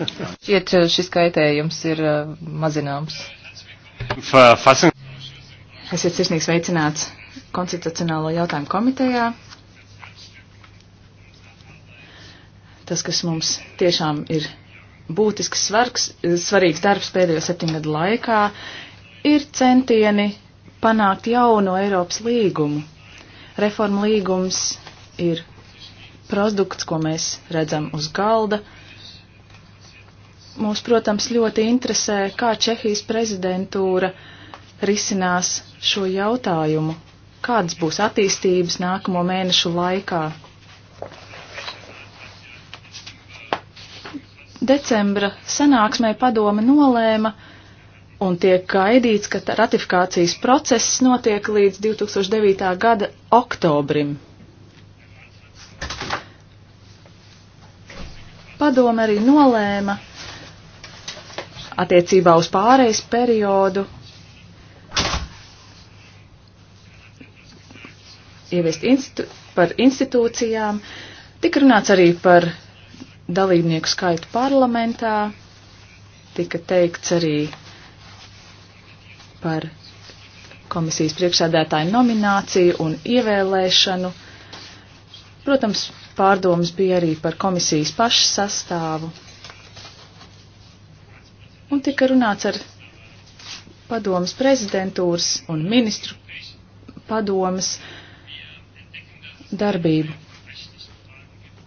Šķiet, eh, šis kaitējums ir eh, mazināms. Esiet sirsnīgs veicināts konstitucionālo jautājumu komitejā. Tas, kas mums tiešām ir būtisks svargs, svarīgs darbs pēdējo septiņgadu laikā, ir centieni panākt jauno Eiropas līgumu. Reforma līgums ir produkts, ko mēs redzam uz galda. Uh, Mūs, protams, ļoti interesē, kā Čehijas prezidentūra risinās šo jautājumu. Kādas būs attīstības nākamo mēnešu laikā? Decembra sanāksmē padome nolēma, un tiek gaidīts, ka ratifikācijas process notiek līdz 2009. gada oktobrim. Padome arī nolēma attiecībā uz pārejas periodu ieviest institu par institūcijām. Tik runāts arī par dalībnieku skaitu parlamentā, tika teikts arī par komisijas priekšsēdētāju nomināciju un ievēlēšanu. Protams, pārdomas bija arī par komisijas pašu sastāvu un tika runāts ar padomas prezidentūras un ministru padomas darbību.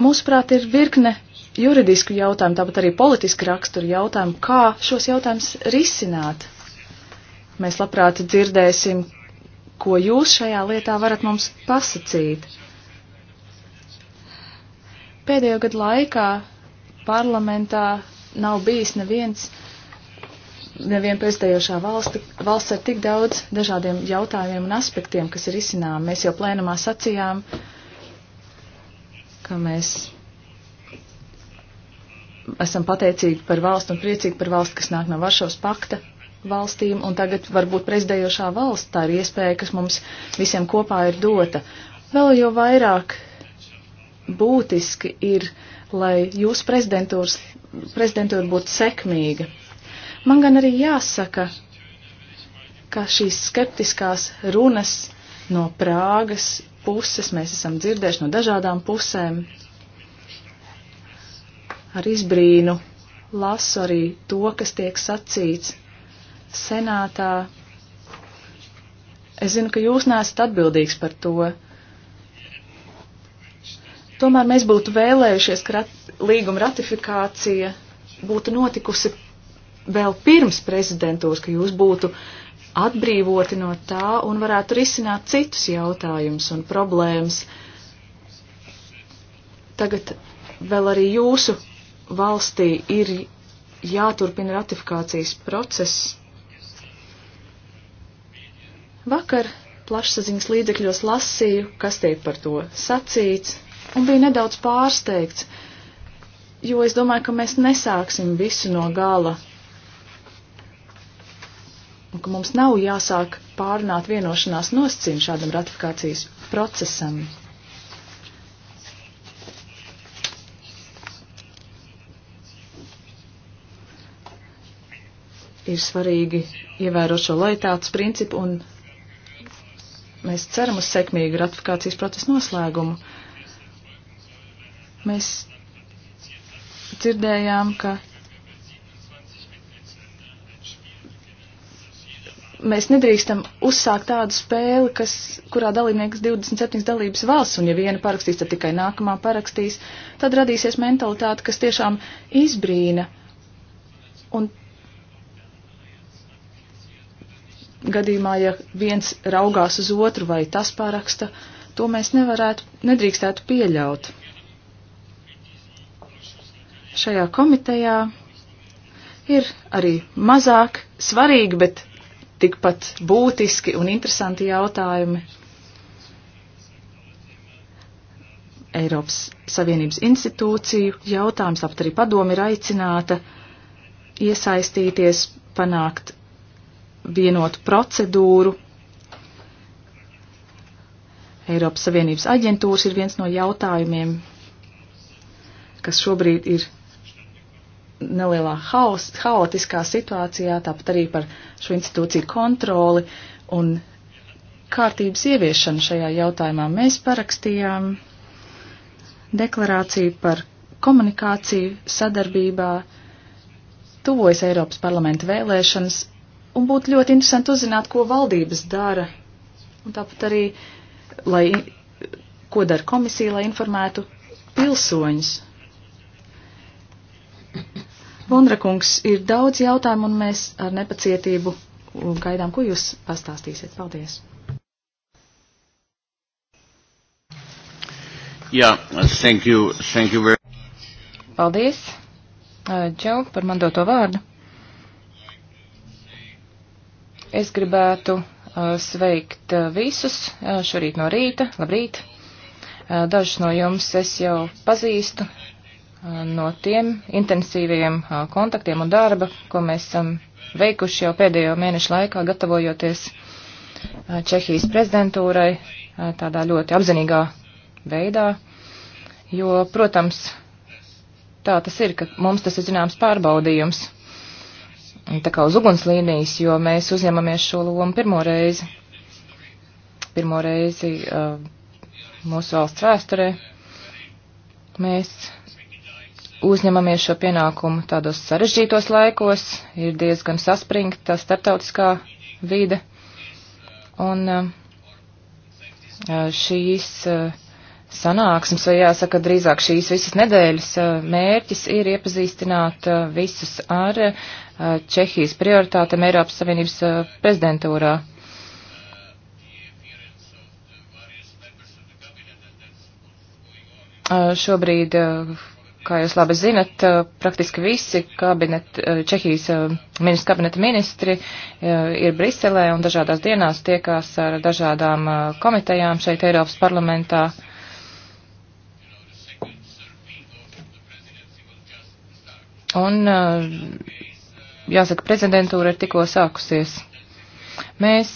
Mūsuprāt, ir virkne juridisku jautājumu, tāpat arī politiski raksturu jautājumu, kā šos jautājumus risināt. Mēs labprāt dzirdēsim, ko jūs šajā lietā varat mums pasakīt. Pēdējo gadu laikā parlamentā nav bijis neviens uh, neviena prezidējošā valsti, valsts ar tik daudz dažādiem jautājumiem un aspektiem, kas ir izcinām. Mēs jau plēnumā sacījām, ka mēs esam pateicīgi par valstu un priecīgi par valsti, kas nāk no Varšavas pakta valstīm, un tagad varbūt prezidējošā valsts tā ir iespēja, kas mums visiem kopā ir dota. Vēl jau vairāk būtiski ir, lai jūsu prezidentūra būtu sekmīga Man gan arī jāsaka, ka šīs skeptiskās runas no Prāgas puses mēs esam dzirdējuši no dažādām pusēm. Ar izbrīnu lasu arī to, kas tiek sacīts senātā. Es zinu, ka jūs neesat atbildīgs par to. Tomēr mēs būtu vēlējušies, ka rat līguma ratifikācija būtu notikusi vēl pirms prezidentūras, ka jūs būtu atbrīvoti no tā un varētu risināt citus jautājumus un problēmas. Tagad vēl arī jūsu valstī ir jāturpina ratifikācijas process. Vakar plašsaziņas līdzekļos lasīju, kas tiek par to sacīts, un bija nedaudz pārsteigts, jo es domāju, ka mēs nesāksim visu no gala un ka mums nav jāsāk pārunāt vienošanās nosacījumu šādam ratifikācijas procesam. Ir svarīgi ievērot šo lojitātes principu un mēs ceram uz sekmīgu ratifikācijas procesu noslēgumu. Mēs dzirdējām, ka mēs nedrīkstam uzsākt tādu spēli, kas, kurā dalībnieks 27 dalības valsts, un ja viena parakstīs, tad tikai nākamā parakstīs, tad radīsies mentalitāte, kas tiešām izbrīna. Un gadījumā, ja viens raugās uz otru vai tas paraksta, to mēs nevarētu, nedrīkstētu pieļaut. Šajā komitejā ir arī mazāk svarīgi, bet tikpat būtiski un interesanti jautājumi. Eiropas Savienības institūciju jautājums, tāpat arī padomi ir aicināta iesaistīties, panākt vienotu procedūru. Eiropas Savienības aģentūras ir viens no jautājumiem, kas šobrīd ir nelielā haos, haotiskā situācijā, tāpat arī par šo institūciju kontroli un kārtības ieviešanu šajā jautājumā. Mēs parakstījām deklarāciju par komunikāciju sadarbībā, tuvojas Eiropas parlamenta vēlēšanas, un būtu ļoti interesanti uzzināt, ko valdības dara, un tāpat arī, lai, ko dara komisija, lai informētu pilsoņus Vondrakungs, ir daudz jautājumu, un mēs ar nepacietību gaidām, ko jūs pastāstīsiet. Paldies! Jā, yeah, thank you, thank you very much. Paldies, uh, Džau, par man doto vārdu. Es gribētu uh, sveikt uh, visus šorīt no rīta. Labrīt! Dažus no jums es jau pazīstu, no tiem intensīviem kontaktiem un darba, ko mēs esam veikuši jau pēdējo mēnešu laikā, gatavojoties Čehijas prezidentūrai tādā ļoti apzinīgā veidā, jo, protams, tā tas ir, ka mums tas ir zināms pārbaudījums, tā kā uz ugunslīnijas, jo mēs uzņemamies šo lomu pirmo reizi, pirmo reizi mūsu valsts vēsturē. Mēs uzņemamies šo pienākumu tādos sarežģītos laikos, ir diezgan saspringta starptautiskā vide, un eh, šīs eh, sanāksmes, vai jāsaka drīzāk šīs visas nedēļas eh, mērķis ir iepazīstināt visus ar Čehijas prioritātēm Eiropas Savienības prezidentūrā. Šobrīd kā jūs labi zinat, eh, praktiski visi kabinet, eh, Čehijas eh, ministra kabineta ministri ir Briselē un dažādās dienās tiekās ar dažādām komitejām šeit Eiropas parlamentā. Un jāsaka, prezidentūra ir tikko sākusies. Mēs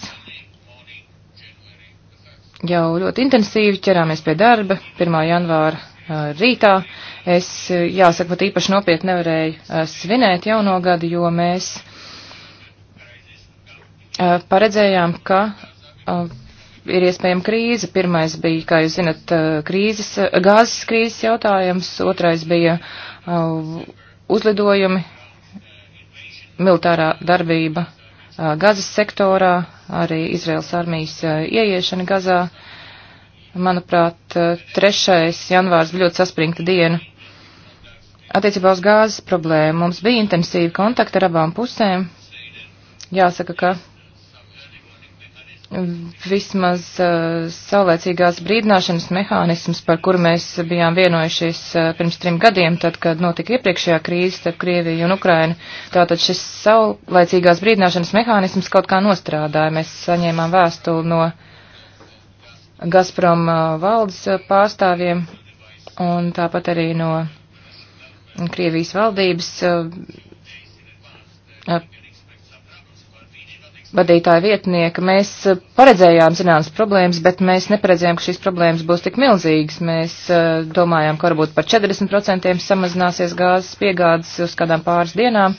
jau ļoti intensīvi ķerāmies pie darba 1. janvāra Eh, rītā. Es, eh, jāsaka, pat īpaši nopietni nevarēju eh, svinēt jauno gadu, jo mēs paredzējām, ka ir iespējama krīze. Pirmais bija, kā jūs zinat, krīzes, gāzes krīzes jautājums, otrais bija uzlidojumi, militārā darbība gazas sektorā, arī Izraels armijas ieiešana gazā. Manuprāt, 3. Eh, janvārs bija ļoti saspringta diena. Attiecībā uz gāzes problēmu mums bija intensīvi kontakti ar abām pusēm. Jāsaka, ka vismaz uh, saulēcīgās brīdināšanas mehānisms, par kuru mēs bijām vienojušies uh, pirms trim gadiem, tad, kad notika iepriekšējā krīze starp Krieviju un Ukrainu, tātad šis saulēcīgās brīdināšanas mehānisms kaut kā nostrādāja. Mēs saņēmām vēstuli no uh, Gazprom uh, valdes uh, pārstāvjiem un tāpat arī no Krievijas valdības uh, vadītāja vietnieka. Mēs paredzējām zināmas problēmas, bet mēs neparedzējām, ka šīs problēmas būs tik milzīgas. Mēs domājām, ka varbūt par 40% samazināsies gāzes piegādes uz kādām pāris dienām.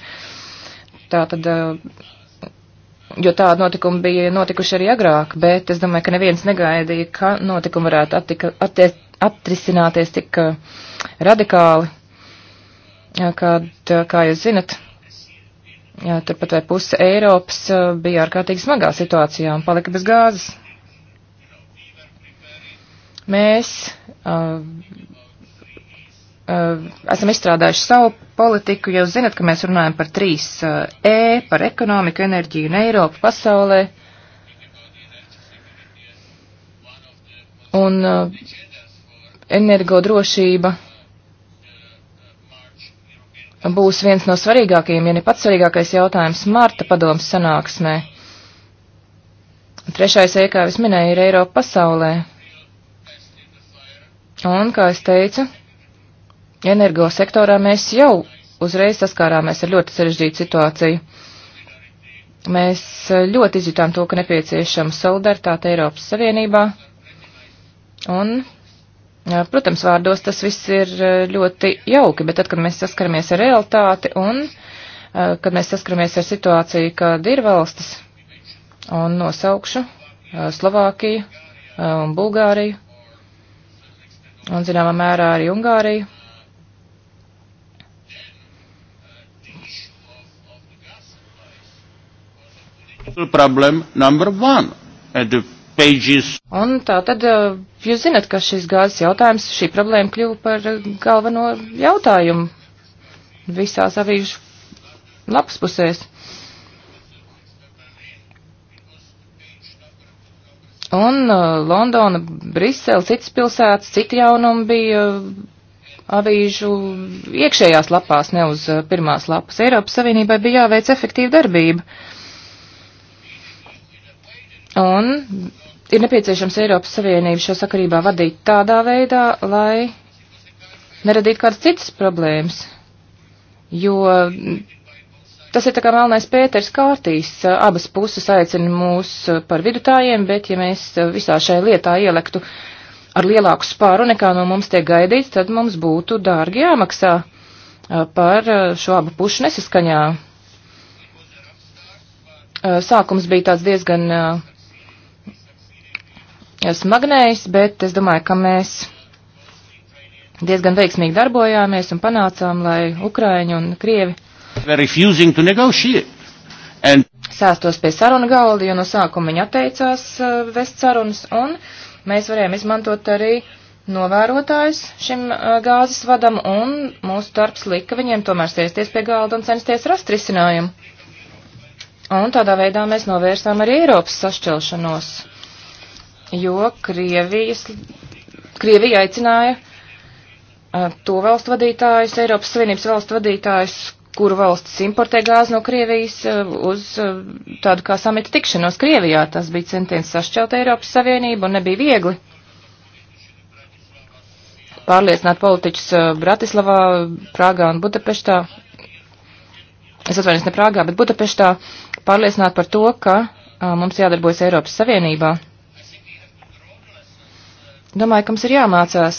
Tā tad jo tāda notikuma bija notikuši arī agrāk, bet es domāju, ka neviens negaidīja, ka notikumi varētu attika, atties, atrisināties tik eh, radikāli, kad, eh, kā jūs zinat, turpat vai puse Eiropas eh, bija ārkārtīgi smagā situācijā un palika bez gāzes. Mēs Eh, esam izstrādājuši savu politiku. Jūs zinat, ka mēs runājam par trīs eh, E, par ekonomiku, enerģiju un Eiropu pasaulē. Un eh, energodrošība būs viens no svarīgākajiem, ja ne pats svarīgākais jautājums Marta padomas sanāksmē. Trešais, E, kā es minēju, ir Eiropa pasaulē. Un, kā es teicu, energosektorā mēs jau uzreiz saskārāmies ar ļoti sarežģītu situāciju. Mēs eh, ļoti izjutām to, ka nepieciešama solidaritāte Eiropas Savienībā. Un, eh, protams, vārdos tas viss ir eh, ļoti jauki, bet tad, kad mēs saskaramies ar realitāti un kad mēs saskaramies ar situāciju, kad ir valstis, un nosaukšu Slovākiju un Bulgāriju, un zināmā mērā arī Ungāriju, Problem number one. At the Un tā tad uh, jūs zinat, ka šis gāzes jautājums, šī problēma kļuva par uh, galveno jautājumu visās avīžu lapas pusēs. Un uh, Londona, Brisele, citas pilsētas, citi jaunumi bija uh, avīžu iekšējās lapās, ne uz uh, pirmās lapas. Eiropas Savienībai bija jāveic efektīva darbība. Uh, Un ir nepieciešams Eiropas Savienību šo sakarībā vadīt tādā veidā, lai neradītu kādas citas problēmas. Jo tas ir tā kā melnais pēters kārtīs. Abas puses aicina mūs par vidutājiem, bet ja mēs visā šajā lietā ielektu ar lielāku spāru nekā no mums tiek gaidīts, tad mums būtu dārgi jāmaksā par šo abu pušu nesaskaņā. Sākums bija tāds diezgan smagnējs, bet es domāju, ka mēs diezgan veiksmīgi darbojāmies un panācām, lai Ukraiņi un Krievi and... sēstos pie saruna galda, jo no sākuma viņi atteicās uh, vest sarunas, un mēs varējām izmantot arī novērotājus šim uh, gāzes vadam, un mūsu darbs lika viņiem tomēr sēsties pie galda un censties rast risinājumu. Un tādā veidā mēs novērsām arī Eiropas sašķelšanos jo Krievijas, Krievija aicināja uh, to valstu vadītājus, Eiropas Savienības valstu vadītājus, kuru valstis importē gāzi no Krievijas uz tādu kā samita tikšanos Krievijā. Tas bija centiens sašķelt Eiropas Savienību un nebija viegli pārliecināt politiķus Bratislavā, Prāgā un Budapeštā. Es atvainojos ne Prāgā, bet Budapeštā pārliecināt par to, ka mums jādarbojas Eiropas Savienībā. Domāju, ka mums ir jāmācās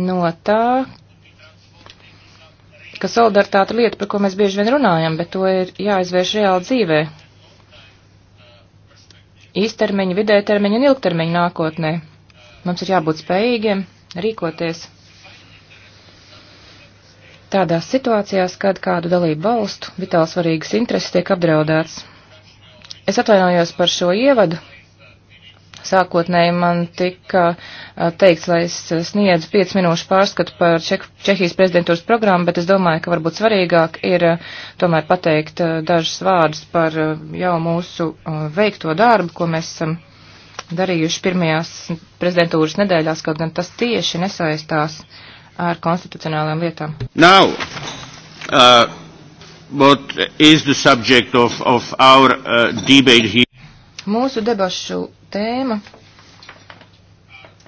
no tā, ka solidaritāte ir lieta, par ko mēs bieži vien runājam, bet to ir jāizvērš reāli dzīvē. Īstermiņa, vidētermiņa un ilgtermiņa nākotnē. Mums ir jābūt spējīgiem rīkoties tādās situācijās, kad kādu dalību valstu vitāli svarīgas intereses tiek apdraudēts. Es atvainojos par šo ievadu, Sākotnēji man tika uh, teikts, lai es uh, sniedzu 5 minūšu pārskatu par Ček Čehijas prezidentūras programmu, bet es domāju, ka varbūt svarīgāk ir uh, tomēr pateikt dažus vārdus par jau mūsu veikto darbu, ko mēs esam darījuši pirmajās prezidentūras nedēļās, kaut gan tas tieši nesaistās ar konstitucionālām lietām. Now, uh, what is the subject of, of our uh, debate here? Mūsu debašu tēma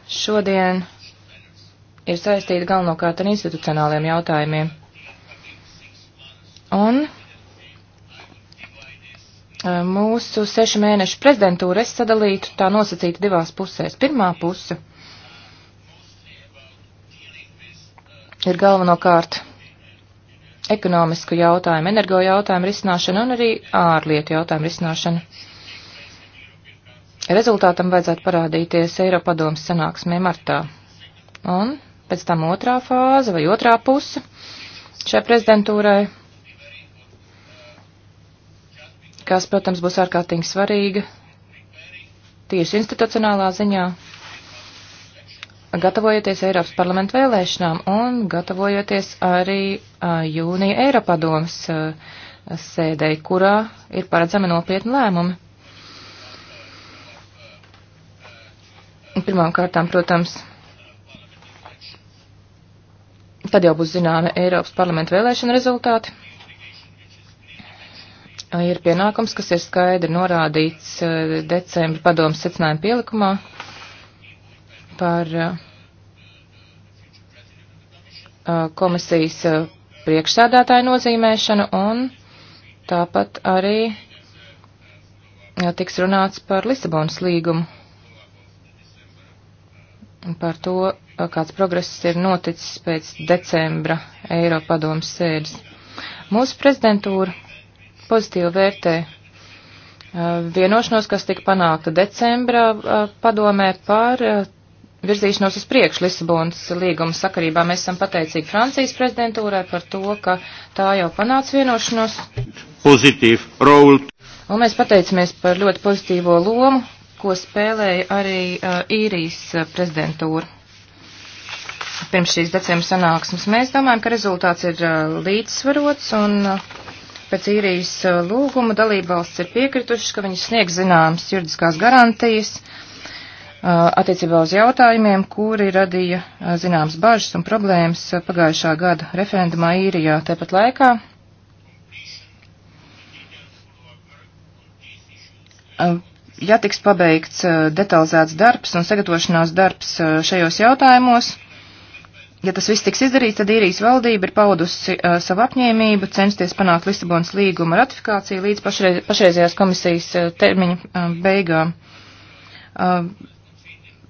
šodien ir saistīta galvenokārt ar institucionāliem jautājumiem. Un e, mūsu sešu mēnešu prezidentūru es sadalītu tā nosacītu divās pusēs. Pirmā puse ir galvenokārt ekonomisku jautājumu, energo jautājumu risināšana un arī ārlietu jautājumu risināšana. Rezultātam vajadzētu parādīties Eiropadomas sanāksmē martā. Un pēc tam otrā fāze vai otrā puse šai prezidentūrai, kas, protams, būs ārkārtīgi svarīga tieši institucionālā ziņā, gatavojoties Eiropas parlamentu vēlēšanām un gatavojoties arī a, jūnija Eiropadomas sēdei, kurā ir paredzami nopietni lēmumi. Pirmām kārtām, protams, tad jau būs zināmi Eiropas parlamenta vēlēšana rezultāti. Ir pienākums, kas ir skaidri norādīts eh, decembra padomas secinājuma pielikumā par eh, eh, komisijas priekšsēdētāju nozīmēšanu un tāpat arī tiks runāts par Lisabonas līgumu par to, kāds progress ir noticis pēc decembra Eiropadomas sēdes. Mūsu prezidentūra pozitīvi vērtē vienošanos, kas tika panākta decembra padomē par virzīšanos uz priekšu Lisabonas līguma sakarībā. Mēs esam pateicīgi Francijas prezidentūrai par to, ka tā jau panāca vienošanos. Pozitīvi, Raul. Un mēs pateicamies par ļoti pozitīvo lomu, ko spēlēja arī uh, īrijas uh, prezidentūra. Pirms šīs decembra sanāksmes mēs domājam, ka rezultāts ir uh, līdzsvarots un uh, pēc īrijas uh, lūguma dalībvalsts ir piekritušas, ka viņas sniegs zināmas juridiskās garantijas uh, attiecībā uz jautājumiem, kuri radīja uh, zināmas bažas un problēmas uh, pagājušā gada referendumā īrijā. Tāpat laikā uh, ja tiks pabeigts eh, detalizēts darbs un sagatavošanās darbs eh, šajos jautājumos, ja tas viss tiks izdarīts, tad īrijas valdība ir paudusi uh, savu apņēmību censties panākt Lisabonas līguma ratifikāciju līdz pašreiz, pašreizējās komisijas uh, termiņa uh, beigām. Uh,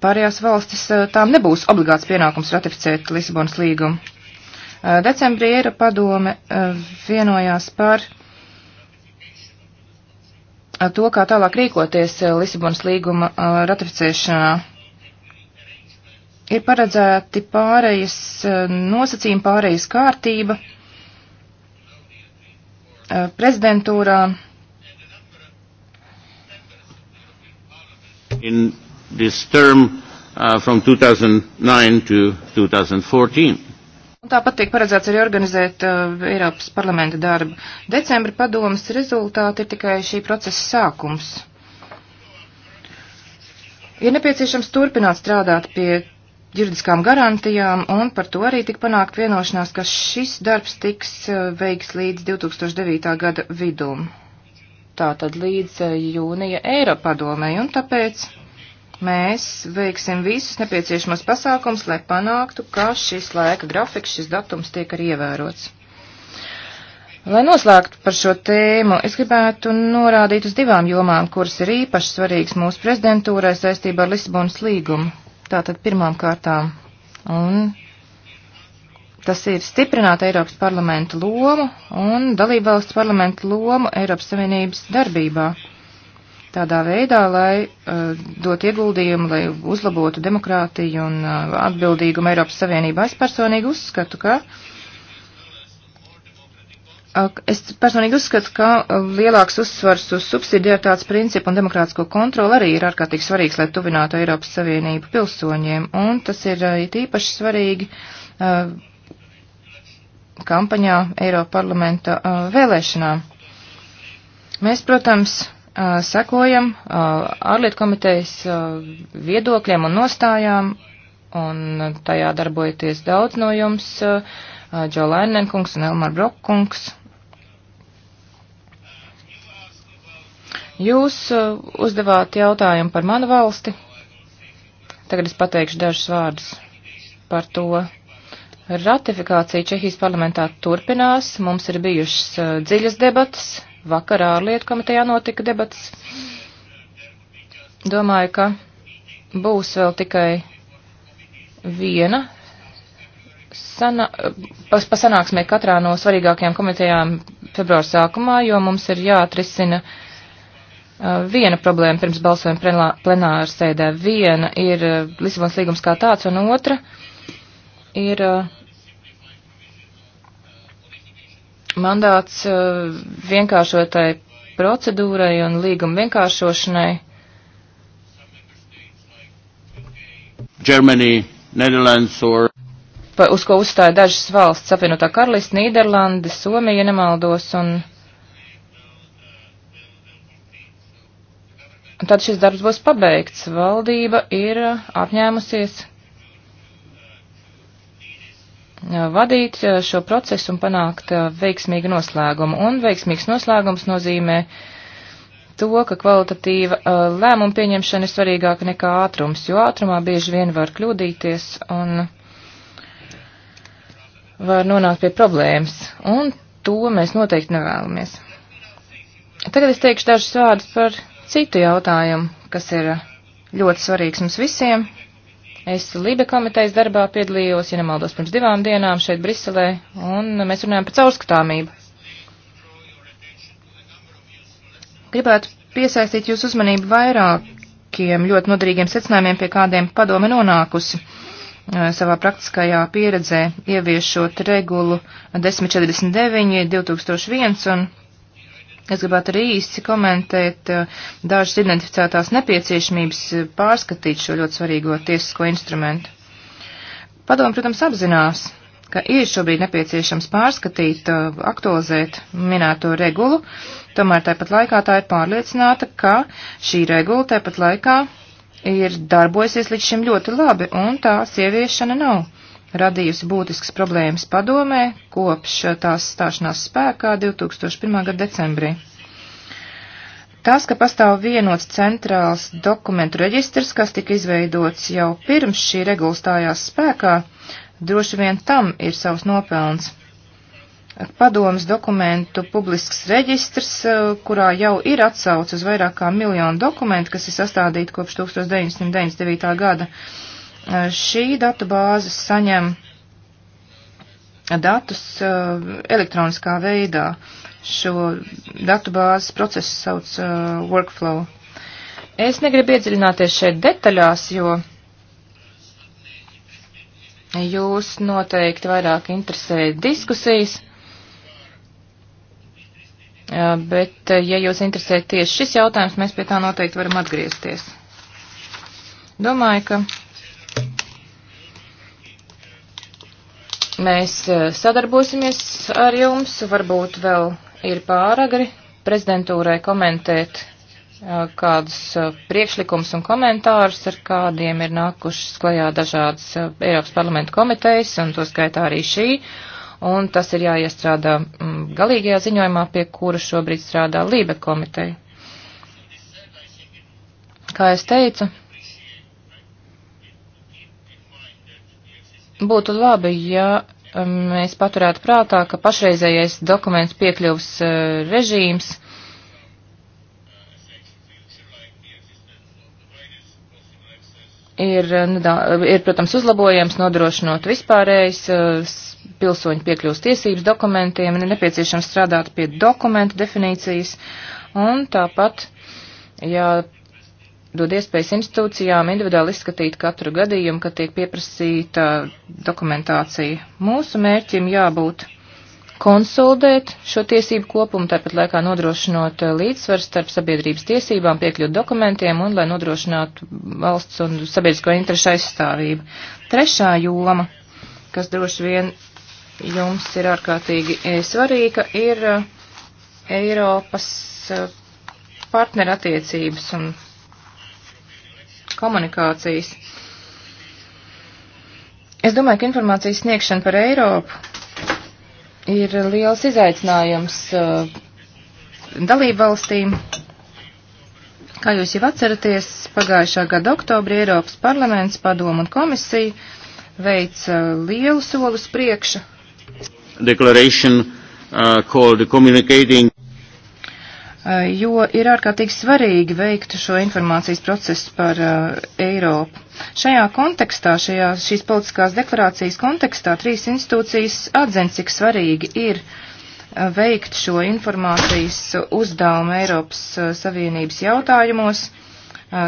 pārējās valstis uh, tām nebūs obligāts pienākums ratificēt Lisabonas līgumu. Uh, decembrī Eiropa padome uh, vienojās par uh, to, kā tālāk rīkoties eh, Lisabonas līguma eh, ratificēšanā. Ir paredzēti pārējas eh, nosacījumi, pārējas kārtība prezidentūrā. In this term uh, from 2009 to 2014. Tāpat tiek paredzēts arī organizēt uh, Eiropas parlamenta darbu. Decembra padomas rezultāti ir tikai šī procesa sākums. Ir nepieciešams turpināt strādāt pie juridiskām garantijām, un par to arī tika panākt vienošanās, ka šis darbs tiks uh, veiks līdz 2009. gada vidum. Tātad līdz uh, jūnija Eiropadomē, un tāpēc mēs veiksim visus nepieciešamos pasākums, lai panāktu, ka šis laika grafiks, šis datums tiek arī ievērots. Lai noslēgtu par šo tēmu, es gribētu norādīt uz divām jomām, kuras ir īpaši svarīgas mūsu prezidentūrai saistībā ar Lisabonas līgumu. Tātad pirmām kārtām. Un tas ir stiprināt Eiropas parlamentu lomu un dalībvalsts parlamentu lomu Eiropas Savienības darbībā tādā veidā, lai uh, dot ieguldījumu, lai uzlabotu demokrātiju un uh, atbildīgumu Eiropas Savienībā. Es personīgi uzskatu, ka uh, Es personīgi uzskatu, ka lielāks uzsvars uz subsidiaritātes principu un demokrātisko kontroli arī ir ārkārtīgi svarīgs, lai tuvinātu Eiropas Savienību pilsoņiem, un tas ir īpaši svarīgi kampaņā Eiropa parlamenta vēlēšanām. Mēs, protams, sekojam ārlietu komitejas viedokļiem un nostājām, un tajā darbojaties daudz no jums, Džo Lainenkungs un Elmar Brokkungs. Jūs uzdevāt jautājumu par manu valsti. Tagad es pateikšu dažus vārdus par to. Ratifikācija Čehijas parlamentā turpinās. Mums ir bijušas dziļas debatas Vakarā ar lietu komitejā notika debats. Domāju, ka būs vēl tikai viena sana, pas, pasanāksmē katrā no svarīgākajām komitejām februāra sākumā, jo mums ir jāatrisina uh, viena problēma pirms balsojuma plenā, plenāra sēdē. Viena ir uh, Lisabons līgums kā tāds, un otra ir uh, mandāts uh, vienkāršotai procedūrai un līguma vienkāršošanai. Germany, Netherlands or pa, uz ko uzstāja dažas valsts, apvienotā karalista, Nīderlanda, Somija, nemaldos, un tad šis darbs būs pabeigts. Valdība ir apņēmusies vadīt šo procesu un panākt veiksmīgu noslēgumu. Un veiksmīgs noslēgums nozīmē to, ka kvalitatīva lēmuma pieņemšana ir svarīgāka nekā ātrums, jo ātrumā bieži vien var kļūdīties un var nonākt pie problēmas. Un to mēs noteikti nevēlamies. Tagad es teikšu dažus vārdus par citu jautājumu, kas ir ļoti svarīgs mums visiem Es Lībe komitejas darbā piedalījos, ja nemaldos, pirms divām dienām šeit Briselē, un mēs runājam par caurskatāmību. Gribētu piesaistīt jūsu uzmanību vairākiem ļoti noderīgiem secinājumiem, pie kādiem padome nonākusi eh, savā praktiskajā pieredzē, ieviešot regulu 1049, 2001 un Es gribētu arī īsi komentēt eh, dažas identificētās nepieciešamības eh, pārskatīt šo ļoti svarīgo tiesisko instrumentu. Padomu, protams, apzinās, ka ir šobrīd nepieciešams pārskatīt, eh, aktualizēt minēto regulu, tomēr tāpat laikā tā ir pārliecināta, ka šī regula tāpat laikā ir darbojusies līdz šim ļoti labi un tās ieviešana nav radījusi būtiskas problēmas padomē kopš tās stāšanās spēkā 2001. gada decembrī. Tas, ka pastāv vienots centrāls dokumentu reģistrs, kas tika izveidots jau pirms šī regula stājās spēkā, droši vien tam ir savs nopelns. Padomas dokumentu publisks reģistrs, eh, kurā jau ir atsauc uz vairāk kā miljonu dokumentu, kas ir sastādīti kopš 1999. gada, uh, Šī datu bāze saņem datus elektroniskā veidā. Šo datu bāzes procesu sauc workflow. Es negribu iedziļināties šeit detaļās, jo jūs noteikti vairāk interesē diskusijas, bet ja jūs interesē tieši šis jautājums, mēs pie tā noteikti varam atgriezties. Domāju, ka Mēs e, sadarbosimies ar jums, varbūt vēl ir pāragri prezidentūrai komentēt e, kādus e, priekšlikums un komentārus, ar kādiem ir nākušas klajā dažādas Eiropas parlamenta komitejas, un to skaitā arī šī. Un tas ir jāiestrādā galīgajā ziņojumā, pie kura šobrīd strādā Lībe komiteja. Kā es teicu, Būtu labi, ja um, mēs paturētu prātā, ka pašreizējais dokuments piekļuvs uh, režīms ir, uh, nu, ir, protams, uzlabojams nodrošinot vispārējais uh, pilsoņu piekļūst tiesības dokumentiem, ir nepieciešams strādāt pie dokumentu definīcijas, un tāpat, ja dod iespējas institūcijām individuāli izskatīt katru gadījumu, kad tiek pieprasīta dokumentācija. Mūsu mērķim jābūt konsolidēt šo tiesību kopumu, tāpat laikā nodrošinot līdzsvaru starp sabiedrības tiesībām, piekļūt dokumentiem un lai nodrošinātu valsts un sabiedrisko interešu aizstāvību. Trešā joma, kas droši vien jums ir ārkārtīgi eh, svarīga, ir eh, Eiropas eh, partnerattiecības un komunikācijas. Es domāju, ka informācijas sniegšana par Eiropu ir liels izaicinājums uh, dalībvalstīm. Kā jūs jau atceraties, pagājušā gada oktobrī Eiropas parlaments, padomu un komisija veica lielu solus priekšu. Declaration uh, called Communicating Eh, jo ir ārkārtīgi svarīgi veikt šo informācijas procesu par eh, Eiropu. Šajā kontekstā, šajā, šīs politiskās deklarācijas kontekstā, trīs institūcijas atzina, cik svarīgi ir eh, veikt šo informācijas uzdevumu Eiropas Savienības jautājumos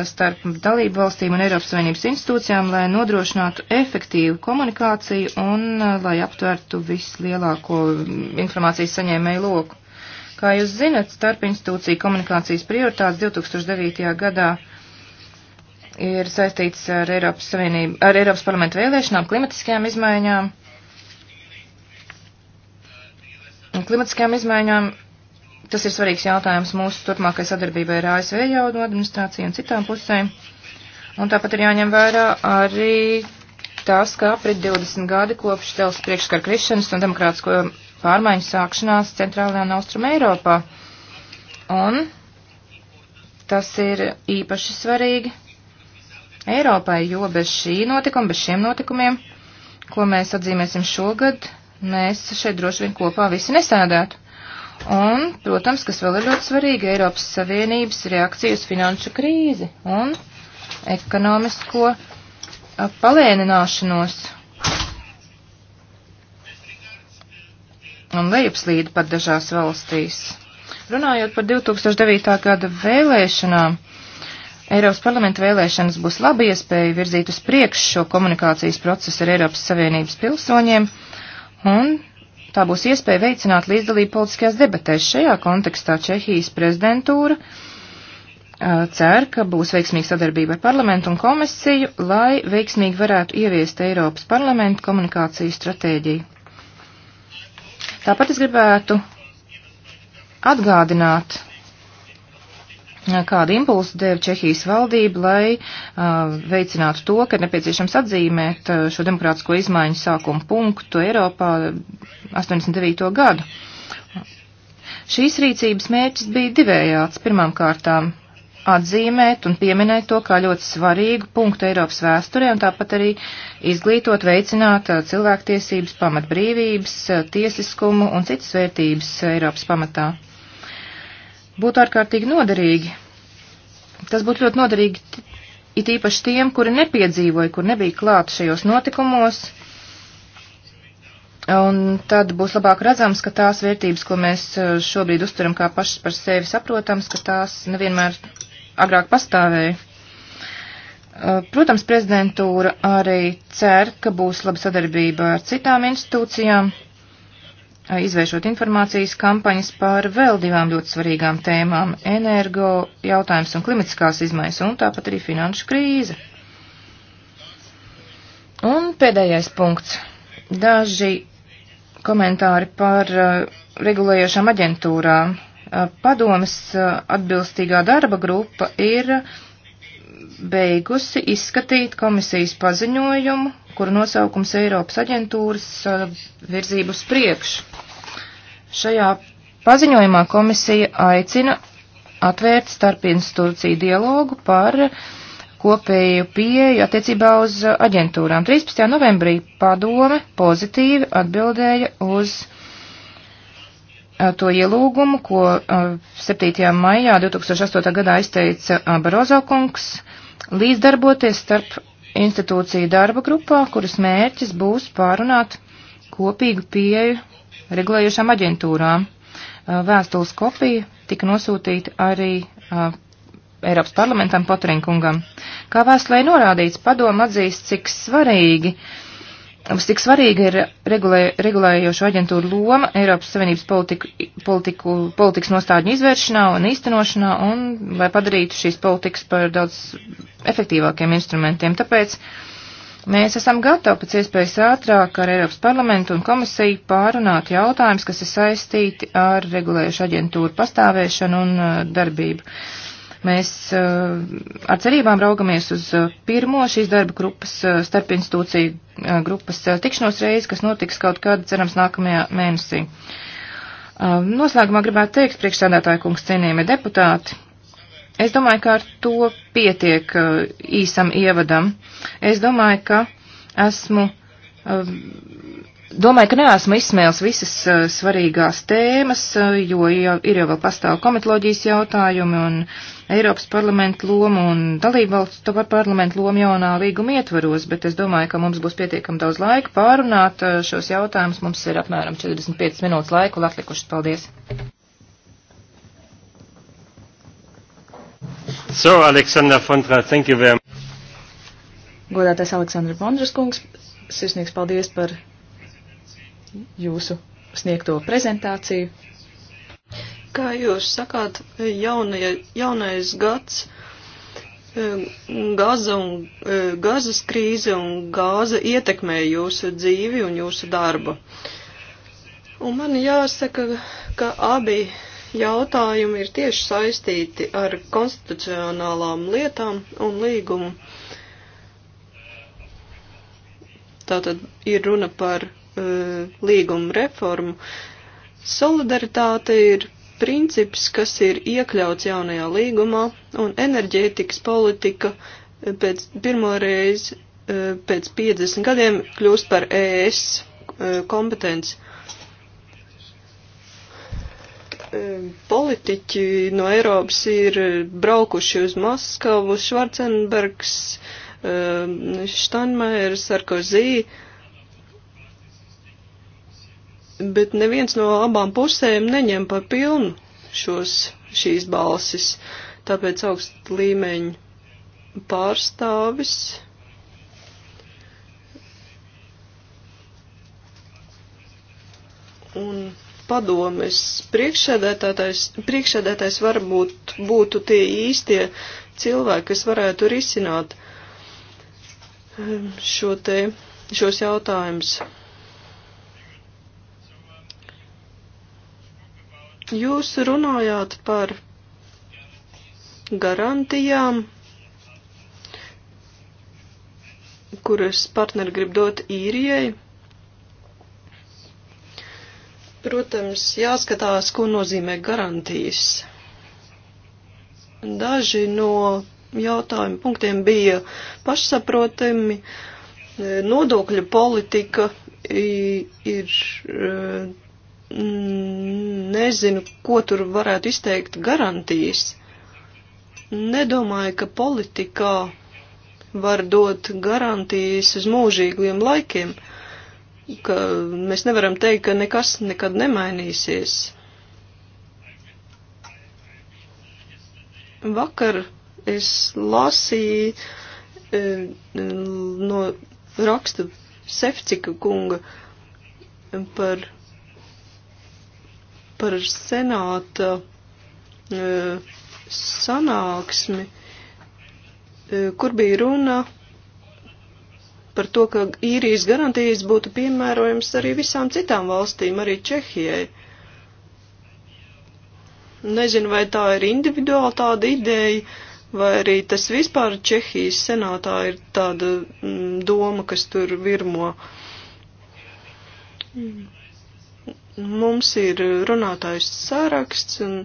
starp dalību valstīm un Eiropas Savienības institūcijām, lai nodrošinātu efektīvu komunikāciju un lai aptvertu vislielāko mm, informācijas saņēmēju loku. Kā jūs zinat, starp institūciju komunikācijas prioritātes 2009. gadā ir saistīts ar Eiropas, Savienību, ar Eiropas parlamentu vēlēšanām, klimatiskajām izmaiņām. Un klimatiskajām izmaiņām tas ir svarīgs jautājums mūsu turpmākai sadarbībai ar ASV jaudu administrāciju un citām pusēm. Un tāpat ir jāņem vērā arī tās, kā pret 20 gadi kopš tels priekšskar krišanas un demokrātisko pārmaiņu sākšanās centrālajā un austrum Eiropā. Un tas ir īpaši svarīgi Eiropai, jo bez šī notikuma, bez šiem notikumiem, ko mēs atzīmēsim šogad, mēs šeit droši vien kopā visi nesēdētu. Un, protams, kas vēl ir ļoti svarīgi, Eiropas Savienības reakcija uz finanšu krīzi un ekonomisko palēnināšanos un lejupslīd pat dažās valstīs. Runājot par 2009. gada vēlēšanām, Eiropas parlamenta vēlēšanas būs laba iespēja virzīt uz priekšu šo komunikācijas procesu ar Eiropas Savienības pilsoņiem, un tā būs iespēja veicināt līdzdalību politiskajās debatēs. Šajā kontekstā Čehijas prezidentūra uh, cer, ka būs veiksmīga sadarbība ar parlamentu un komisiju, lai veiksmīgi varētu ieviest Eiropas parlamentu komunikāciju stratēģiju. Tāpat es gribētu atgādināt, kādu impulsu deva Čehijas valdība, lai uh, veicinātu to, ka nepieciešams atzīmēt uh, šo demokrātisko izmaiņu sākumu punktu Eiropā 89. gadu. Šīs rīcības mērķis bija divējāds. Pirmām kārtām atzīmēt un pieminēt to kā ļoti svarīgu punktu Eiropas vēsturē un tāpat arī izglītot, veicināt cilvēktiesības, pamatbrīvības, tiesiskumu un citas vērtības Eiropas pamatā. Būtu ārkārtīgi noderīgi. Tas būtu ļoti noderīgi it īpaši tiem, kuri nepiedzīvoja, kur nebija klāt šajos notikumos. Un tad būs labāk redzams, ka tās vērtības, ko mēs šobrīd uztveram kā pašas par sevi saprotams, ka tās nevienmēr agrāk pastāvēja. Uh, protams, prezidentūra arī cer, ka būs laba sadarbība ar citām institūcijām, uh, izvēršot informācijas kampaņas par vēl divām ļoti svarīgām tēmām - energo jautājums un klimatiskās izmaiņas, un tāpat arī finanšu krīze. Un pēdējais punkts. Daži komentāri par uh, regulējošām aģentūrām Eh, padomas eh, atbilstīgā darba grupa ir beigusi izskatīt komisijas paziņojumu, kuru nosaukums Eiropas aģentūras eh, virzību uz priekšu. Šajā paziņojumā komisija aicina atvērt starp institūciju dialogu par kopēju pieeju attiecībā uz aģentūrām. 13. novembrī padome pozitīvi atbildēja uz Uh, to ielūgumu, ko 7. Uh, maijā 2008. gadā izteica uh, Barozo kungs, līdzdarboties starp institūciju darba grupā, kuras mērķis būs pārunāt kopīgu pieeju regulējušām aģentūrām. Vēstules kopija tika nosūtīta arī Eiropas parlamentam Potrinkungam. Kā vēstulē norādīts, padomu atzīst, cik svarīgi uh, Mums tik svarīga ir regulē, regulējošo aģentūru loma Eiropas Savienības politiku, politiku, politikas nostādņu izvēršanā un īstenošanā, un lai padarītu šīs politikas par daudz efektīvākiem instrumentiem. Tāpēc mēs esam gatavi pēc iespējas ātrāk ar Eiropas parlamentu un komisiju pārunāt jautājumus, kas ir saistīti ar regulējušu aģentūru pastāvēšanu un uh, darbību. Uh, Mēs eh, ar cerībām raugamies uz eh, pirmo šīs darba grupas eh, starpinstitūciju grupas tikšanos reizi, kas notiks kaut kad, cerams, nākamajā mēnesī. Noslēgumā gribētu teikt, priekšsēdētāju kungs, cienījamie deputāti, es domāju, ka ar to pietiek īsam ievadam. Es domāju, ka esmu Domāju, ka neesmu izsmēlis visas uh, svarīgās tēmas, uh, jo jau, ir jau vēl pastāv komitoloģijas jautājumi un uh, Eiropas parlamenta lomu un dalībvalstu parlamenta lomu jaunā līguma ietvaros, bet es domāju, ka mums būs pietiekami daudz laika pārunāt uh, šos jautājumus. Mums ir apmēram 45 minūtes laiku atlikušas. Paldies! So, Aleksandra Fondra, thank you very much. Godātais Aleksandra Fondras kungs, sirsnīgs paldies par jūsu sniegto prezentāciju. Kā jūs sakāt, jaunie, jaunais gads, e, gaza un e, gazas krīze un gāza ietekmē jūsu dzīvi un jūsu darbu. Un man jāsaka, ka abi jautājumi ir tieši saistīti ar konstitucionālām lietām un līgumu. Tātad ir runa par uh, e, līgumu reformu. Solidaritāte ir princips, kas ir iekļauts jaunajā līgumā, un enerģētikas politika pēc pirmoreiz eh, pēc 50 gadiem kļūst par ES eh, kompetenci. Eh, politiķi no Eiropas ir braukuši uz Maskavu, Švarcenbergs, Štanmaier, Sarkozī, bet neviens no abām pusēm neņem par pilnu šos, šīs balsis. Tāpēc augst līmeņu pārstāvis un padomes priekšsēdētājs, priekšsēdētājs varbūt būtu tie īstie cilvēki, kas varētu risināt ehm, šo te, šos jautājumus. Jūs runājāt par garantijām, kuras partneri grib dot īrijai. Protams, jāskatās, ko nozīmē garantijas. Daži no jautājumu punktiem bija pašsaprotami. Nodokļu politika ir Mm, nezinu, ko tur varētu izteikt garantijas. Nedomāju, ka politikā var dot garantijas uz mūžīgiem laikiem, ka mēs nevaram teikt, ka nekas nekad nemainīsies. Vakar es lasīju e, no raksta Sefcika kunga par par senāta e, sanāksmi, e, kur bija runa par to, ka īrijas garantijas būtu piemērojams arī visām citām valstīm, arī Čehijai. Nezinu, vai tā ir individuāla tāda ideja, vai arī tas vispār Čehijas senātā ir tāda mm, doma, kas tur virmo. Mm mums ir runātājs saraksts, un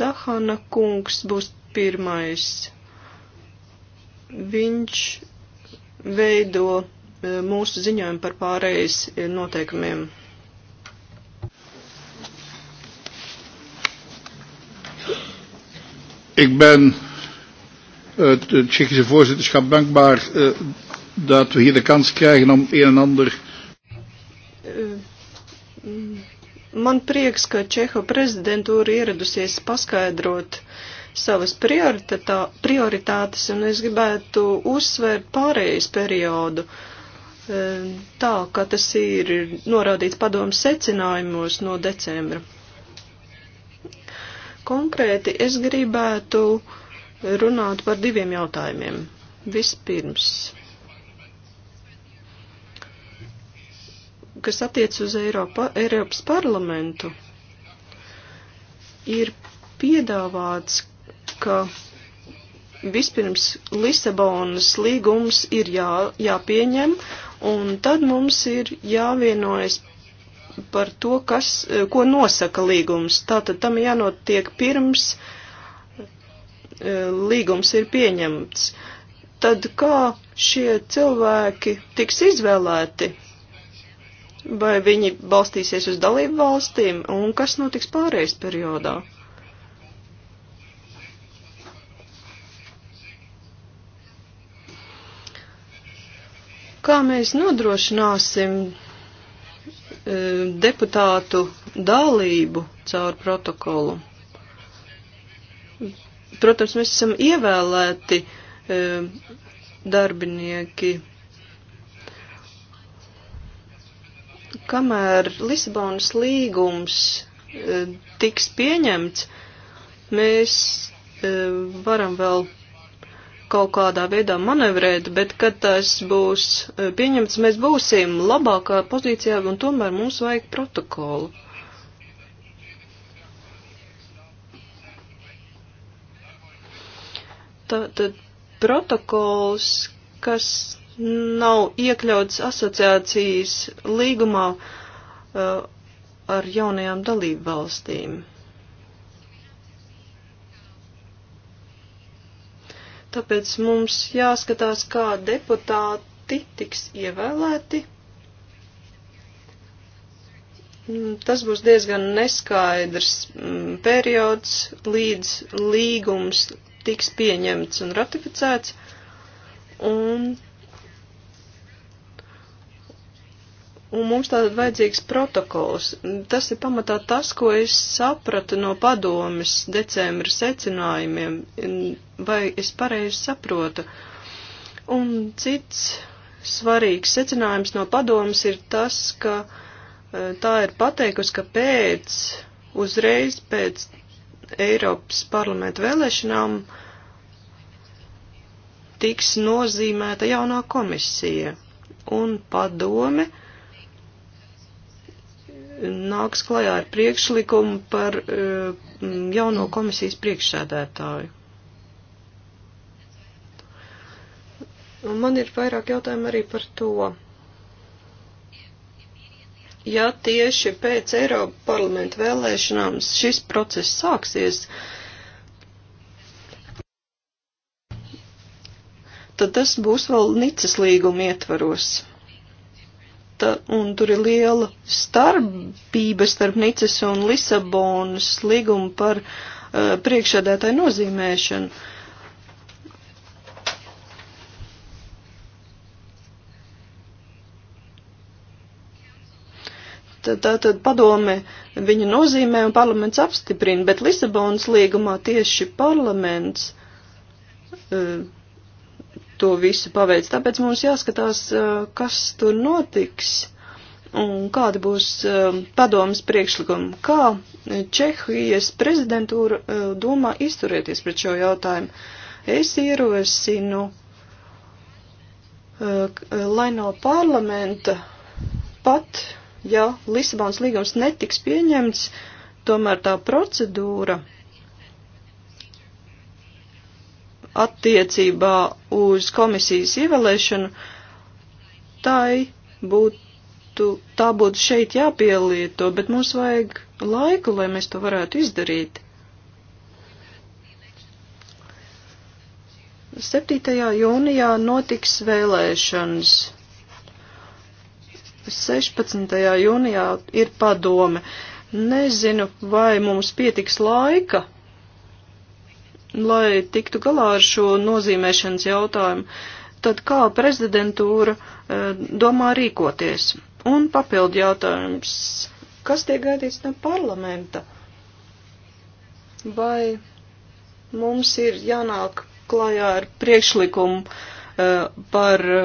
Dahana kungs būs pirmais. Viņš veido e, mūsu ziņojumu par pārējais noteikumiem. Ik ben e, het Tsjechische voorzitterschap dankbaar e, dat we hier de kans krijgen om een en ander Man prieks, ka Čeho prezidentūra ieradusies paskaidrot savas prioritātes, un es gribētu uzsvērt pārējais periodu e, tā, ka tas ir norādīts padomu secinājumos no decembra. Konkrēti es gribētu runāt par diviem jautājumiem. Vispirms kas attiec uz Eiropa, Eiropas parlamentu, ir piedāvāts, ka vispirms Lisabonas līgums ir jā, jāpieņem, un tad mums ir jāvienojas par to, kas, ko nosaka līgums. Tātad tam jānotiek pirms e, līgums ir pieņemts. Tad kā šie cilvēki tiks izvēlēti? vai viņi balstīsies uz dalību valstīm un kas notiks pārējais periodā. Kā mēs nodrošināsim e, deputātu dalību caur protokolu? Protams, mēs esam ievēlēti e, darbinieki kamēr Lisabonas līgums e, tiks pieņemts, mēs e, varam vēl kaut kādā veidā manevrēt, bet kad tas būs e, pieņemts, mēs būsim labākā pozīcijā un tomēr mums vajag protokolu. Tātad protokols, kas nav iekļauts asociācijas līgumā uh, ar jaunajām dalību valstīm. Tāpēc mums jāskatās, kā deputāti tiks ievēlēti. Mm, tas būs diezgan neskaidrs mm, periods, līdz līgums tiks pieņemts un ratificēts. Un un mums tātad vajadzīgs protokols. Tas ir pamatā tas, ko es sapratu no padomis decembra secinājumiem, vai es pareizi saprotu. Un cits svarīgs secinājums no padomis ir tas, ka e, tā ir pateikusi, ka pēc, uzreiz pēc Eiropas parlamenta vēlēšanām tiks nozīmēta jaunā komisija un padome nāks klajā ar priekšlikumu par e, jauno komisijas priekšsēdētāju. Man ir vairāk jautājumu arī par to. Ja tieši pēc Eiropa parlamenta vēlēšanām šis process sāksies, tad tas būs vēl Nicas līguma ietvaros pamata, un tur ir liela starpība starp Nicas un Lisabonas līgumu par uh, eh, priekšādētāju nozīmēšanu. Tātad padome viņa nozīmē un parlaments apstiprina, bet Lisabonas līgumā tieši parlaments uh, to visu paveic. Tāpēc mums jāskatās, kas tur notiks un kāda būs padomas priekšlikuma. Kā Čehijas prezidentūra domā izturēties pret šo jautājumu? Es ierosinu, lai no parlamenta pat, ja Lisabons līgums netiks pieņemts, tomēr tā procedūra attiecībā uz komisijas ievēlēšanu, tai būtu, tā būtu šeit jāpielieto, bet mums vajag laiku, lai mēs to varētu izdarīt. 7. jūnijā notiks vēlēšanas. 16. jūnijā ir padome. Nezinu, vai mums pietiks laika lai tiktu galā ar šo nozīmēšanas jautājumu, tad kā prezidentūra e, domā rīkoties? Un papildu jautājums, kas tiek gaidīts no parlamenta? Vai mums ir jānāk klājā ar priekšlikumu e, par e,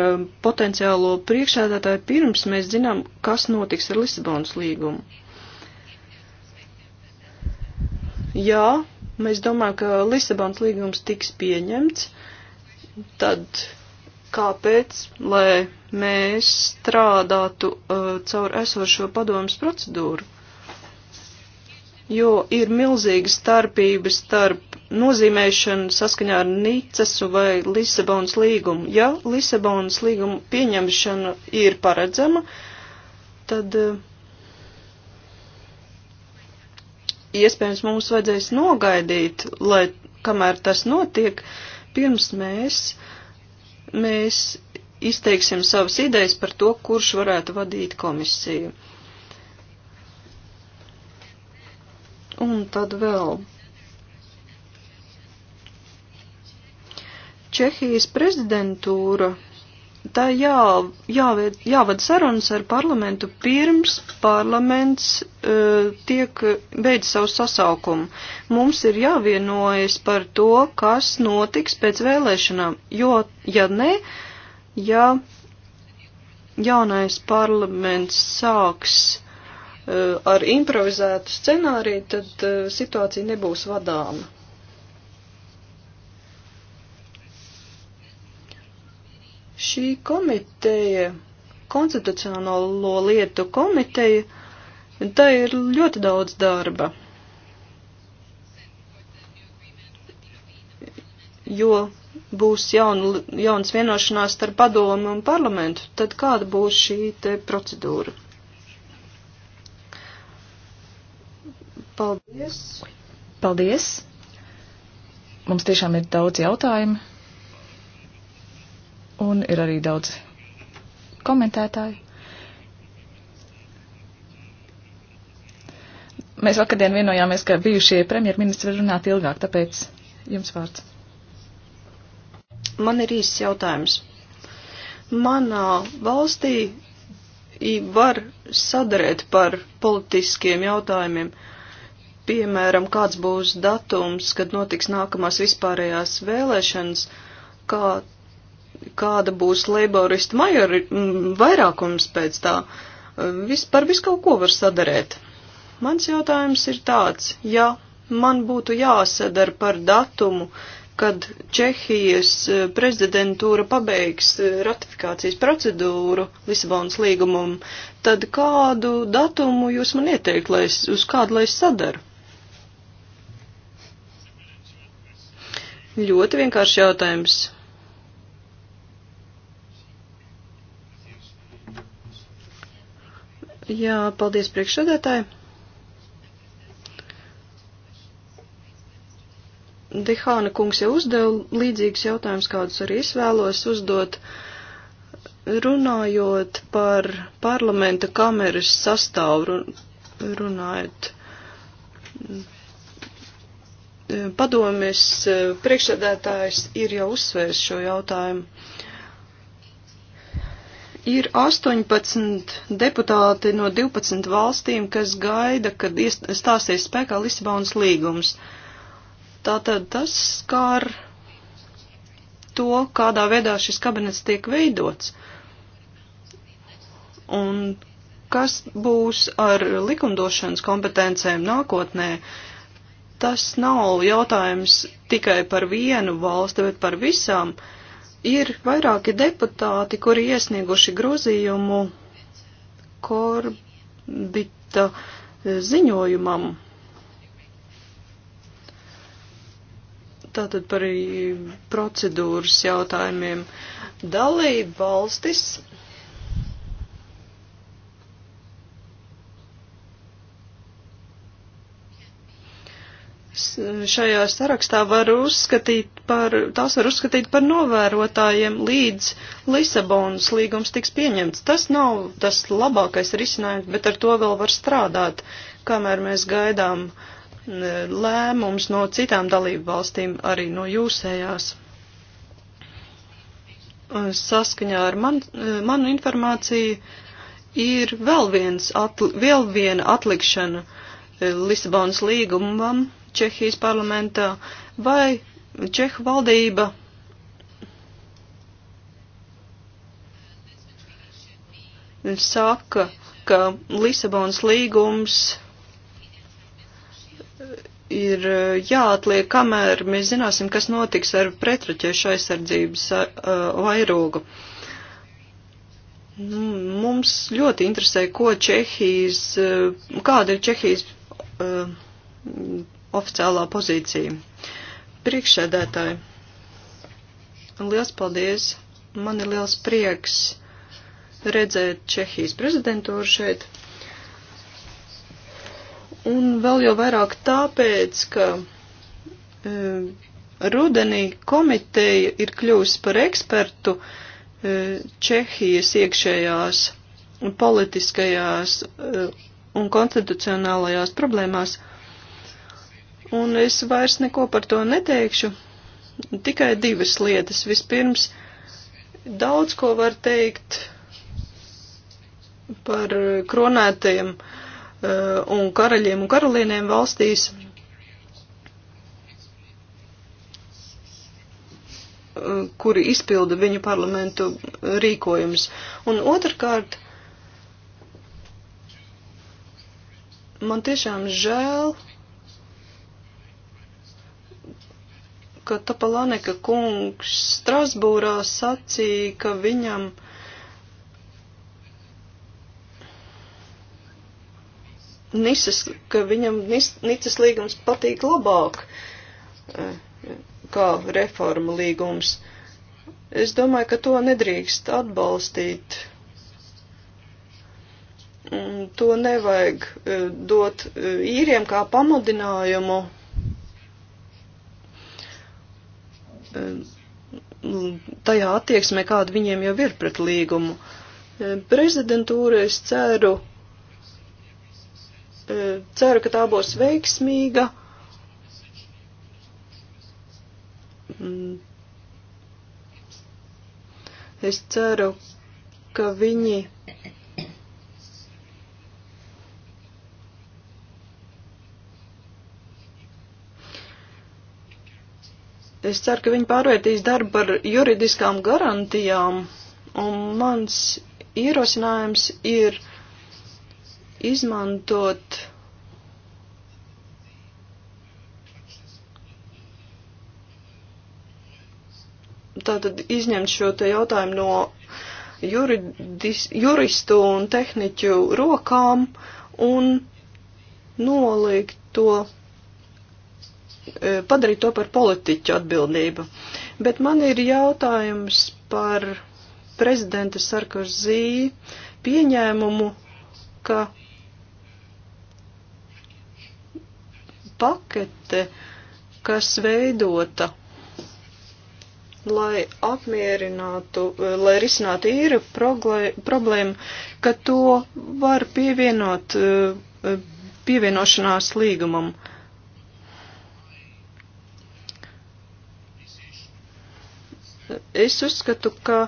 potenciālo priekšēdātāju pirms mēs zinām, kas notiks ar Lisabonas līgumu? Jā, Mēs domājam, ka Lisabons līgums tiks pieņemts, tad kāpēc, lai mēs strādātu uh, caur esošo padomas procedūru? Jo ir milzīga starpība starp nozīmēšanu saskaņā ar Nīcas vai Lisabonas līgumu. Ja Lisabonas līguma pieņemšana ir paredzama, tad uh, iespējams mums vajadzēs nogaidīt, lai kamēr tas notiek, pirms mēs, mēs izteiksim savas idejas par to, kurš varētu vadīt komisiju. Un tad vēl. Čehijas prezidentūra tā jā, jāved, jāved sarunas ar parlamentu pirms parlaments uh, tiek beidz savu sasaukumu. Mums ir jāvienojas par to, kas notiks pēc vēlēšanām, jo, ja ne, ja jaunais parlaments sāks uh, ar improvizētu scenāriju, tad uh, situācija nebūs vadāma. Šī komiteja, konstitucionālo lietu komiteja, tā ir ļoti daudz darba. Jo būs jaun, jauns vienošanās starp padomu un parlamentu, tad kāda būs šī te procedūra? Paldies! Paldies! Mums tiešām ir daudz jautājumu un ir arī daudz komentētāju. Mēs vakardien vienojāmies, ka bijušie premjerministri runāt ilgāk, tāpēc jums vārds. Man ir īsts jautājums. Manā valstī var sadarēt par politiskiem jautājumiem. Piemēram, kāds būs datums, kad notiks nākamās vispārējās vēlēšanas, kā kāda būs leiboristu majori mm, vairākums pēc tā. Vis, par visu kaut ko var sadarēt. Mans jautājums ir tāds, ja man būtu jāsadara par datumu, kad Čehijas eh, prezidentūra pabeigs eh, ratifikācijas procedūru Lisabonas līgumam, tad kādu datumu jūs man ieteikt, lai es, uz kādu lai es sadaru? Ļoti vienkārši jautājums. Jā, paldies priekšsēdētāji. Dehāna kungs jau uzdeva līdzīgus jautājumus, kādus arī es vēlos uzdot, runājot par parlamenta kameras sastāvu, runājot padomis eh, priekšsēdētājs ir jau uzsvērs šo jautājumu. Ir 18 deputāti no 12 valstīm, kas gaida, kad stāsies spēkā Lisabonas līgums. Tātad tas skar to, kādā veidā šis kabinets tiek veidots. Un kas būs ar likumdošanas kompetencēm nākotnē, tas nav jautājums tikai par vienu valsti, bet par visām. Uh, ir vairāki deputāti, kuri iesnieguši grozījumu korbita e, ziņojumam. Tātad par procedūras jautājumiem dalība valstis šajā sarakstā var uzskatīt par, tās var uzskatīt par novērotājiem līdz Lisabonas līgums tiks pieņemts. Tas nav tas labākais risinājums, bet ar to vēl var strādāt, kamēr mēs gaidām mm, lēmums no citām dalību valstīm, arī no jūsējās. Saskaņā ar man, manu informāciju ir vēl, viens atli, vēl viena atlikšana eh, Lisabonas līgumam Čehijas parlamentā, vai Čehu valdība saka, ka Lisabonas līgums ir jāatliek, kamēr mēs zināsim, kas notiks ar pretraķiešu aizsardzības uh, vairogu. Nu, mums ļoti interesē, ko Čehijas, uh, kāda ir Čehijas uh, oficiālā pozīcija. Priekšsēdētāji, liels paldies! Man ir liels prieks redzēt Čehijas prezidentūru šeit. Un vēl jau vairāk tāpēc, ka e, rudenī komiteja ir kļūst par ekspertu e, Čehijas iekšējās politiskajās e, un konstitucionālajās problēmās un es vairs neko par to neteikšu. Tikai divas lietas. Vispirms, daudz ko var teikt par kronētajiem eh, un karaļiem un karalienēm valstīs. Eh, kuri izpilda viņu parlamentu rīkojumus. Un otrkārt, man tiešām žēl, ka Tapalaneka kungs Strasbūrā sacīja, ka viņam Nises, ka viņam Nices līgums patīk labāk eh, kā reforma līgums. Es domāju, ka to nedrīkst atbalstīt. Mm, to nevajag eh, dot eh, īriem kā pamudinājumu tajā attieksmē, kāda viņiem jau ir pret līgumu. Eh, Prezidentūra, es ceru, eh, ceru, ka tā būs veiksmīga. Mm. Es ceru, ka viņi Es ceru, ka viņi pārvērtīs darbu par juridiskām garantijām, un mans ierosinājums ir izmantot tātad izņemt šo te jautājumu no juridis, juristu un tehniķu rokām un nolikt to E, padarīt to par politiķu atbildību. Bet man ir jautājums par prezidenta Sarkozī pieņēmumu, ka pakete, kas veidota, lai apmierinātu, e, lai risinātu īru problēmu, ka to var pievienot e, pievienošanās līgumam. es uzskatu, ka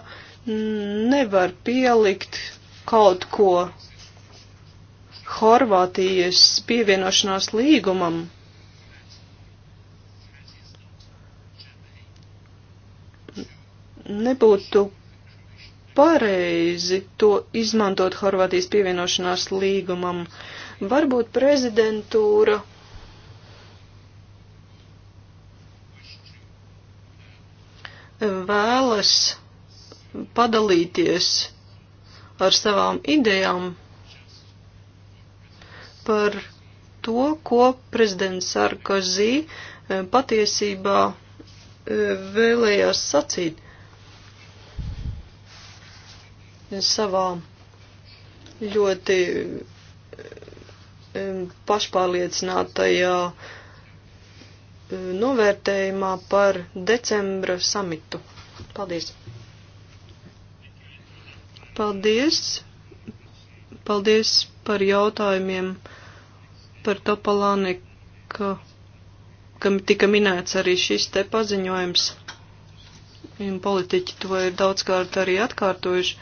nevar pielikt kaut ko Horvātijas pievienošanās līgumam. Nebūtu pareizi to izmantot Horvātijas pievienošanās līgumam. Varbūt prezidentūra vēlas padalīties ar savām idejām par to, ko prezidents Sarkozy eh, patiesībā eh, vēlējās sacīt savā ļoti eh, pašpārliecinātajā uh, novērtējumā par decembra samitu. Paldies! Paldies! Paldies par jautājumiem par Topalāni, ka, kam tika minēts arī šis te paziņojums. Un politiķi to ir daudzkārt arī atkārtojuši.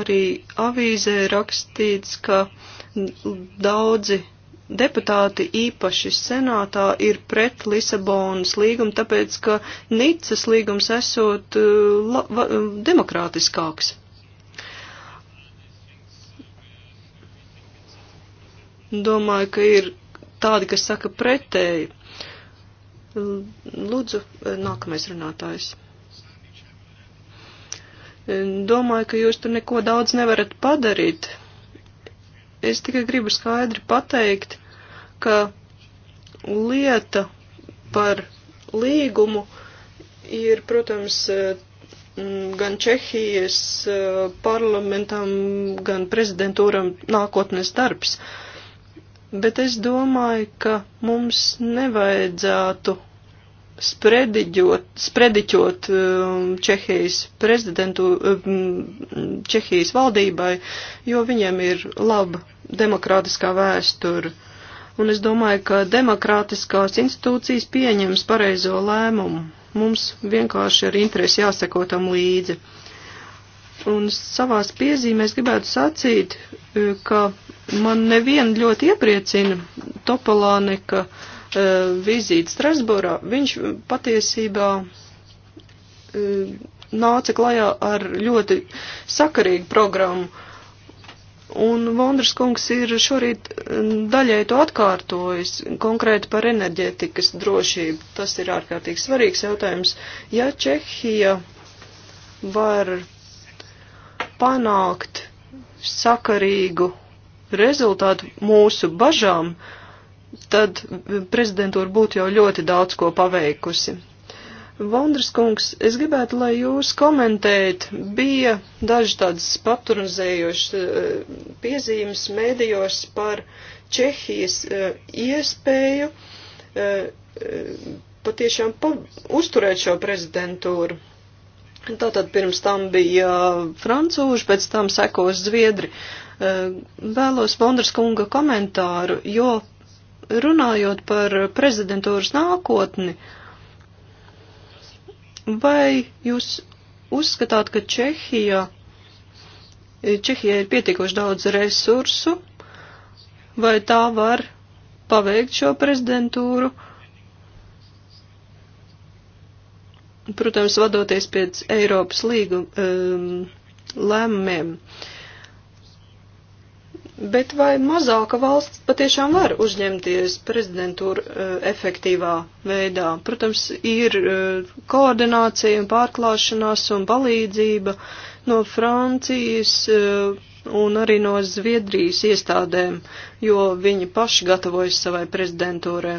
Arī avīzē rakstīts, ka Daudzi deputāti īpaši senātā ir pret Lisabonas līgumu, tāpēc, ka Nicas līgums esot uh, la, va, uh, demokrātiskāks. Domāju, ka ir tādi, kas saka pretēji. Lūdzu, nākamais runātājs. Domāju, ka jūs tur neko daudz nevarat padarīt Es tikai gribu skaidri pateikt, ka lieta par līgumu ir, protams, gan Čehijas eh, parlamentam, gan prezidentūram nākotnes darbs. Bet es domāju, ka mums nevajadzētu sprediķot, sprediķot um, Čehijas prezidentu, um, Čehijas valdībai, jo viņiem ir laba demokrātiskā vēsture. Un es domāju, ka demokrātiskās institūcijas pieņems pareizo lēmumu. Mums vienkārši ar interesi jāseko tam līdzi. Un savās piezīmēs gribētu sacīt, ka man nevien ļoti iepriecina Topolāne, ka uh, Eh, vizīti Strasbūrā, viņš patiesībā eh, nāca klajā ar ļoti sakarīgu programmu. Un Vondras kungs ir šorīt eh, daļai to atkārtojis, konkrēti par enerģētikas drošību. Tas ir ārkārtīgi svarīgs jautājums. Ja Čehija var panākt sakarīgu rezultātu mūsu bažām, uh, tad prezidentūra būtu jau ļoti daudz ko paveikusi. Vondras kungs, es gribētu, lai jūs komentējat, bija daži tādas patronizējošas eh, piezīmes mēdījos par Čehijas eh, iespēju eh, patiešām pa, uzturēt šo prezidentūru. Tātad pirms tam bija francūži, pēc tam sekos zviedri. Vēlos Vondras kunga komentāru, jo runājot par prezidentūras nākotni, vai jūs uzskatāt, ka Čehija, Čehija ir pietiekoši daudz resursu, vai tā var paveikt šo prezidentūru? Protams, vadoties pēc Eiropas līguma um, lēmumiem. Uh, Bet vai mazāka valsts patiešām var uzņemties prezidentūru e, efektīvā veidā? Protams, ir e, koordinācija un pārklāšanās un palīdzība no Francijas e, un arī no Zviedrijas iestādēm, jo viņi paši gatavojas savai prezidentūrē.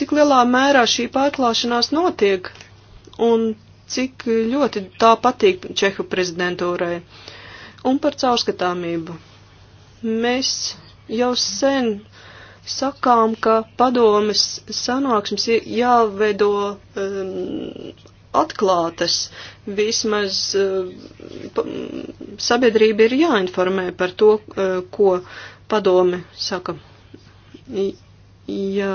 Cik lielā mērā šī pārklāšanās notiek un cik ļoti tā patīk Čehu prezidentūrai? Uh, Un par caurskatāmību. Mēs jau sen sakām, ka padomes sanāksmes jāveido um, atklātas. Vismaz um, sabiedrība ir jāinformē par to, uh, ko padome saka. Ja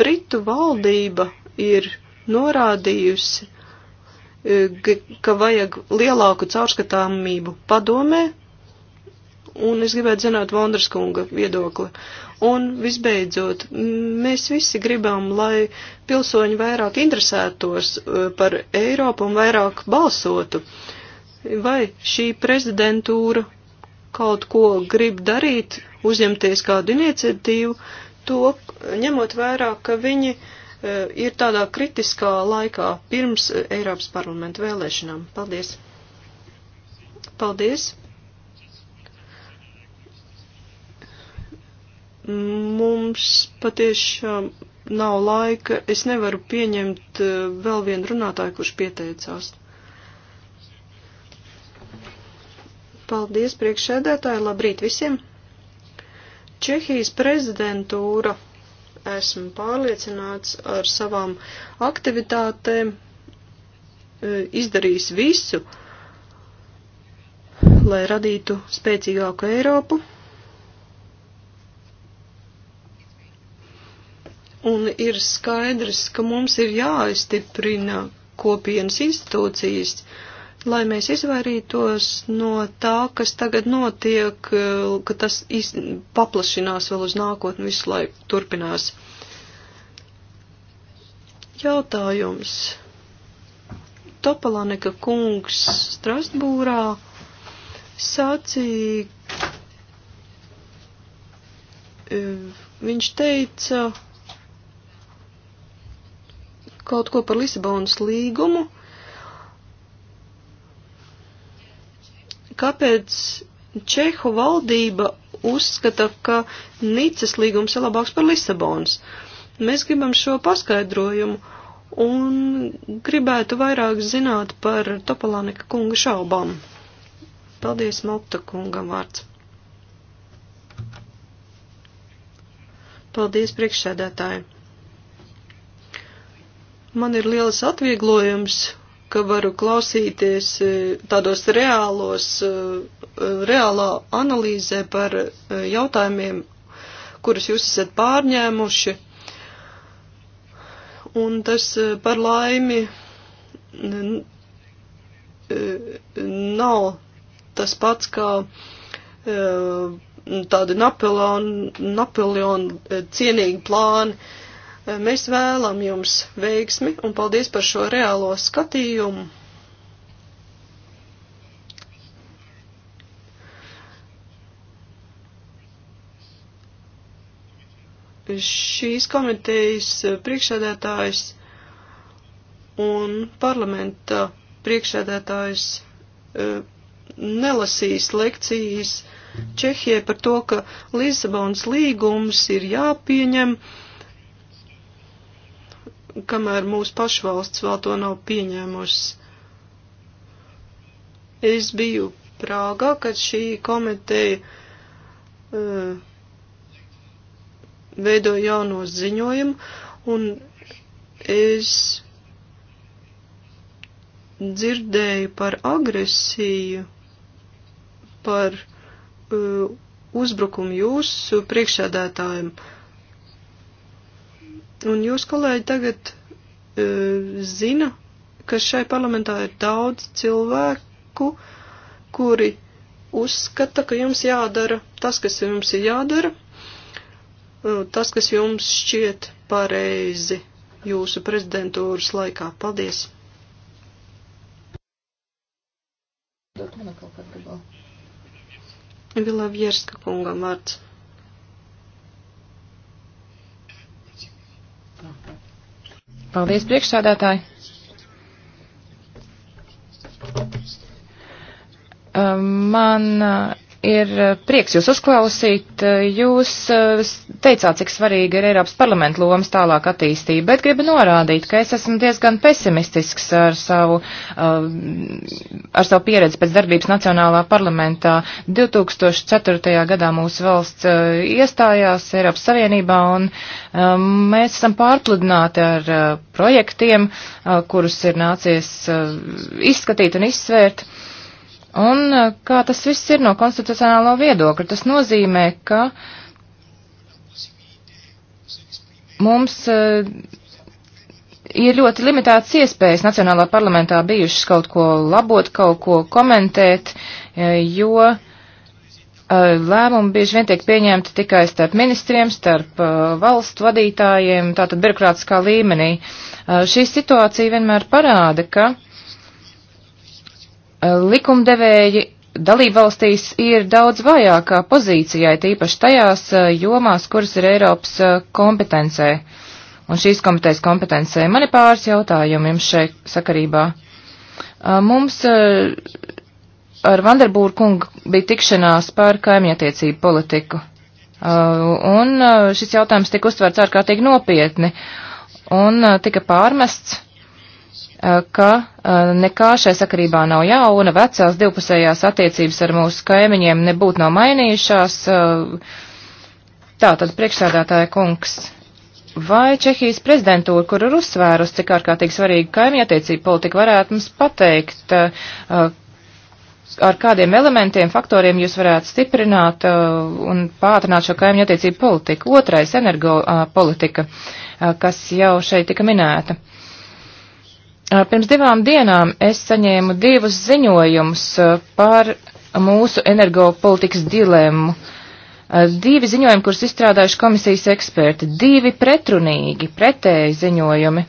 Britu valdība ir norādījusi, ka vajag lielāku caurskatāmību padomē, un es gribētu zināt Vondras kunga viedokli. Un visbeidzot, mēs visi gribam, lai pilsoņi vairāk interesētos uh, par Eiropu un vairāk balsotu. Vai šī prezidentūra kaut ko grib darīt, uzņemties kādu iniciatīvu, to ņemot vērā, ka viņi uh, E, ir tādā kritiskā laikā pirms Eiropas parlamenta vēlēšanām. Paldies! Paldies! Mums patiešām nav laika. Es nevaru pieņemt e, vēl vienu runātāju, kurš pieteicās. Paldies priekšēdētāji, labrīt visiem! Čehijas prezidentūra esmu pārliecināts ar savām aktivitātēm, e, izdarīs visu, lai radītu spēcīgāku Eiropu. Un ir skaidrs, ka mums ir jāizstiprina kopienas institūcijas, uh, lai mēs izvairītos no tā, kas tagad notiek, ka tas iz, paplašinās vēl uz nākotni visu laiku turpinās. Jautājums. Topalāneka kungs Strasbūrā sacīja, e, viņš teica kaut ko par Lisabonas līgumu, kāpēc Čehu valdība uzskata, ka Nicas līgums ir labāks par Lisabonas. Mēs gribam šo paskaidrojumu un gribētu vairāk zināt par Topolānika kunga šaubām. Paldies, Malta kungam vārds. Paldies, priekšsēdētāji. Man ir liels atvieglojums ka varu klausīties e, tādos reālos, e, e, reālā analīzē par jautājumiem, kurus jūs esat pārņēmuši. Un tas par laimi nav tas pats kā tādi Napoleon, Napoleon cienīgi plāni Mēs vēlam jums veiksmi un paldies par šo reālo skatījumu. Šīs komitejas priekšsēdētājs un parlamenta priekšsēdētājs e, nelasīs lekcijas Čehijai par to, ka Lisabonas līgums ir jāpieņem kamēr mūsu pašvalsts vēl to nav pieņēmušas. Es biju Prāgā, kad šī komiteja uh, eh, veido jauno ziņojumu, un es dzirdēju par agresiju, par uh, uzbrukumu jūsu priekšsēdētājiem. Uh, Un jūs, kolēģi, tagad uh, zina, ka šai parlamentā ir daudz cilvēku, kuri uzskata, ka jums jādara tas, kas jums ir jādara, uh, tas, kas jums šķiet pareizi jūsu prezidentūras laikā. Paldies! Vilavierska kungam vārds. Paldies, priekšsādātāji. Ehm, man ir eh, prieks jūs uzklausīt. Eh, jūs eh, teicāt, cik svarīga ir Eiropas parlamenta lomas tālāk attīstība, bet gribu norādīt, ka es esmu diezgan pesimistisks ar savu, ar savu pieredzi pēc darbības Nacionālā parlamentā. 2004. gadā mūsu valsts iestājās Eiropas Savienībā un mēs esam pārpludināti ar projektiem, kurus ir nācies izskatīt un izsvērt. Un eh, kā tas viss ir no konstitucionālo viedokļa, tas nozīmē, ka mums eh, ir ļoti limitētas iespējas Nacionālā parlamentā bijušas kaut ko labot, kaut ko komentēt, eh, jo lēmumi bieži vien tiek pieņemti tikai starp ministriem, starp valstu vadītājiem, tātad birokrātiskā līmenī. Šī situācija vienmēr parāda, ka likumdevēji dalībvalstīs ir daudz vājākā pozīcijā, tīpaši tajās eh, jomās, kuras ir Eiropas eh, kompetencē un šīs komitejas kompetencē. Man ir pāris jautājumi jums šai sakarībā. Eh, mums ar Vanderbūru kungu bija tikšanās par kaimietiecību politiku, un šis jautājums tika uztverts ārkārtīgi nopietni, un tika pārmests Eh, ka eh, nekā šai sakarībā nav jauna, vecās divpusējās attiecības ar mūsu kaimiņiem nebūtu nav mainījušās. Eh, Tātad priekšsēdētāja kungs, vai Čehijas prezidentūra, kur ir uzsvērus, cik ārkārtīgi svarīga kaimiņattiecība politika, varētu mums pateikt, ar kādiem elementiem, faktoriem jūs varētu stiprināt un pātrināt šo kaimiņattiecību politiku? Otrais - energo politika, kas jau šeit tika minēta. Pirms divām dienām es saņēmu divus ziņojumus par mūsu energopolitikas dilemmu. Divi ziņojumi, kurus izstrādājuši komisijas eksperti, divi pretrunīgi, pretēji ziņojumi,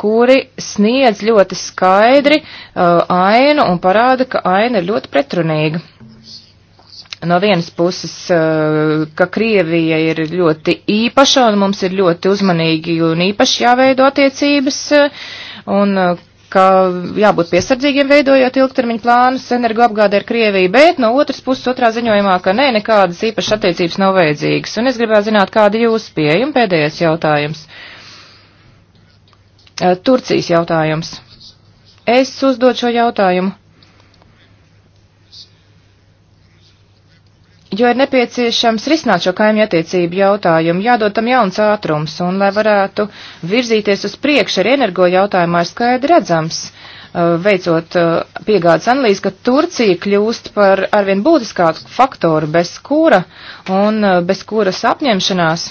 kuri sniedz ļoti skaidri ainu un parāda, ka aina ir ļoti pretrunīga. No vienas puses, ka Krievija ir ļoti īpaša un mums ir ļoti uzmanīgi un īpaši jāveido attiecības un uh, ka jābūt piesardzīgiem veidojot ilgtermiņu plānus energoapgādē ar Krieviju, bet no otras puses otrā ziņojumā, ka nē, nekādas īpašas attiecības nav vajadzīgas. Un es gribētu zināt, kāda ir jūsu pieeja un pēdējais jautājums. Uh, Turcijas jautājums. Es uzdodu šo jautājumu jo ir nepieciešams risināt šo kaimiņu attiecību jautājumu, jādod tam jauns ātrums, un lai varētu virzīties uz priekšu ar energo jautājumā, ir skaidri redzams, uh, veicot uh, piegādes analīzi, ka Turcija kļūst par arvien būtiskāku faktoru, bez kura un uh, bez kuras apņemšanās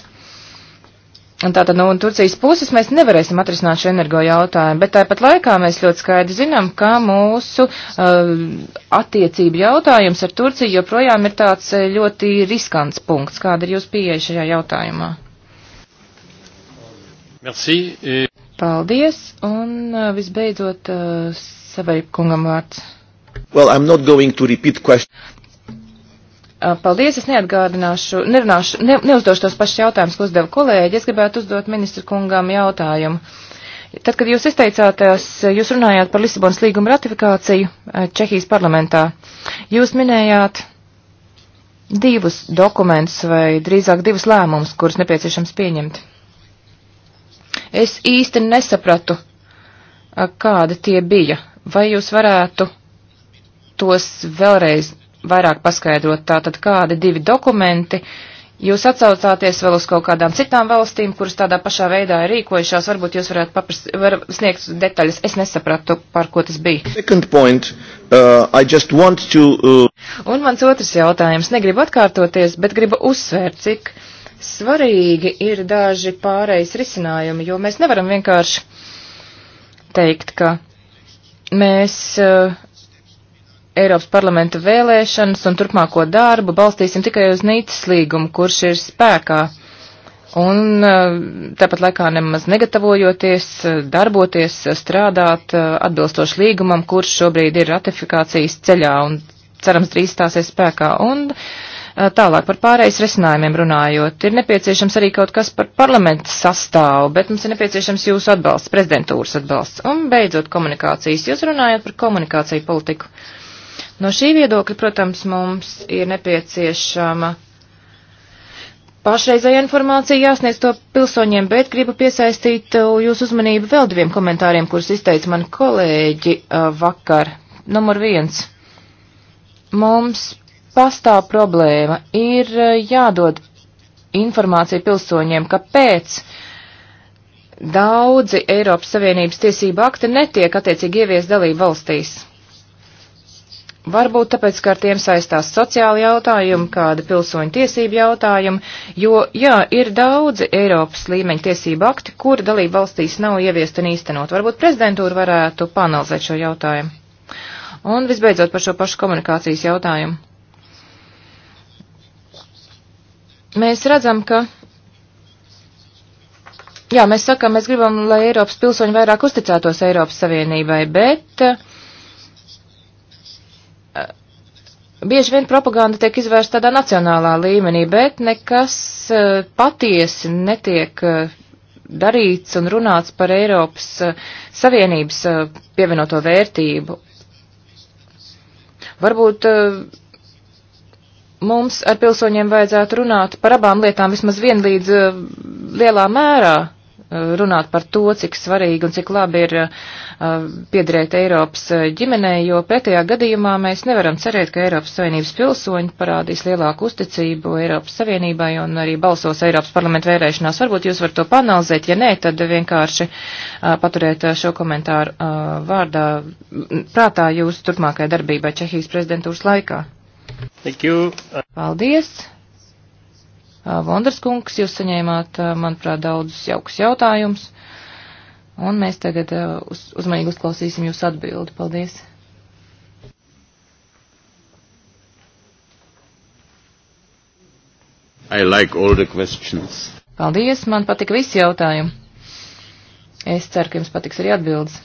Tātad no Turcijas puses mēs nevarēsim atrisināt šo energo jautājumu, bet tāpat laikā mēs ļoti skaidri zinām, ka mūsu uh, attiecību jautājums ar Turciju joprojām ir tāds uh, ļoti riskants punkts. Kāda ir jūsu pieeja šajā jautājumā? Merci. E- Paldies, un uh, visbeidzot uh, savai kungam vārds. Well, I'm not going to repeat question. Paldies, es neatgādināšu, nerunāšu, ne, neuzdošu tos pašus jautājumus, ko uzdeva kolēģi. Es gribētu uzdot ministru kungām jautājumu. Tad, kad jūs izteicāties, jūs runājāt par Lisabonas līguma ratifikāciju Čehijas parlamentā. Jūs minējāt divus dokumentus vai drīzāk divus lēmumus, kurus nepieciešams pieņemt. Es īsti nesapratu, kādi tie bija. Vai jūs varētu tos vēlreiz vairāk paskaidrot tātad kādi divi dokumenti. Jūs atsaucāties vēl uz kaut kādām citām valstīm, kuras tādā pašā veidā ir rīkojušās. Varbūt jūs varētu paprast, var sniegt detaļas. Es nesapratu, par ko tas bija. Second point, uh, I just want to, uh... Un mans otrs jautājums. Negribu atkārtoties, bet gribu uzsvērt, cik svarīgi ir daži pārejas risinājumi, jo mēs nevaram vienkārši teikt, ka mēs. Uh, Eiropas parlamenta vēlēšanas un turpmāko darbu balstīsim tikai uz Nīcas līgumu, kurš ir spēkā. Un eh, tāpat laikā nemaz negatavojoties, eh, darboties, eh, strādāt atbilstoši līgumam, kurš šobrīd ir ratifikācijas ceļā un cerams drīz stāsies spēkā. Un tālāk par pārējais risinājumiem runājot, ir nepieciešams arī kaut kas par parlamentu sastāvu, bet mums ir nepieciešams jūsu atbalsts, prezidentūras atbalsts. Un beidzot komunikācijas, jūs runājat par komunikāciju politiku. Uh, No šī viedokļa, protams, mums ir nepieciešama pašreizēja informācija jāsniedz to pilsoņiem, bet gribu piesaistīt uh, jūsu uzmanību vēl diviem komentāriem, kurus izteica mani kolēģi uh, vakar. Numur viens. Mums pastāv problēma. Ir uh, jādod informācija pilsoņiem, kāpēc daudzi Eiropas Savienības tiesību akti netiek attiecīgi ievies dalību valstīs. Varbūt tāpēc, ka ar tiem saistās sociāli jautājumi, kāda pilsoņu tiesību jautājumi, jo, jā, ir daudzi Eiropas līmeņa tiesību akti, kuri dalība valstīs nav ieviest un īstenot. Varbūt prezidentūra varētu panalizēt šo jautājumu. Un visbeidzot par šo pašu komunikācijas jautājumu. Mēs redzam, ka. Jā, mēs sakām, mēs gribam, lai Eiropas pilsoņi vairāk uzticētos Eiropas Savienībai, bet uh, Eh, bieži vien propaganda tiek izvērsta tādā nacionālā līmenī, bet nekas eh, patiesi netiek eh, darīts un runāts par Eiropas Savienības pievienoto vērtību. Varbūt mums ar pilsoņiem vajadzētu runāt par abām lietām vismaz vienlīdz lielā mērā runāt par to, cik svarīgi un cik labi ir uh, piederēt Eiropas uh, ģimenei, jo pretējā gadījumā mēs nevaram cerēt, ka Eiropas Savienības pilsoņi parādīs lielāku uzticību Eiropas Savienībai un arī balsos Eiropas parlamentu vērēšanās. Varbūt jūs varat to panalizēt, ja nē, tad vienkārši uh, paturēt šo komentāru vārdā prātā jūsu turpmākajai darbībai Čehijas prezidentūras laikā. Thank you. Paldies. Uh, Vonderskungs, jūs saņēmāt, uh, manuprāt, daudzus jaukus jautājumus, un mēs tagad uh, uz, uzmanīgi uzklausīsim jūsu atbildi. Paldies! I like all the questions. Paldies, man patika visi jautājumi. Es ceru, ka jums patiks arī atbildes.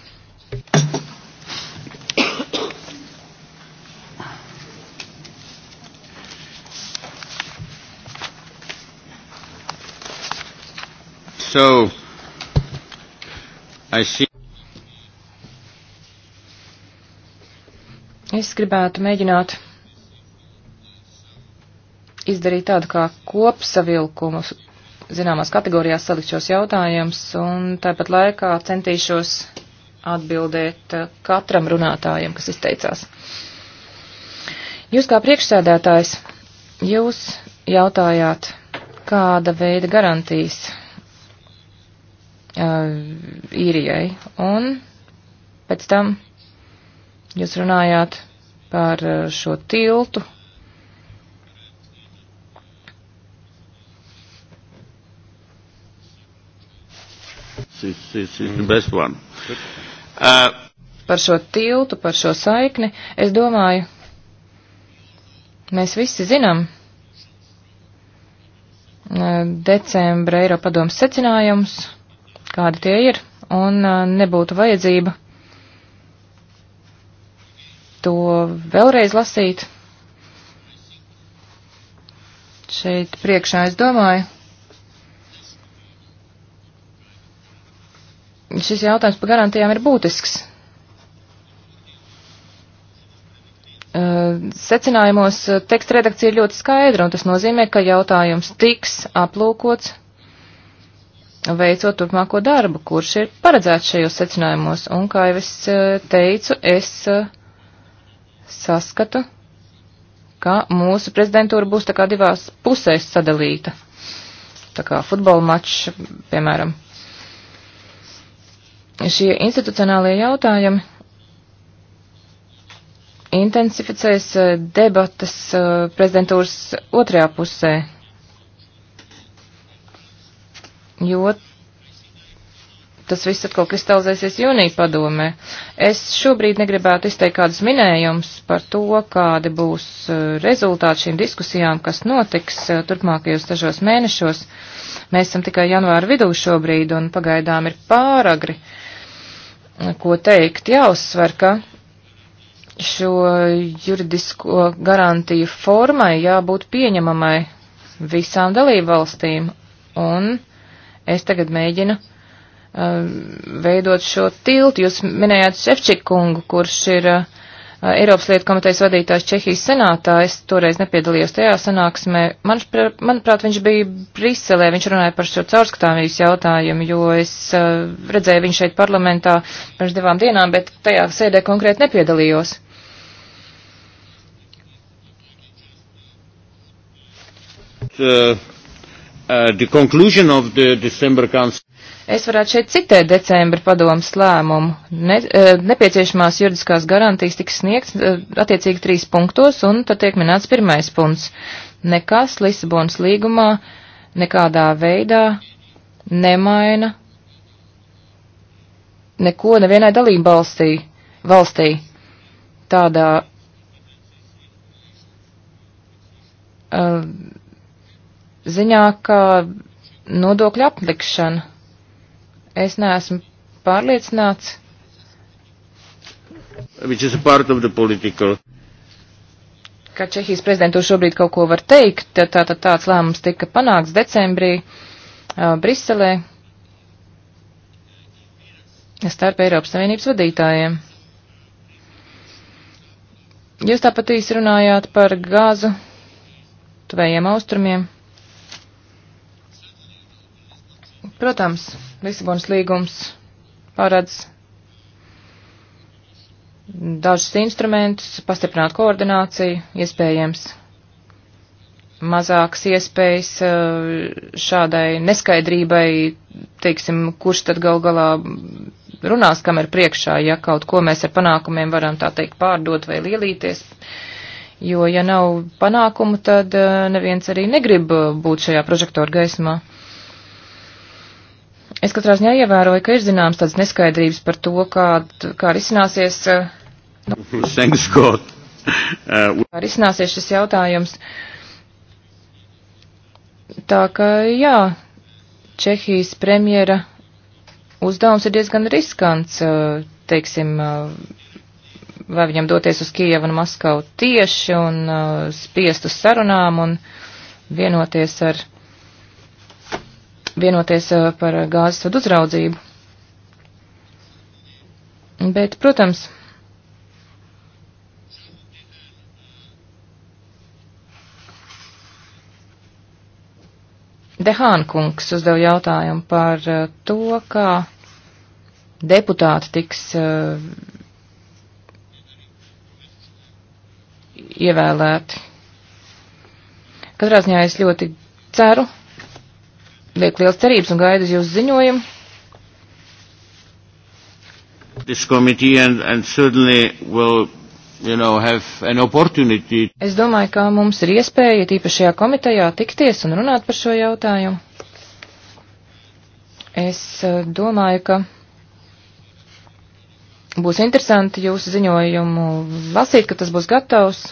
so I see. Es gribētu mēģināt izdarīt tādu kā kopsavilkumu, zināmās kategorijās salikt šos jautājumus, un tāpat laikā centīšos atbildēt eh, katram runātājam, kas izteicās. Jūs kā priekšsēdētājs, jūs jautājāt, kāda veida garantijas Uh, īrijai. Un pēc tam jūs runājāt par uh, šo tiltu. Uh, par šo tiltu, par šo saikni, es domāju, mēs visi zinām decembra Eiropadomas secinājumus, kādi tie ir, un uh, nebūtu vajadzība to vēlreiz lasīt. Šeit priekšā es domāju. Šis jautājums par garantijām ir būtisks. Uh, secinājumos uh, teksta redakcija ir ļoti skaidra, un tas nozīmē, ka jautājums tiks aplūkots veicot turpmāko darbu, kurš ir paredzēts šajos secinājumos. Un, kā jau es eh, teicu, es eh, saskatu, ka mūsu prezidentūra būs tā kā divās pusēs sadalīta. Tā kā futbola mačs, piemēram. Šie institucionālie jautājumi intensificēs eh, debatas prezidentūras otrajā pusē jo tas viss atkal kristalizēsies jūnija padomē. Es šobrīd negribētu izteikt kādus minējumus par to, kādi būs eh, rezultāti šīm diskusijām, kas notiks eh, turpmākajos dažos mēnešos. Mēs esam tikai janvāra vidū šobrīd un pagaidām ir pāragri, eh, ko teikt. Jāuzsver, ka šo juridisko garantiju formai jābūt pieņemamai visām dalībvalstīm un Es tagad mēģinu um, veidot šo tiltu. Jūs minējāt Šefčikungu, kurš ir uh, Eiropas lietu komitejas vadītājs Čehijas senātā. Es toreiz nepiedalījos tajā sanāksmē. Man, manuprāt, viņš bija Briselē. Viņš runāja par šo caurskatāmības jautājumu, jo es uh, redzēju viņu šeit parlamentā pirms divām dienām, bet tajā sēdē konkrēti nepiedalījos. Uh. Uh, the conclusion of the December Council. Es varētu šeit citēt decembra padomas lēmumu. Ne, uh, nepieciešamās juridiskās garantijas tiks sniegts uh, attiecīgi trīs punktos, un tad tiek minēts pirmais punkts. Nekas Lisabonas līgumā nekādā veidā nemaina neko nevienai dalību valstī. valstī. Tādā. Uh, ziņā, kā nodokļu aplikšana. Es neesmu pārliecināts. Ka Čehijas prezidentu šobrīd kaut ko var teikt, tātad tā, tāds lēmums tika panāks decembrī uh, Briselē starp Eiropas Savienības vadītājiem. Jūs tāpat īsi runājāt par gāzu tuvējiem austrumiem. Protams, Lisabonas līgums paredz dažus instrumentus, pastiprināt koordināciju, iespējams mazākas iespējas eh, šādai neskaidrībai, teiksim, kurš tad gal galā runās, kam ir priekšā, ja kaut ko mēs ar panākumiem varam tā teikt pārdot vai lielīties. Jo, ja nav panākumu, tad eh, neviens arī negrib būt šajā prožektoru gaismā. Es katrā ziņā ievēroju, ka ir zināms tāds neskaidrības par to, kā, kā risināsies. Eh, nu, uh, kā risināsies šis jautājums. Tā ka, jā, Čehijas premjera uzdevums ir diezgan riskants, eh, teiksim, eh, vai viņam doties uz Kijevu un Maskavu tieši un spiest uz sarunām un vienoties ar vienoties uh, par gāzes vadu uzraudzību. Bet, protams, Dehāna kungs uzdeva jautājumu par uh, to, kā deputāti tiks uh, ievēlēti. Katrā ziņā es ļoti ceru, liek liels cerības un gaidu uz jūsu ziņojumu. And, and will, you know, es domāju, ka mums ir iespēja tīpašajā komitejā tikties un runāt par šo jautājumu. Es eh, domāju, ka būs interesanti jūsu ziņojumu lasīt, ka tas būs gatavs.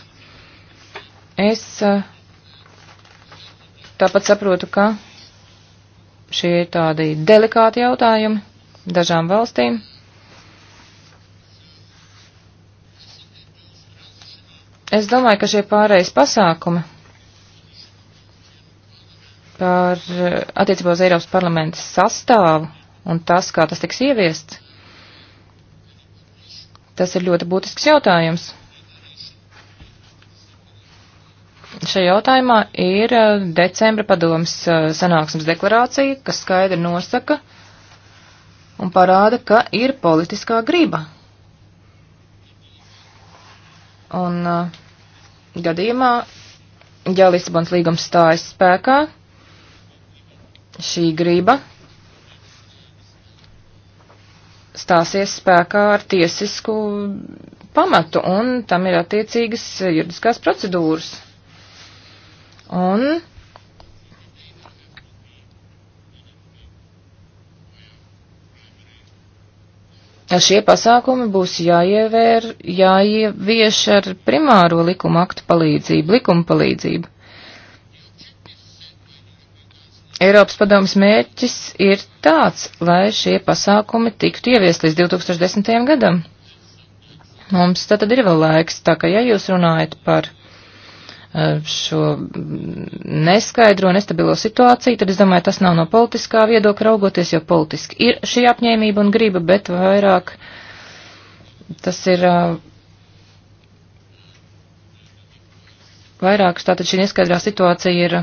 Es eh, tāpat saprotu, ka Šie ir tādi delikāti jautājumi dažām valstīm. Es domāju, ka šie pārējais pasākumi par eh, attiecībā uz Eiropas parlamenta sastāvu un tas, kā tas tiks ieviests, tas ir ļoti būtisks jautājums. šajā jautājumā ir eh, decembra padomas eh, sanāksmes deklarācija, kas skaidri nosaka un parāda, ka ir politiskā griba. Un uh, gadījumā, ja Lisabons līgums stājas spēkā, šī griba stāsies spēkā ar tiesisku pamatu, un tam ir attiecīgas juridiskās procedūras. Un šie pasākumi būs jāievēr, jāievieš ar primāro likuma aktu palīdzību, likuma palīdzību. Eiropas padomas mērķis ir tāds, lai šie pasākumi tiktu ieviest līdz 2010. gadam. Mums tad ir vēl laiks, tā ka ja jūs runājat par Eh, šo neskaidro, nestabilo situāciju, tad es domāju, tas nav no politiskā viedokļa raugoties, jo politiski ir šī apņēmība un griba, bet vairāk tas ir eh, vairāk, tātad šī neskaidrā situācija ir,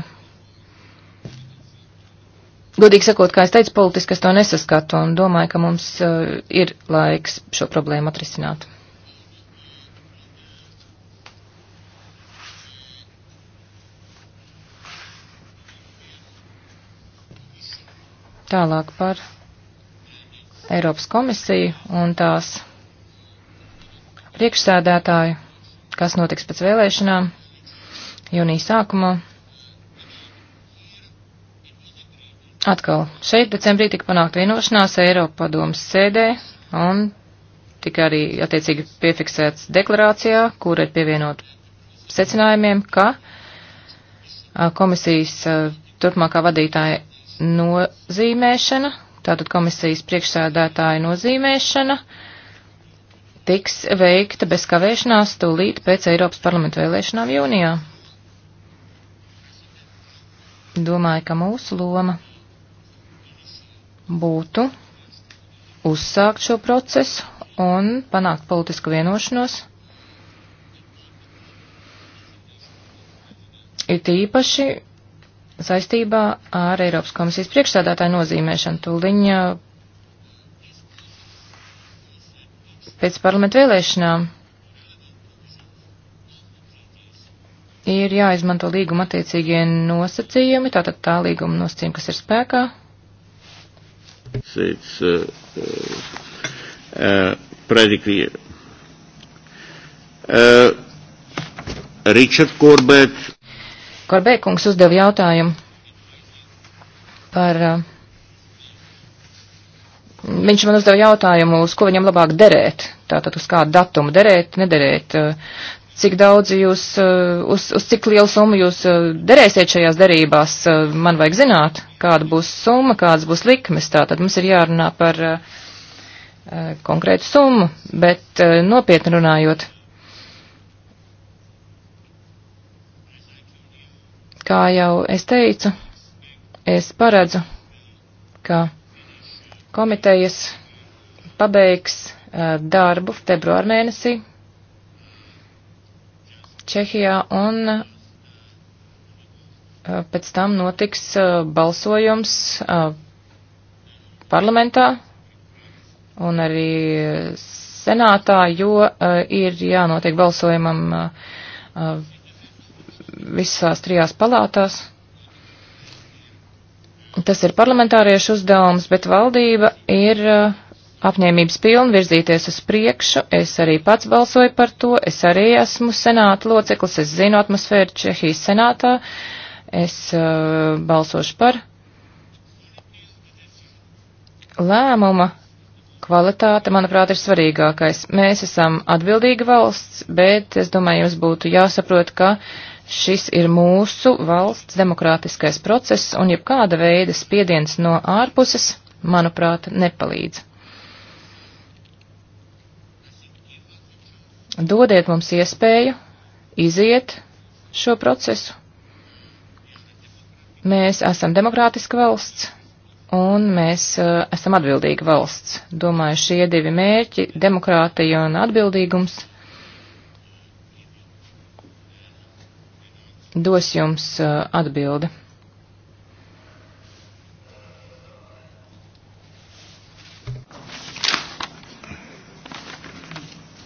godīgi sakot, kā es teicu, politiski es to nesaskatu un domāju, ka mums eh, ir laiks šo problēmu atrisināt. Tālāk par Eiropas komisiju un tās priekšsēdētāju, kas notiks pēc vēlēšanām jūnija sākumā. Atkal šeit decembrī tika panākt vienošanās Eiropa padomas sēdē un tika arī attiecīgi piefiksēts deklarācijā, kur ir pievienot secinājumiem, ka komisijas turpmākā vadītāja nozīmēšana, tātad komisijas priekšsēdētāja nozīmēšana, tiks veikta bez kavēšanās tūlīt pēc Eiropas parlamenta vēlēšanām jūnijā. Domāju, ka mūsu loma būtu uzsākt šo procesu un panākt politisku vienošanos. It īpaši saistībā ar Eiropas komisijas priekšsādātāju nozīmēšanu tūliņa eh, pēc parlamentu vēlēšanām ir jāizmanto līguma attiecīgie nosacījumi, tātad tā līguma nosacījumi, kas ir spēkā. It's, uh, uh, uh, Richard Corbett Korbeikungs uzdeva jautājumu par. Eh, viņš man uzdeva jautājumu, uz ko viņam labāk derēt, tātad uz kādu datumu derēt, nederēt, eh, cik daudz jūs, eh, uz, uz cik lielu summu jūs derēsiet šajās derībās, man vajag zināt, kāda būs summa, kādas būs likmes, tātad mums ir jārunā par konkrētu summu, bet nopietni runājot, Kā jau es teicu, es paredzu, ka komitejas pabeigs eh, darbu februāra mēnesī Čehijā un eh, pēc tam notiks eh, balsojums parlamentā un arī senātā, jo ir jānotiek balsojumam visās trijās palātās. Tas ir parlamentāriešu uzdevums, bet valdība ir uh, apņēmības pilna virzīties uz priekšu. Es arī pats balsoju par to. Es arī esmu senāta loceklis. Es zinu atmosfēru Čehijas senātā. Es uh, balsošu par lēmuma kvalitāte, manuprāt, ir svarīgākais. Mēs esam atbildīga valsts, bet es domāju, jums būtu jāsaprot, ka uh, Šis ir mūsu valsts demokrātiskais process, un jebkāda veida spiediens no ārpuses, manuprāt, nepalīdz. Dodiet mums iespēju iziet šo procesu. Mēs esam demokrātiska valsts, un mēs uh, esam atbildīga valsts. Domāju, šie divi mērķi - demokrātija un atbildīgums dos jums uh, atbildi.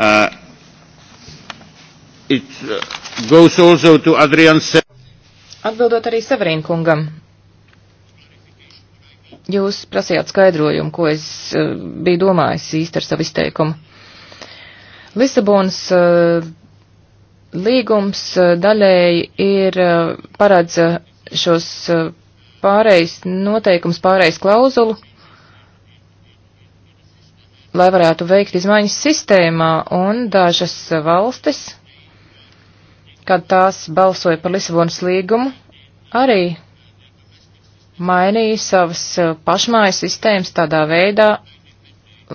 Uh, it uh, goes also to Adrian Se Atbildot arī Severīn kungam, jūs prasījāt skaidrojumu, ko es uh, biju domājis īsti ar savu izteikumu. Lisabonas uh, Līgums daļēji ir paredz šos pārejas noteikums, pārejas klauzulu, lai varētu veikt izmaiņas sistēmā, un dažas valstis, kad tās balsoja par Lisabonas līgumu, arī mainīja savas pašmājas sistēmas tādā veidā,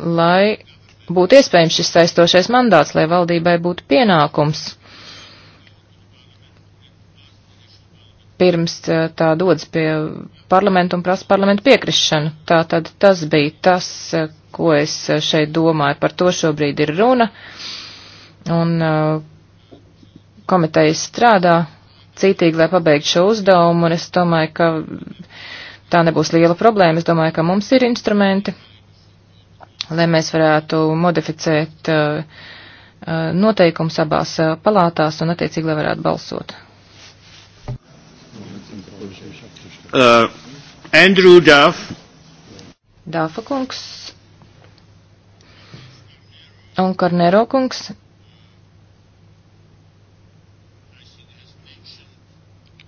lai būtu iespējams šis saistošais mandāts, lai valdībai būtu pienākums pirms eh, tā dodas pie parlamentu un prasa parlamentu piekrišanu. Tā tad tas bija tas, eh, ko es eh, šeit domāju. Par to šobrīd ir runa. Un komitejas strādā cītīgi, lai pabeigtu šo uzdevumu, un es domāju, ka tā nebūs liela problēma. Es domāju, ka mums ir instrumenti, lai mēs varētu modificēt noteikums abās palātās un attiecīgi, lai varētu balsot. uh, Andrew Duff. Dāfa kungs un Kornero kungs.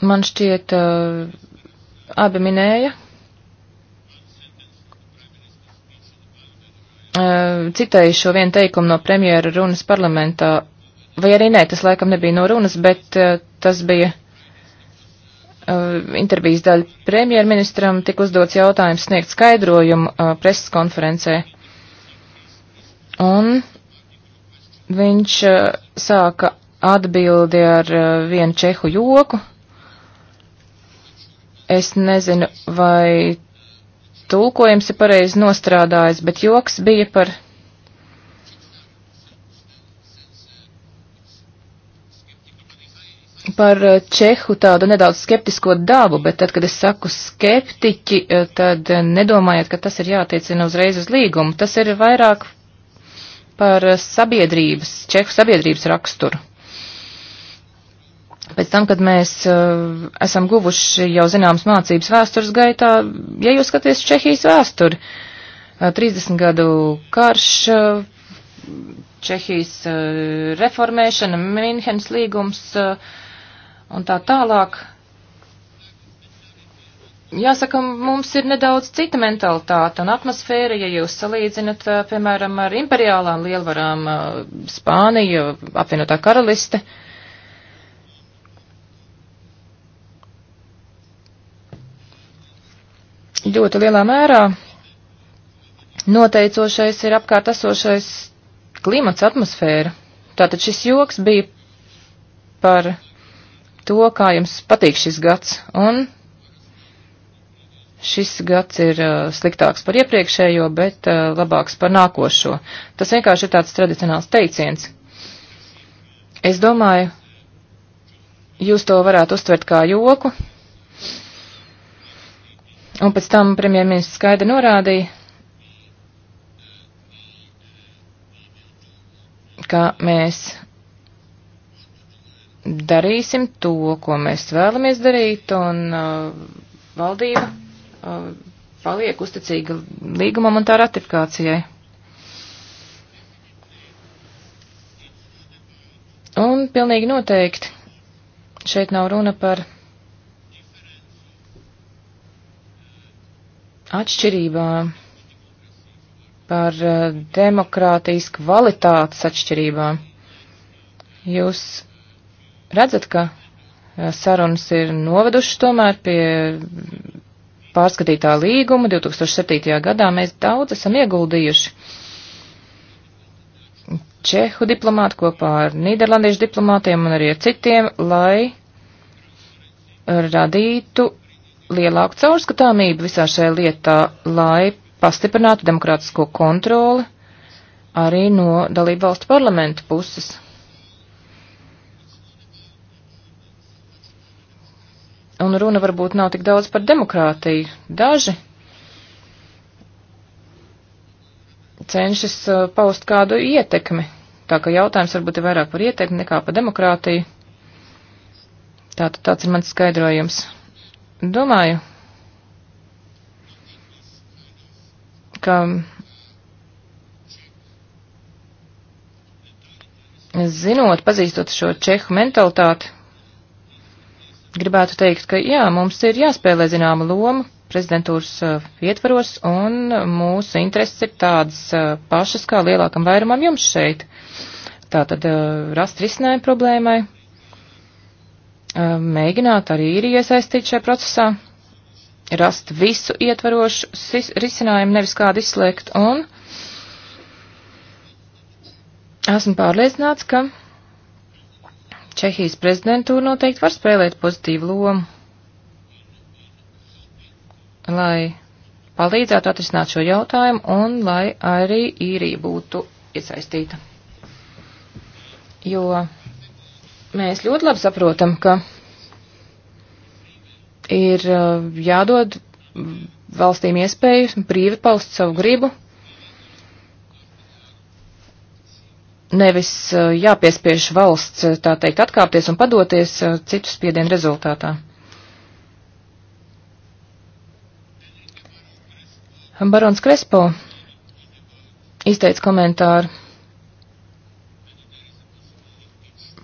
Man šķiet, uh, abi minēja, uh, citēju šo vienu teikumu no premjera runas parlamentā, vai arī nē, tas laikam nebija no runas, bet uh, tas bija Eh, intervijas daļa premjerministram tika uzdots jautājums sniegt skaidrojumu eh, preses konferencē. Un viņš eh, sāka atbildi ar vienu čehu joku. Es nezinu, vai tulkojums ir pareizi nostrādājis, bet joks bija par par eh, Čehu tādu nedaudz skeptisko dabu, bet tad, kad es saku skeptiķi, eh, tad eh, nedomājiet, ka tas ir jātiecina uzreiz uz līgumu. Tas ir vairāk par sabiedrības, Čehu sabiedrības raksturu. Pēc tam, kad mēs uh, esam guvuši jau zināmas mācības vēstures gaitā, ja jūs skaties Čehijas vēsturi, uh, 30 gadu karš, uh, Čehijas reformēšana, Minhenes līgums, uh, un tā tālāk. Jāsaka, mums ir nedaudz cita mentalitāte un atmosfēra, ja jūs salīdzinat, piemēram, ar imperiālām lielvarām Spāniju, apvienotā karaliste. Ļoti lielā mērā noteicošais ir apkārt esošais klimats atmosfēra. Tātad šis joks bija par to, kā jums patīk šis gads. Un šis gads ir uh, sliktāks par iepriekšējo, bet uh, labāks par nākošo. Tas vienkārši ir tāds tradicionāls teiciens. Es domāju, jūs to varētu uztvert kā joku. Un pēc tam premjerministrs skaidri norādīja, ka mēs darīsim to, ko mēs vēlamies darīt, un uh, valdība uh, paliek uzticīga līgumam un tā ratifikācijai. Un pilnīgi noteikti šeit nav runa par atšķirībām, par uh, demokrātijas kvalitātes atšķirībām. Jūs redzat, ka eh, sarunas ir novedušas tomēr pie pārskatītā līguma 2007. gadā. Mēs daudz esam ieguldījuši. Čehu diplomāti kopā ar Nīderlandiešu diplomātiem un arī ar citiem, lai radītu lielāku caurskatāmību visā šajā lietā, lai pastiprinātu demokrātisko kontroli arī no dalību valstu parlamentu puses. Un runa varbūt nav tik daudz par demokrātiju. Daži cenšas uh, paust kādu ietekmi. Tā ka jautājums varbūt ir vairāk par ietekmi nekā par demokrātiju. Tātad tāds ir mans skaidrojums. Domāju, ka zinot, pazīstot šo čehu mentalitāti, gribētu teikt, ka jā, mums ir jāspēlē zināma loma prezidentūras uh, ietvaros, un mūsu intereses ir tādas uh, pašas kā lielākam vairumam jums šeit. Tātad uh, rast risinājumu problēmai, uh, mēģināt arī ir iesaistīt šajā procesā, rast visu ietvarošu risinājumu, nevis kādu izslēgt, un esmu pārliecināts, ka Čehijas prezidentūra noteikti var spēlēt pozitīvu lomu, lai palīdzētu atrisināt šo jautājumu un lai arī īrija būtu iesaistīta. Jo mēs ļoti labi saprotam, ka ir uh, jādod valstīm iespēju brīvi paust savu gribu nevis jāpiespiež valsts, tā teikt, atkāpties un padoties citu spiedienu rezultātā. Barons Krespo izteica komentāru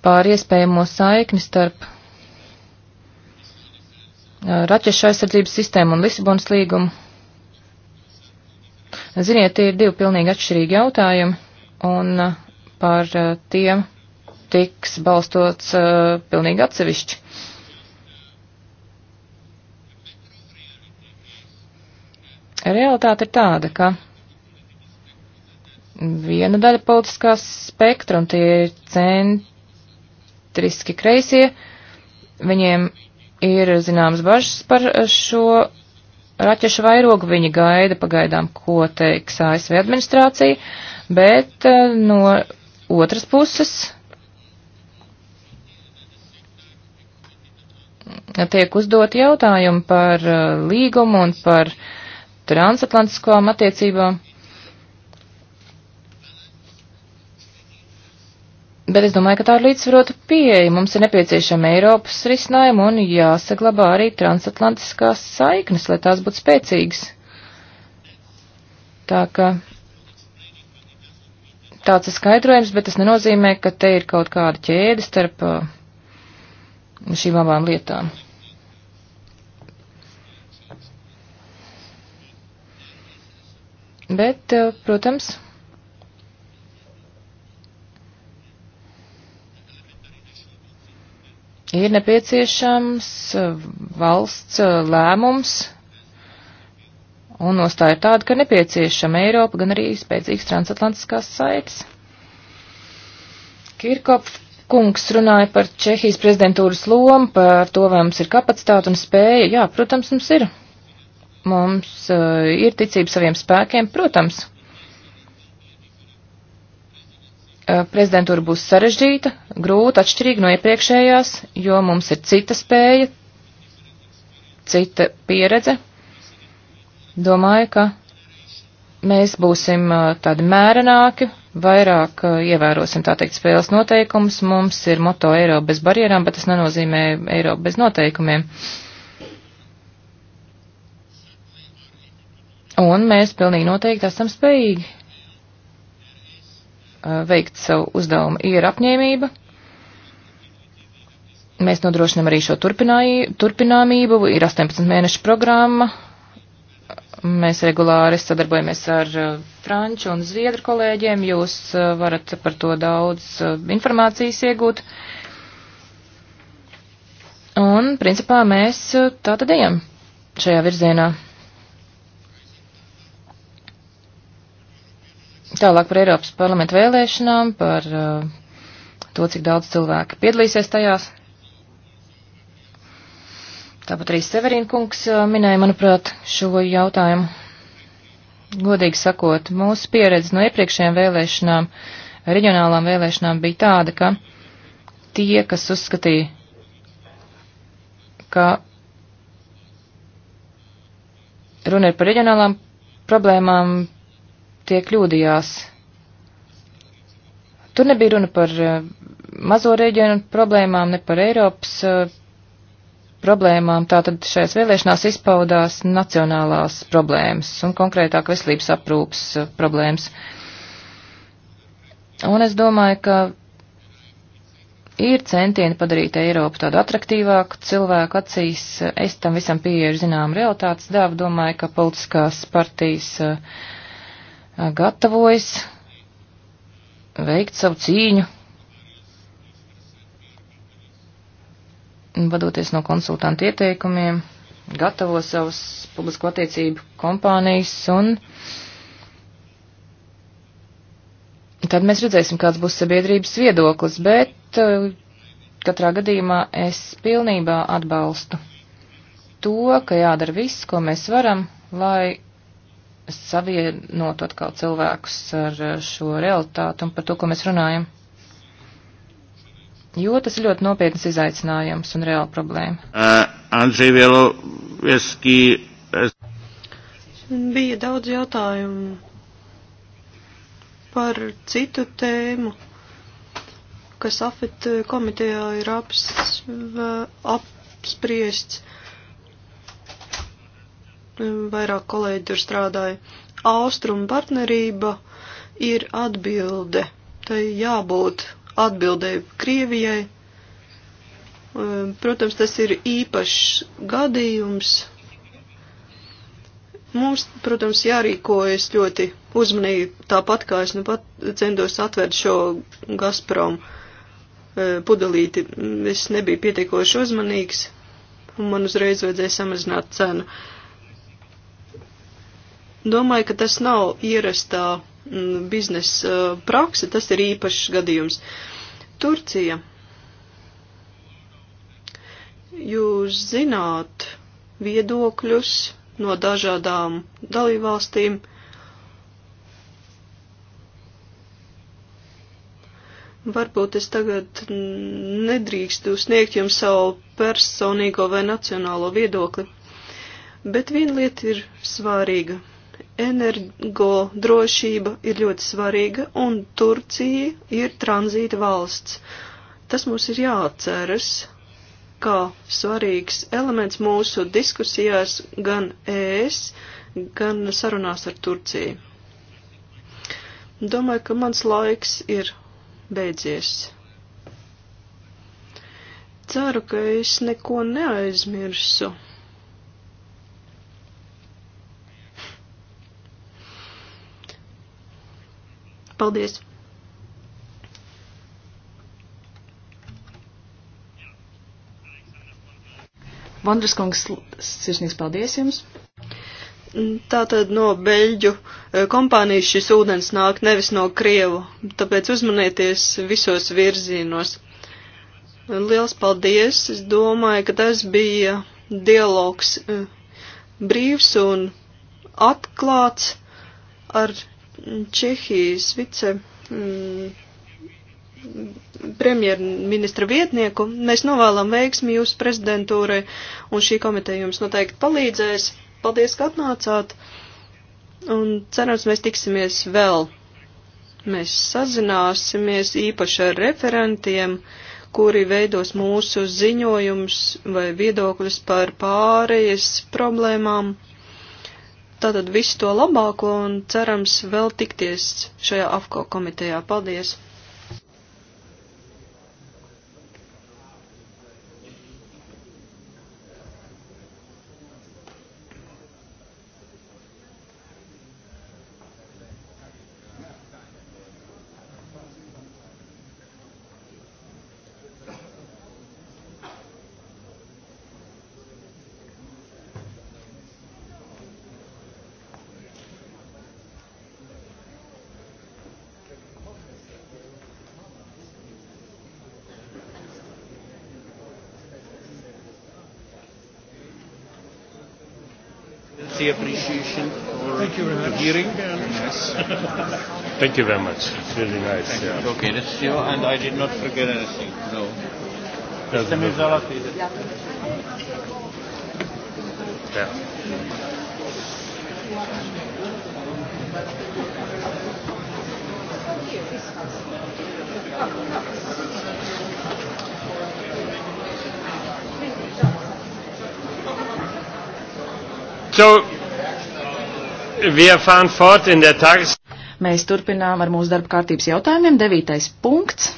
pār iespējamo saikni starp raķešu aizsardzības sistēmu un Lisabonas līgumu. Ziniet, tie ir divi pilnīgi atšķirīgi jautājumi, un par eh, tiem tiks balstots eh, pilnīgi atsevišķi. Realitāte ir tāda, ka viena daļa politiskās spektra, un tie ir centriski kreisie, viņiem ir zināmas bažas par eh, šo raķešu vairogu. Viņi gaida pagaidām, ko teiks ASV administrācija, bet no otras puses tiek uzdot jautājumi par uh, līgumu un par transatlantiskām attiecībām. Bet es domāju, ka tā ir līdzsvarota pieeja. Mums ir nepieciešama Eiropas risinājuma un jāsaglabā arī transatlantiskās saiknes, lai tās būtu spēcīgas. Tā ka Tāds ir skaidrojums, bet tas nenozīmē, ka te ir kaut kāda ķēde starp uh, šīm abām lietām. Bet, uh, protams, ir nepieciešams uh, valsts lēmums Un nostāja ir tāda, ka nepieciešama Eiropa, gan arī spēcīgas transatlantiskās saites. Kirkop kungs runāja par Čehijas prezidentūras lomu, par to, vai mums ir kapacitāte un spēja. Jā, protams, mums ir. Mums uh, ir ticība saviem spēkiem, protams. Uh, prezidentūra būs sarežģīta, grūta, atšķirīga no iepriekšējās, jo mums ir cita spēja, cita pieredze, Domāju, ka mēs būsim uh, tādi mērenāki, vairāk uh, ievērosim, tā teikt, spēles noteikumus. Mums ir moto Eiropa bez barjerām, bet tas nenozīmē Eiropa bez noteikumiem. Un mēs pilnīgi noteikti esam spējīgi uh, veikt savu uzdevumu. Ir apņēmība. Mēs nodrošinām arī šo turpināmību. Ir 18 mēnešu programma, Mēs regulāri sadarbojamies ar uh, franču un zviedru kolēģiem. Jūs uh, varat par to daudz uh, informācijas iegūt. Un, principā, mēs tā tad ejam šajā virzienā. Tālāk par Eiropas parlamentu vēlēšanām, par to, cik daudz cilvēku piedalīsies tajās. Tāpat arī Severīna kungs uh, minēja, manuprāt, šo jautājumu. Godīgi sakot, mūsu pieredze no iepriekšējām vēlēšanām, reģionālām vēlēšanām bija tāda, ka tie, kas uzskatīja, ka runa ir par reģionālām problēmām, tie kļūdījās. Tur nebija runa par uh, mazo reģionu problēmām, ne par Eiropas uh, problēmām, tātad šajās vēlēšanās izpaudās nacionālās problēmas un konkrētāk veselības aprūpas uh, problēmas. Un es domāju, ka ir centieni padarīt Eiropu tādu atraktīvāku cilvēku acīs. Es tam visam pieeju zinām realitātes dāvu, domāju, ka politiskās partijas uh, gatavojas veikt savu cīņu vadoties no konsultantu ieteikumiem, gatavo savus publisko attiecību kompānijas un tad mēs redzēsim, kāds būs sabiedrības viedoklis, bet eh, katrā gadījumā es pilnībā atbalstu to, ka jādara viss, ko mēs varam, lai savienotu atkal cilvēkus ar eh, šo realitāti un par to, ko mēs runājam jo tas ir ļoti nopietnas izaicinājums un reāla problēma. Uh, Andrei Vielovieski. Es... Bija daudz jautājumu par citu tēmu, kas AFET komitejā ir aps, apspriests. Vairāk kolēģi tur strādāja. Austrum partnerība ir atbilde. Tai jābūt atbildēju Krievijai. Ehm, protams, tas ir īpašs gadījums. Mums, protams, jārīkojas ļoti uzmanīgi, tāpat kā es nu pat centos atvērt šo Gazprom ehm, pudelīti. Es nebiju pietiekoši uzmanīgs, un man uzreiz vajadzēja samazināt cenu. Domāju, ka tas nav ierastā Mm, biznesa uh, prakse, tas ir īpašs gadījums. Turcija. Jūs zināt viedokļus no dažādām dalībvalstīm. Varbūt es tagad nedrīkstu sniegt jums savu personīgo vai nacionālo viedokli, bet viena lieta ir svārīga energo drošība ir ļoti svarīga, un Turcija ir tranzīta valsts. Tas mums ir jāatceras kā svarīgs elements mūsu diskusijās gan ES, gan sarunās ar Turciju. Domāju, ka mans laiks ir beidzies. Ceru, ka es neko neaizmirsu. Paldies! Vondras kungs, sirsnīgs paldies jums! Tātad no beļģu e, kompānijas šis ūdens nāk nevis no Krievu, tāpēc uzmanieties visos virzienos. Liels paldies! Es domāju, ka tas bija dialogs e, brīvs un atklāts ar Čehijas vice mm, premjerministra vietnieku. Mēs novēlam veiksmi jūsu prezidentūrai un šī komiteja jums noteikti palīdzēs. Paldies, ka atnācāt un cerams, mēs tiksimies vēl. Mēs sazināsimies īpaši ar referentiem, kuri veidos mūsu ziņojums vai viedokļus par pārējas problēmām Tātad visu to labāko un cerams vēl tikties šajā AFCO komitejā. Paldies! hearing. And yes. Thank you very much. It's really nice. Thank yeah. you. Okay, that's you, and I did not forget anything. No. Mr. Mizalati. Yeah. So Mēs turpinām ar mūsu darba kārtības jautājumiem. Devītais punkts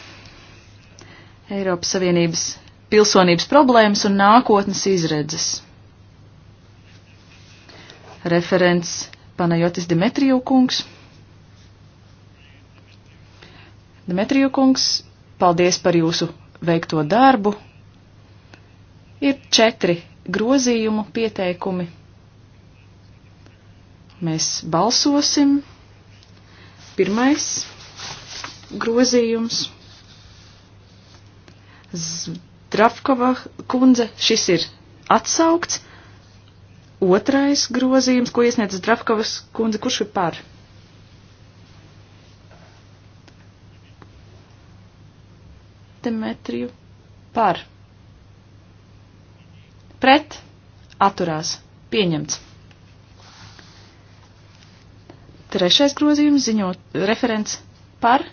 - Eiropas Savienības pilsonības problēmas un nākotnes izredzes. Referents Panajotis Dimitriju kungs. Dimitriju kungs, paldies par jūsu veikto darbu. Ir četri grozījumu pieteikumi. Mēs balsosim. Pirmais grozījums. Zdravkova kundze, šis ir atsaukts. Otrais grozījums, ko iesniedz Zdravkovas kundze, kurš ir par? Demetriju par. Pret atturās. Pieņemts. Trešais grozījums ziņot referents par.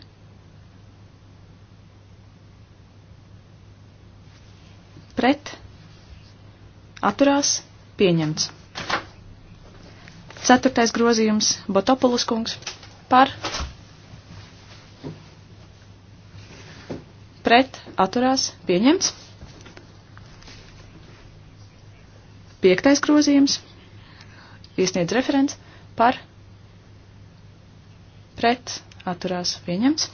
Pret. Atturās. Pieņemts. Ceturtais grozījums Botopulus kungs par. Pret. Atturās. Pieņemts. Piektais grozījums iesniedz referents par pret atturās pieņemts.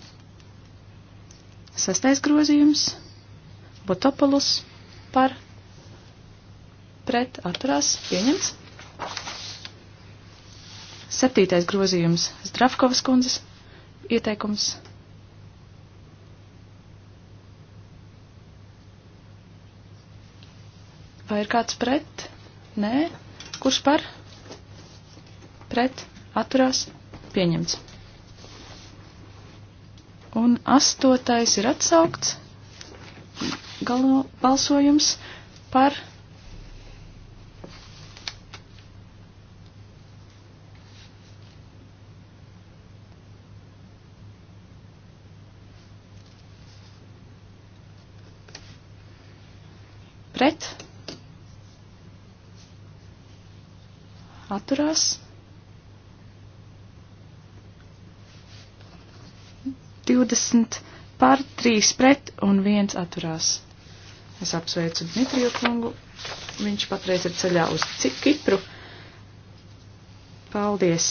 Sastais grozījums Botopolus par pret atturās pieņemts. Septītais grozījums Zdravkovas kundzes ieteikums Vai ir kāds pret? Nē. Kurš par? Pret. Atturās. Pieņemts. Un astotais ir atsaukts galo balsojums par pret atturās 20 par 3 pret un 1 atturās. Es apsveicu Dmitriju kungu. Viņš patreiz ir ceļā uz Kipru. Paldies!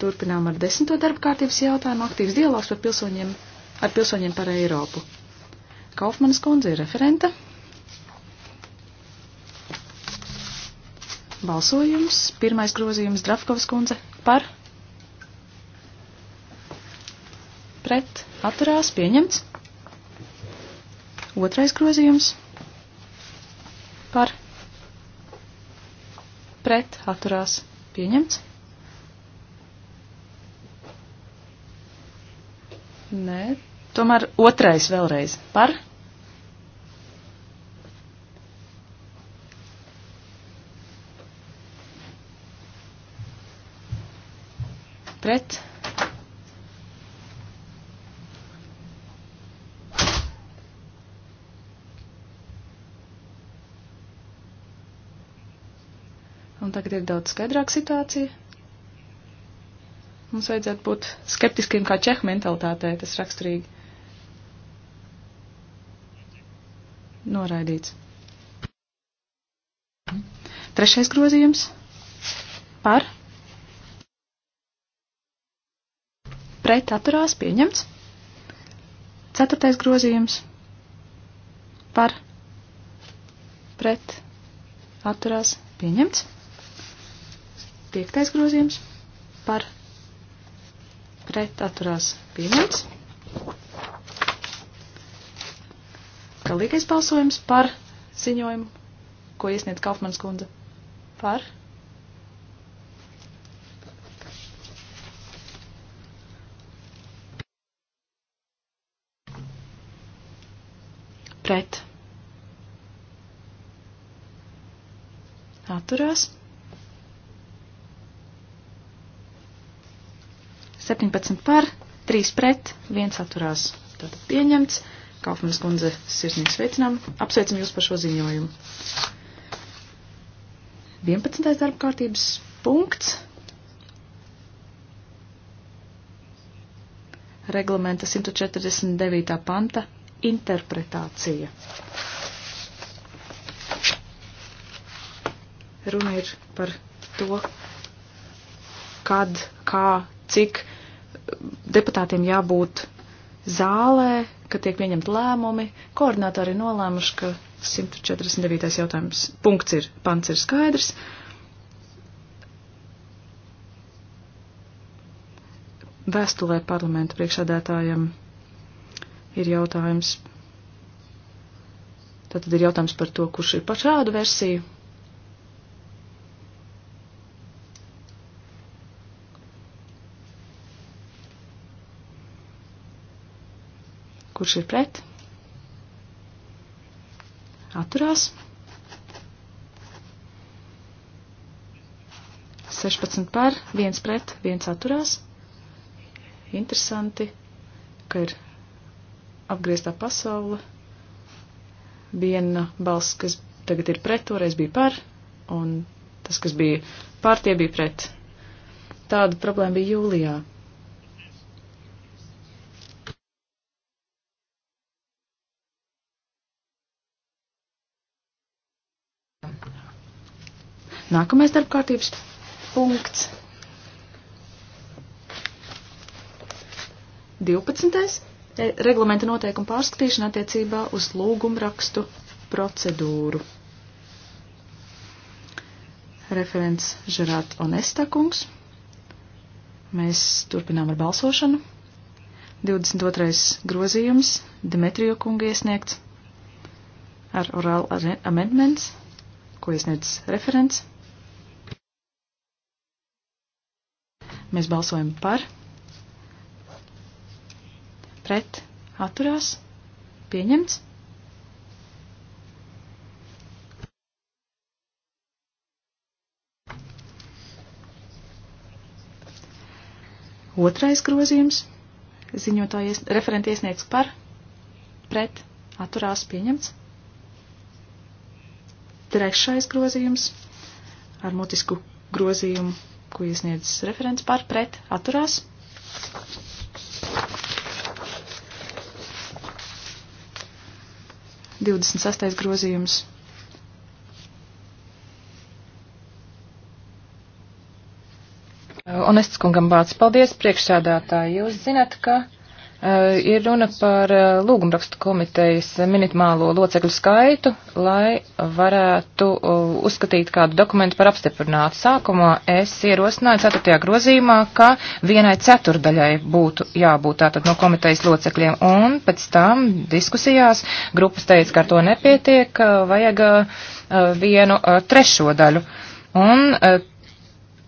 Turpinām ar desmito darba kārtības jautājumu aktīvs dialogs par pilsoņiem, ar pilsoņiem par Eiropu. Kaufmanas kundze ir referenta. balsojums. Pirmais grozījums Drafkovas kundze par. Pret atturās pieņemts. Otrais grozījums par. Pret atturās pieņemts. Nē, tomēr otrais vēlreiz par pret. Un tagad ir daudz skaidrāka situācija. Mums vajadzētu būt skeptiskiem kā čehu mentalitātē, tas raksturīgi. Noraidīts. Trešais grozījums par pret atturās pieņemts. Ceturtais grozījums par pret atturās pieņemts. Piektais grozījums par pret atturās pieņemts. Galīgais balsojums par ziņojumu, ko iesniedz Kaufmanas kundze par pret pret. Atturās. 17 par, 3 pret, 1 atturās. Tātad pieņemts. Kaufmanas kundze sirsnīgi sveicinām. Apsveicam jūs par šo ziņojumu. 11. darba kārtības punkts. Reglamenta 149. panta interpretācija. Runa ir par to, kad, kā, cik deputātiem jābūt zālē, ka tiek pieņemti lēmumi. Koordinātori nolēmuši, ka 149. jautājums punkts ir, pants ir skaidrs. Vēstulē parlamentu priekšādētājiem ir jautājums. Tātad ir jautājums par to, kurš ir par šādu versiju. Kurš ir pret? Atturās. 16 par, 1 pret, 1 atturās. Interesanti, ka ir apgrieztā pasaule. Viena balss, kas tagad ir pret, toreiz bija par, un tas, kas bija pār, tie bija pret. Tāda problēma bija jūlijā. Nākamais darbkārtības punkts. 12 reglamenta noteikuma pārskatīšana attiecībā uz lūgumrakstu procedūru. Referents Žerāt Onestakungs. Mēs turpinām ar balsošanu. 22. grozījums Dimitrija kunga iesniegts ar oral amendments, ko iesniedz referents. Mēs balsojam par pret atturās pieņemts. Otrais grozījums - ziņotājies referenti iesniegts par, pret, atturās pieņemts. Trešais grozījums ar mutisku grozījumu, ko iesniedz referents par, pret, atturās 28. grozījums. Onests kungam vārds. Paldies, priekšsēdētāji. Jūs zinat, ka Eh, ir runa par eh, lūgumrakstu komitejas minimālo locekļu skaitu, lai varētu eh, uzskatīt kādu dokumentu par apstiprinātu. Sākumā es ierosināju 4. grozījumā, ka vienai ceturdaļai būtu jābūt tātad no komitejas locekļiem, un pēc tam diskusijās grupas teica, ka ar to nepietiek, vajag vienu trešo daļu. Un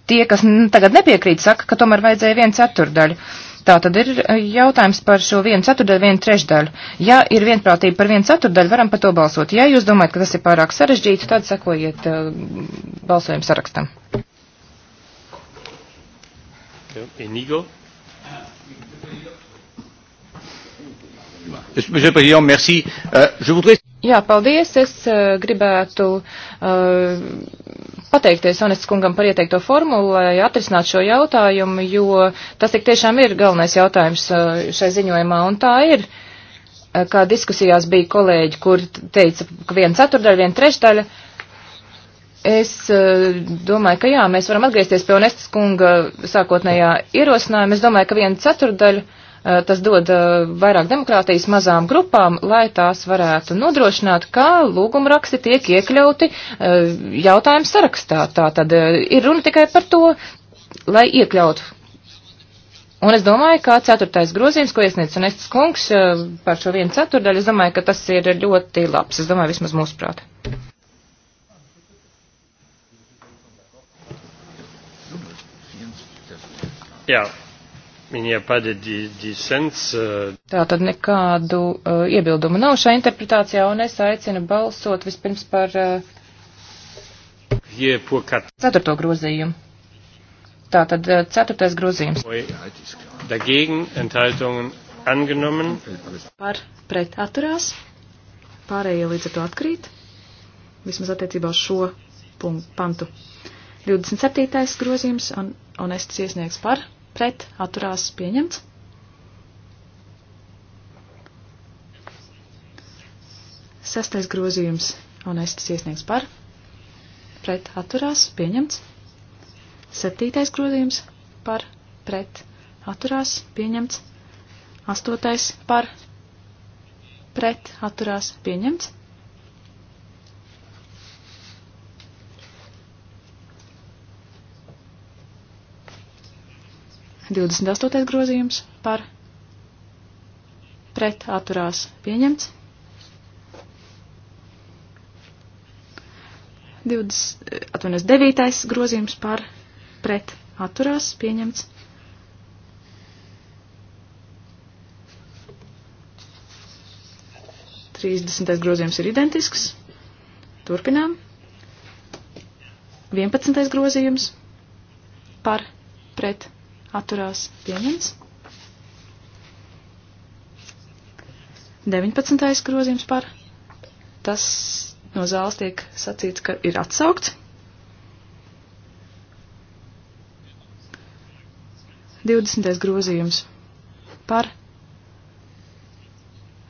tie, kas tagad nepiekrīt, saka, ka tomēr vajadzēja vienu ceturdaļu. Tā tad ir e, jautājums par šo vienu ceturdaļu, vienu trešdaļu. Ja ir vienprātība par vienu ceturdaļu, varam par to balsot. Ja jūs domājat, ka tas ir pārāk sarežģīti, tad sekojiet uh, e, balsojumu sarakstam. Enigo. Monsieur le Président, merci. Euh, je voudrais... Jā, paldies. Es uh, gribētu uh, pateikties Onests kungam par ieteikto formulu, lai atrisināt šo jautājumu, jo tas tik tiešām ir galvenais jautājums uh, šai ziņojumā, un tā ir, uh, kā diskusijās bija kolēģi, kur teica, ka viena ceturdaļa, viena trešdaļa. Es uh, domāju, ka jā, mēs varam atgriezties pie Onestas kunga sākotnējā ierosinājuma. Es domāju, ka viena ceturdaļa Eh, tas dod eh, vairāk demokrātijas mazām grupām, lai tās varētu nodrošināt, kā lūguma raksti tiek iekļauti eh, jautājumu sarakstā. Tā tad ir runa tikai par to, lai iekļautu. Un es domāju, ka ceturtais grozījums, ko iesniedz Nestas kungs par šo vienu ceturdaļu, es domāju, ka tas ir ļoti labs. Es domāju, vismaz mūsuprāt. Jā, Uh, Tā tad nekādu uh, iebildumu nav šajā interpretācijā, un es aicinu balsot vispirms par uh, ceturto grozījumu. Tā tad uh, ceturtais grozījums. Dagegen enthaltungen angenommen. Par pret atturās. Pārējie līdz ar to atkrīt. Vismaz attiecībā uz šo punktu, pantu. 27. grozījums, un, un es tas iesniegs par pret atturās pieņemts. Sestais grozījums un es tas iesniegs par pret atturās pieņemts. Septītais grozījums par pret atturās pieņemts. Astotais par pret atturās pieņemts. 28. grozījums par pret atturās pieņemts. 29. grozījums par pret atturās pieņemts. Trīsdesmitais grozījums ir identisks. Turpinām. Vienpadsmitais grozījums par pret atturās pieņems. 19. grozījums par. Tas no zāles tiek sacīts, ka ir atsaukts. 20. grozījums par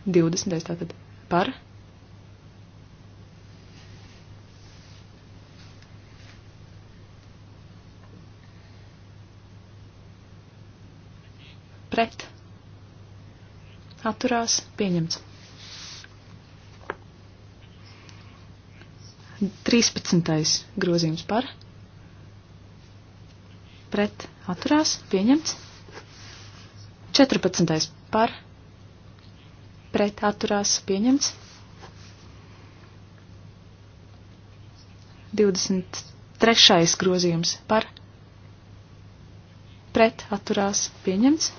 20. tātad par pret, atturās, pieņemts. 13. grozījums par, pret, atturās, pieņemts. 14. par, pret, atturās, pieņemts. 23. grozījums par, pret, atturās, pieņemts.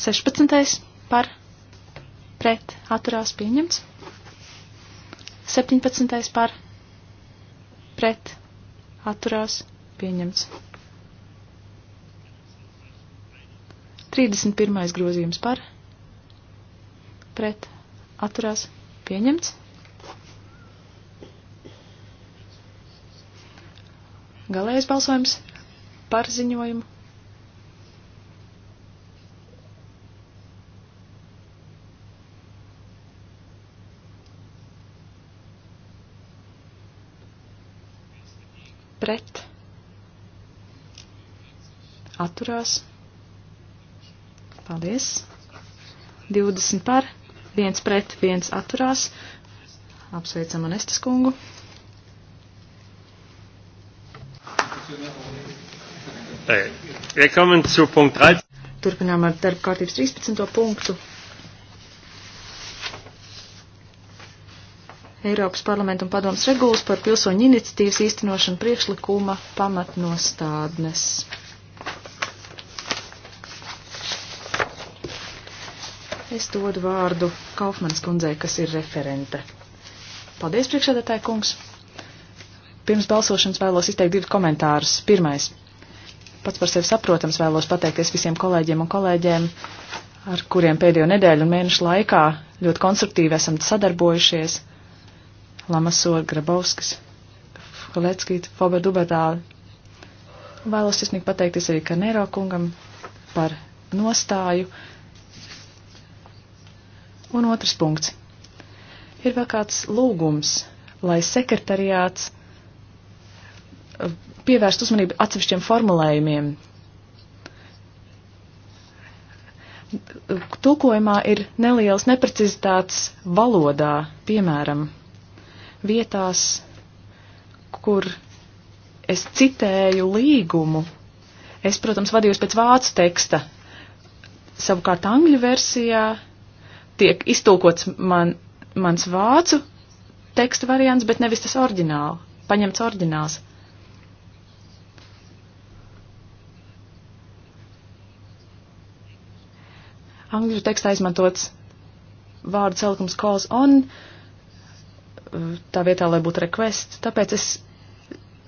16. par pret atturās pieņemts. 17. par pret atturās pieņemts. 31. grozījums par pret atturās pieņemts. Galējais balsojums par ziņojumu pret, atturās, paldies, 20 par, 1 pret, 1 atturās, apsveicam Anestas kungu. Äh, Turpinām ar darba kārtības 13. punktu. Eiropas parlamenta un padomas regulas par pilsoņu iniciatīvas īstenošanu priekšlikuma pamatnostādnes. Es dodu vārdu Kaufmanas kundzei, kas ir referente. Paldies, priekšsēdētāji kungs! Pirms balsošanas vēlos izteikt divus komentārus. Pirmais. Pats par sevi saprotams vēlos pateikties visiem kolēģiem un kolēģiem, ar kuriem pēdējo nedēļu un mēnešu laikā ļoti konstruktīvi esam sadarbojušies Lamasor, Grabovskis, Koleckīt, Fober Dubatāli. Vēlos sirsnīgi pateikties arī Kanēro kungam par nostāju. Un otrs punkts. Ir vēl kāds lūgums, lai sekretariāts eh, pievērst uzmanību atsevišķiem formulējumiem. Tulkojumā ir nelielas neprecizitātes valodā, piemēram vietās, kur es citēju līgumu. Es, protams, vadījos pēc vācu teksta. Savukārt angļu versijā tiek iztulkots man, mans vācu teksta variants, bet nevis tas oriģināli, paņemts oriģināls. Angļu tekstā izmantots vārdu celkums calls on, uh, tā vietā, lai būtu request. Tāpēc es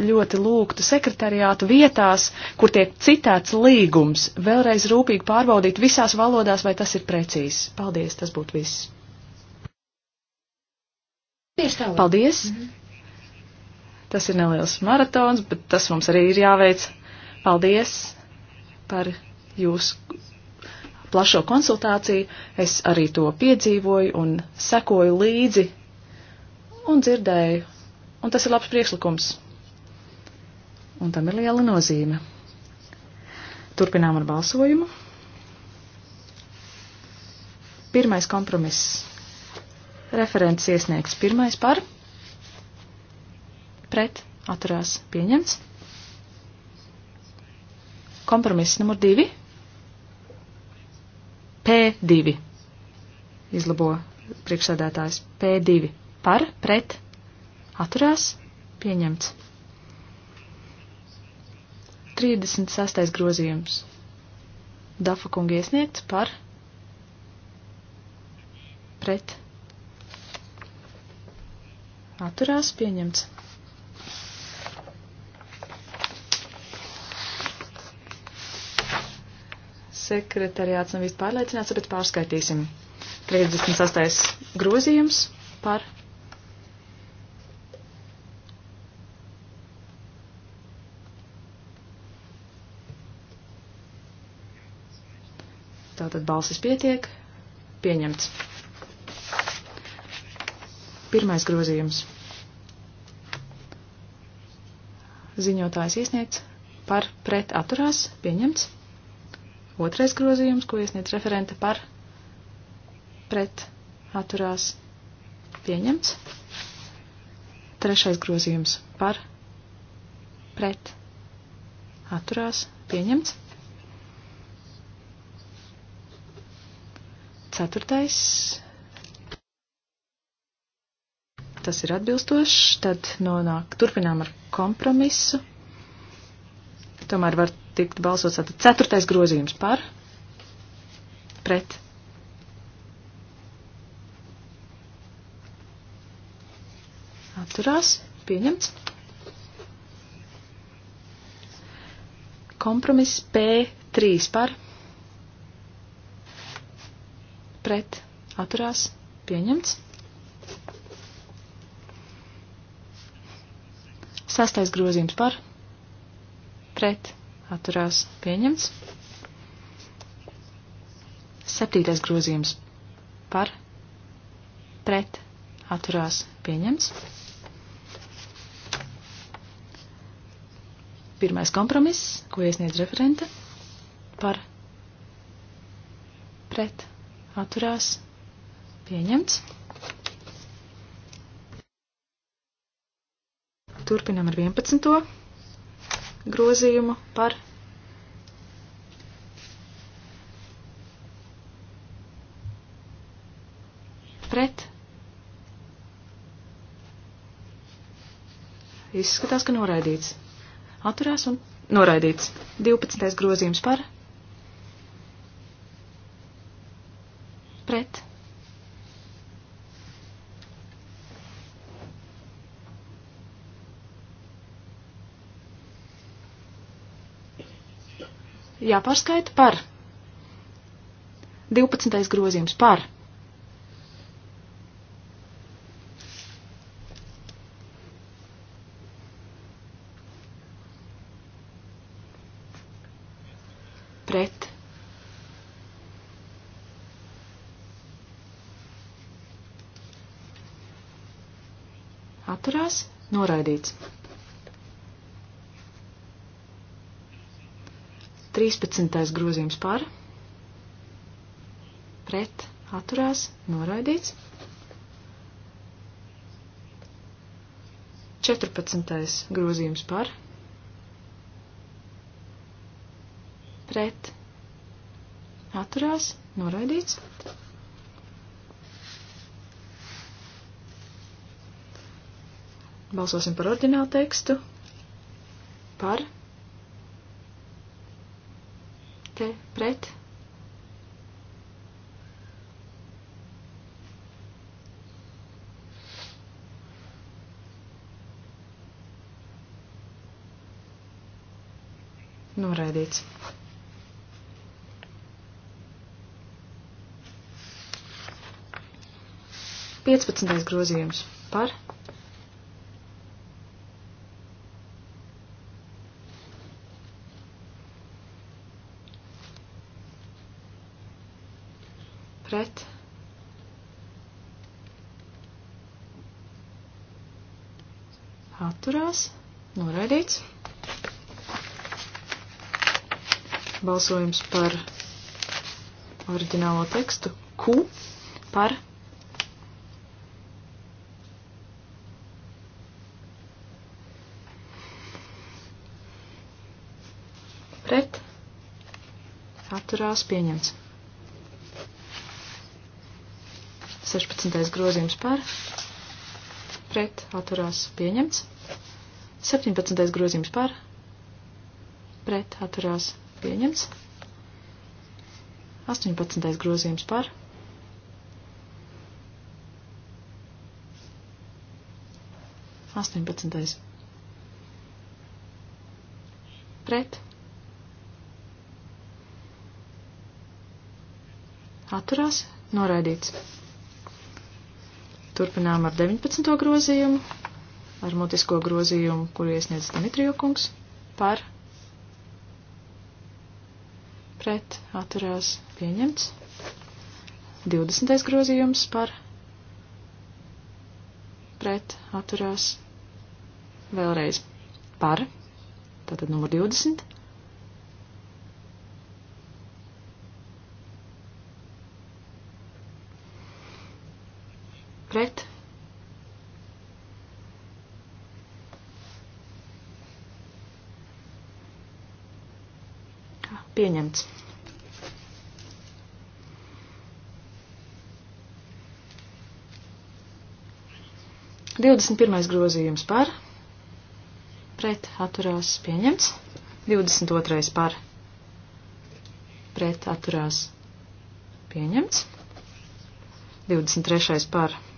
ļoti lūgtu sekretariātu vietās, kur tiek citēts līgums, vēlreiz rūpīgi pārbaudīt visās valodās, vai tas ir precīzs. Paldies, tas būtu viss. Paldies! Mm -hmm. Tas ir neliels maratons, bet tas mums arī ir jāveic. Paldies par jūsu plašo konsultāciju. Es arī to piedzīvoju un sekoju līdzi un dzirdēju, un tas ir labs priekšlikums. Un tam ir liela nozīme. Turpinām ar balsojumu. Pirmais kompromiss. Referents iesniegs pirmais par. Pret atturās pieņemts. Kompromiss numur divi. P2. Izlabo priekšsēdētājs P2 par pret atturās pieņemts. 36. grozījums. Dafa kunga iesniegts par pret atturās pieņemts. sekretariāts nav īsti pārliecināts, bet pārskaitīsim. 38. grozījums par Tātad balsis pietiek. Pieņemts. Pirmais grozījums. Ziņotājs iesniegts par pret atturās. Pieņemts. Otrais grozījums, ko iesniedz referente par pret atturās. Pieņemts. Trešais grozījums par pret atturās. Pieņemts. Ceturtais. Tas ir atbilstošs. Tad nonāk, turpinām ar kompromisu. Tomēr var tikt balsots tātad ceturtais grozījums par. Pret. Atturās. Pieņemts. Kompromiss P3 par pret atturās pieņemts. Sastais grozījums par pret atturās pieņemts. Septītais grozījums par pret atturās pieņemts. Pirmais kompromiss, ko iesniedz referente par pret atturās pieņemts. Turpinam ar 11. grozījumu par pret. Izskatās, ka noraidīts. Atturās un noraidīts. 12. grozījums par pret jāpārskaita par. 12. grozījums par. Pret. Atturās. Noraidīts. 13. grozījums par, pret, atturās, noraidīts. 14. grozījums par, pret, atturās, noraidīts. 14. Balsosim par oriģinālu tekstu. Par noraidīts. Piecpadsmitais grozījums par pret atturās, noraidīts. balsojums par oriģinālo tekstu. Q par pret atturās pieņemts. 16. grozījums par pret atturās pieņemts. 17. grozījums par pret atturās pieņemts. 18. grozījums par. Astoņpadsmitais. Pret. Atturās. Noraidīts. Turpinām ar 19. grozījumu, ar mutisko grozījumu, kuru iesniedz Dimitrijokungs par pret atturās pieņemts. 20. grozījums par pret atturās vēlreiz par, tātad numur 20, 21. grozījums par, pret atturās pieņemts, 22. par, pret atturās pieņemts, 23. par, pret atturās pieņemts.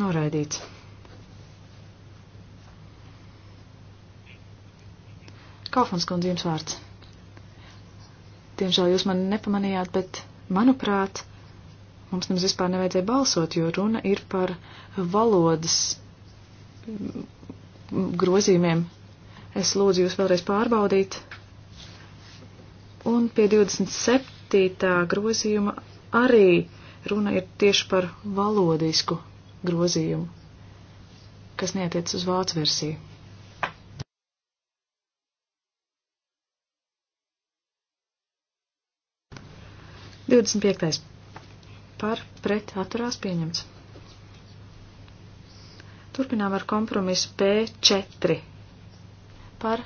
Noraidīts. Kaufmans kundze jums vārds. Diemžēl jūs mani nepamanījāt, bet, manuprāt, mums nemaz vispār nevajadzēja balsot, jo runa ir par valodas grozījumiem. Es lūdzu jūs vēlreiz pārbaudīt. Un pie 27. grozījuma arī runa ir tieši par valodisku grozījumu, kas neatiec uz vācu versiju. Divdesmit piektais par pret atturās pieņemts. Turpinām ar kompromisu P4 par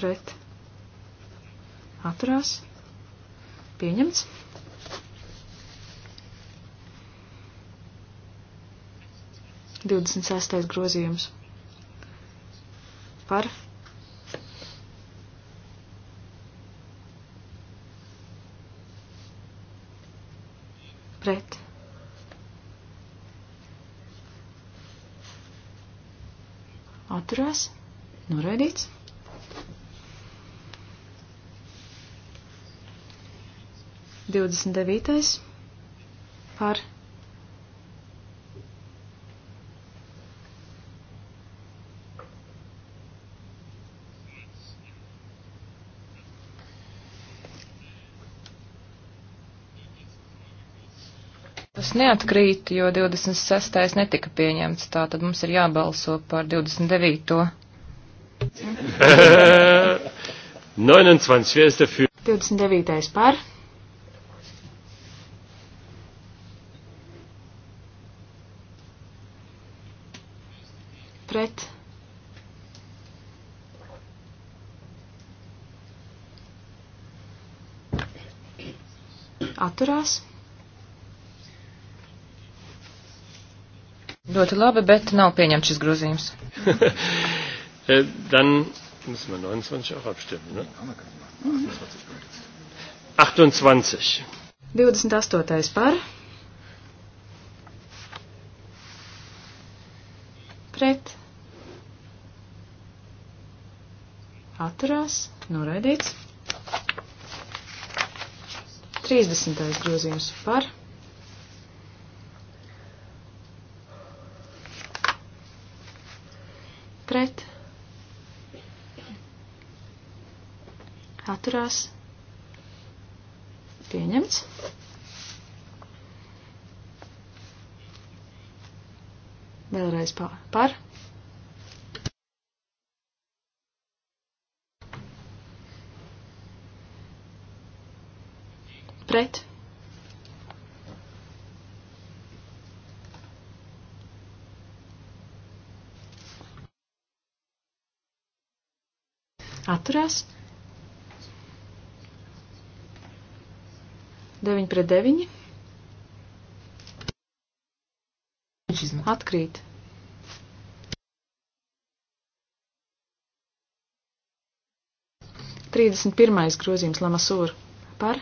pret atturās pieņemts. 26. grozījums par pret atturās noraidīts. Divdesmit devītais par pret. neatkrīt, jo 26. netika pieņemts, tā tad mums ir jābalso par 29. 29. 29. par. Pret. atturās. Ļoti labi, bet nav pieņemts šis grozījums. Eh, dann müssen wir 29 auch abstimmen, ne? 28. 28. par. Pret. Atturās. Noraidīts. 30. grozījums par. atturās pieņemts. Vēlreiz par. par. Pret. Atturās. 9 pret 9. Viņš izmet. Atkrīt. Trīsdesmit pirmais grozījums Lamasūra par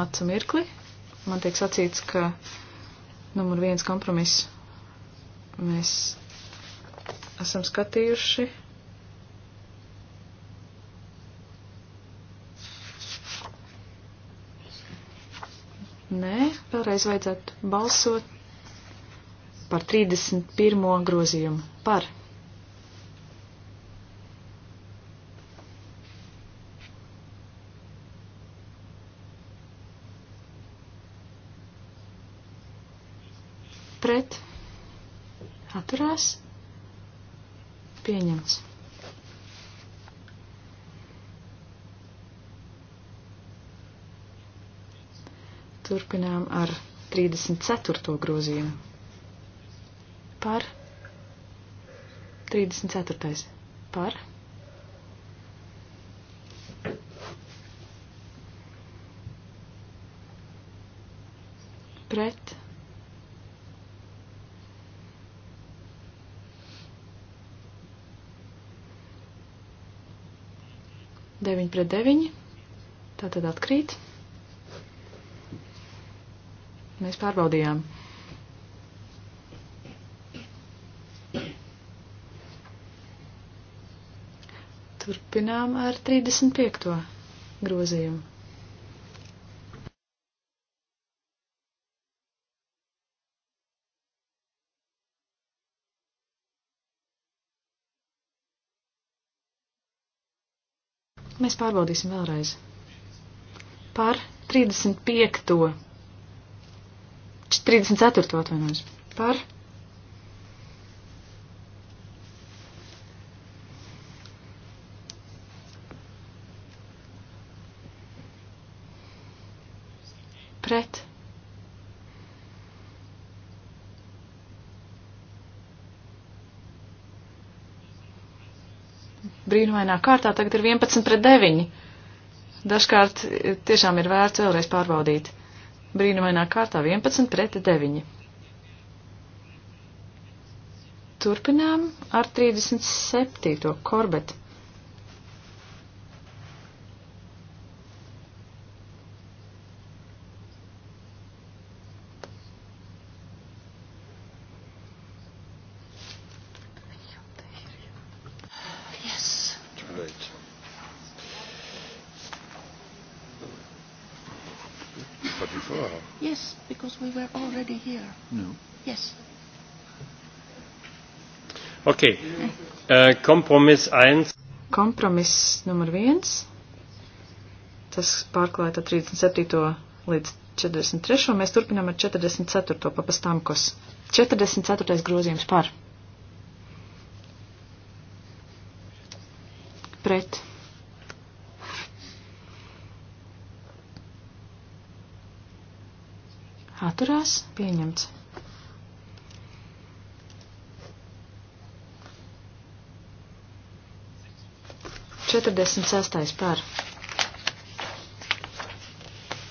acu mirkli. Man tiek sacīts, ka numur viens kompromiss Mēs esam skatījuši. Nē, vēlreiz vajadzētu balsot par 31. grozījumu par Atturas. Pieņemts. Turpinām ar 34. grozījumu. Par 34. par 9 pret 9. Tā tad atkrīt. Mēs pārbaudījām. Turpinām ar 35. grozījumu. pārbaudīsim vēlreiz. Par 35. 34. atvainojos. Par 35. brīnumainā kārtā tagad ir 11 pret 9. Dažkārt eh, tiešām ir vērts vēlreiz pārbaudīt. Brīnumainā kārtā 11 pret 9. Turpinām ar 37. korbetu. here? No. Yes. Okay. Uh, kompromiss 1. Kompromiss numur 1. Tas pārklāja 37. līdz 43. Mēs turpinām ar 44. papastāmkos. 44. grozījums par. Pret. Atturās. Pieņemts. Četrdesmit sastais par.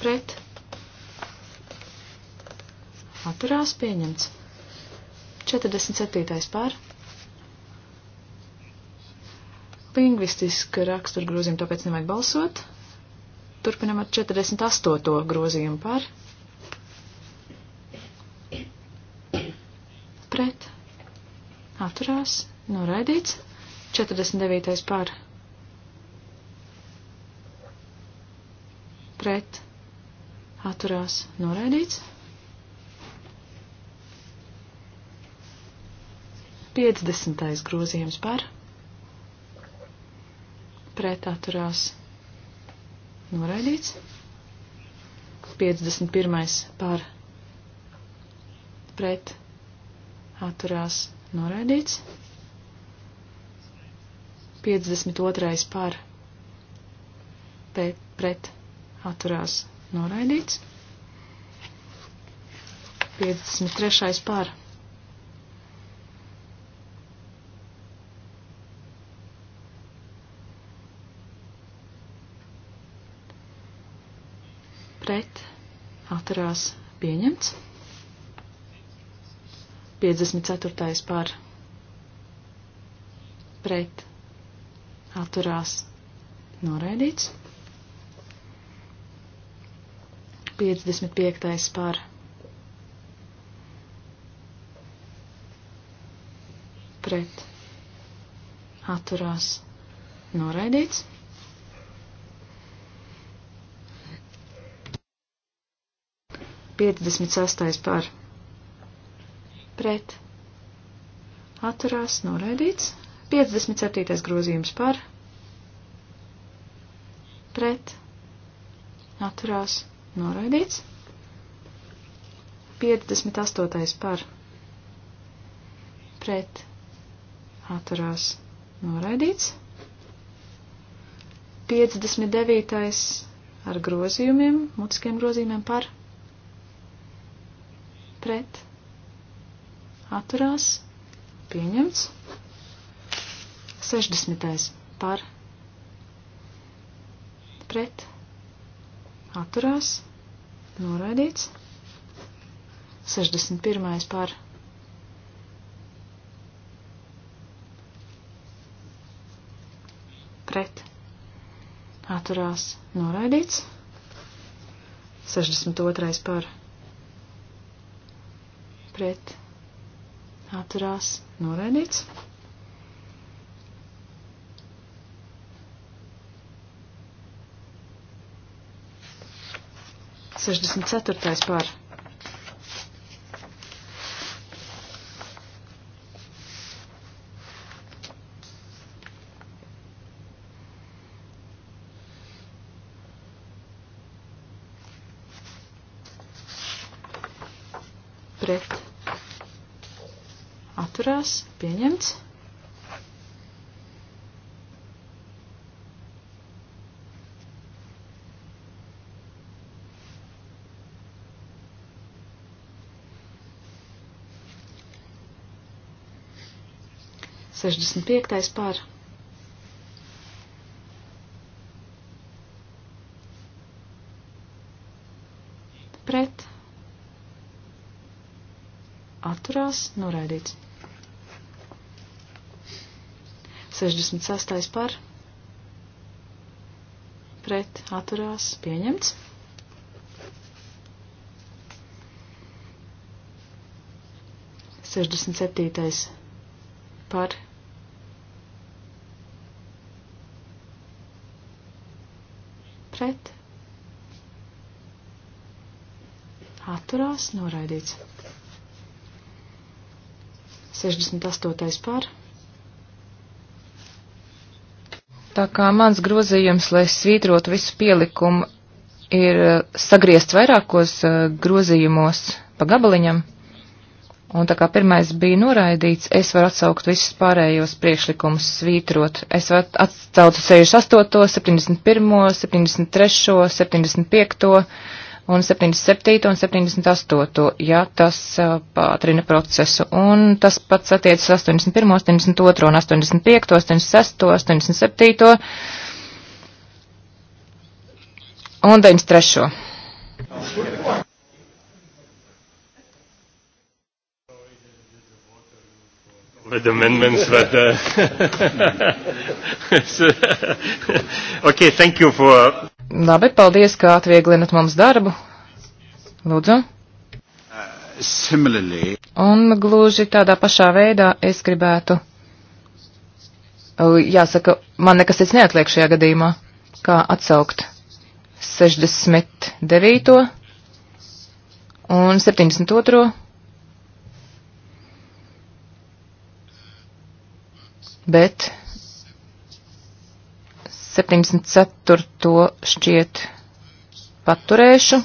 Pret. Atturās. Pieņemts. Četrdesmit septītais par lingvistiska rakstura grozījumu, tāpēc nevajag balsot. Turpinam ar 48. grozījumu par atturās, noraidīts. 49. par pret atturās, noraidīts. 50. grozījums par pret atturās, noraidīts. 51. par pret atturās, noraidīts Noraidīts. 52. par pret, pret atturās noraidīts. 53. par pret atturās pieņemts. 54. par pret atturās noraidīts. 55. par pret atturās noraidīts. 56. par pret atturās noraidīts. 57. grozījums par pret atturās noraidīts. 58. par pret atturās noraidīts. 59. ar grozījumiem, mutiskiem grozījumiem par pret atturās, pieņemts. 60. par, pret, atturās, noraidīts. 61. par, pret, atturās, noraidīts. 62. par pret atturās noraidīts. Sešdesmit ceturtais par Pieņemts. Sešdesmit piektais pār. Pret. Atturās, noraidīts. 66. par pret atturās pieņemts. Sešdesmit septītais par pret atturās noraidīts. Sešdesmit astotais par pret Tā kā mans grozījums, lai svītrotu visu pielikumu, ir eh, sagriezt vairākos eh, grozījumos pa gabaliņam, un tā kā pirmais bija noraidīts, es varu atsaukt visus pārējos priekšlikumus svītrot. Es varu atsaukt 68, 71, 73, 75 un 77. un 78. ja tas pātrina procesu. Un tas pats attiecas 81., 82. un 85., 86., 87. un 93. with amendments, but uh, uh okay, thank you for Labi, paldies, ka atvieglinat mums darbu. Lūdzu. Uh, similarly. Un gluži tādā pašā veidā es gribētu. Uh, jāsaka, man nekas cits neatliek šajā gadījumā, kā atsaukt 69. un 72. Bet 74. šķiet paturēšu.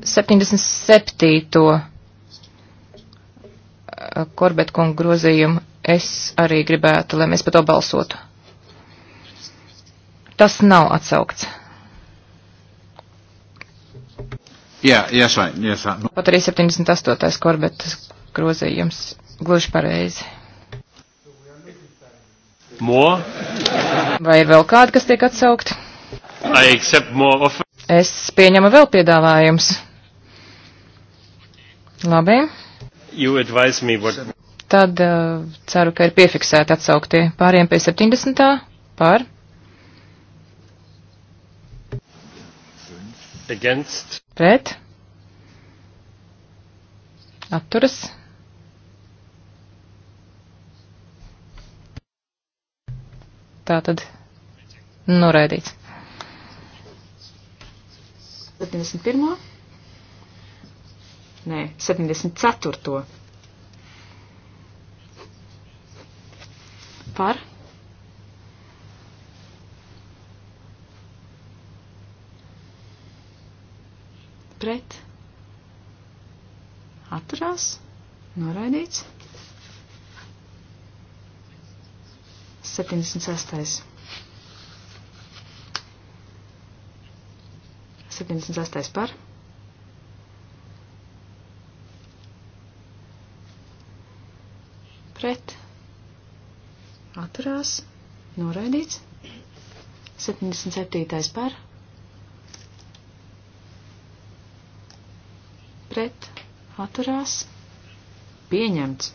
77. Eh, Korbetkunga grozījumu es arī gribētu, lai mēs par to balsotu. Tas nav atsaukts. Jā, jā, šai, jā, šai. Nu. Pat arī 78. korbetas grozījums. Gluži pareizi. More? Vai ir vēl kādi, kas tiek atsaukt? Es pieņemu vēl piedāvājums. Labi. What... Tad uh, ceru, ka ir piefiksēti atsauktie pāriem pie 70. pār. Against. Pret. Atturas. Tātad noraidīts. 71. Nē, 74. Par. Pret. Atturās. Noraidīts. 76. 76. par. Pret. Atturās. Noraidīts. 77. par. Pret. Atturās. Pieņemts.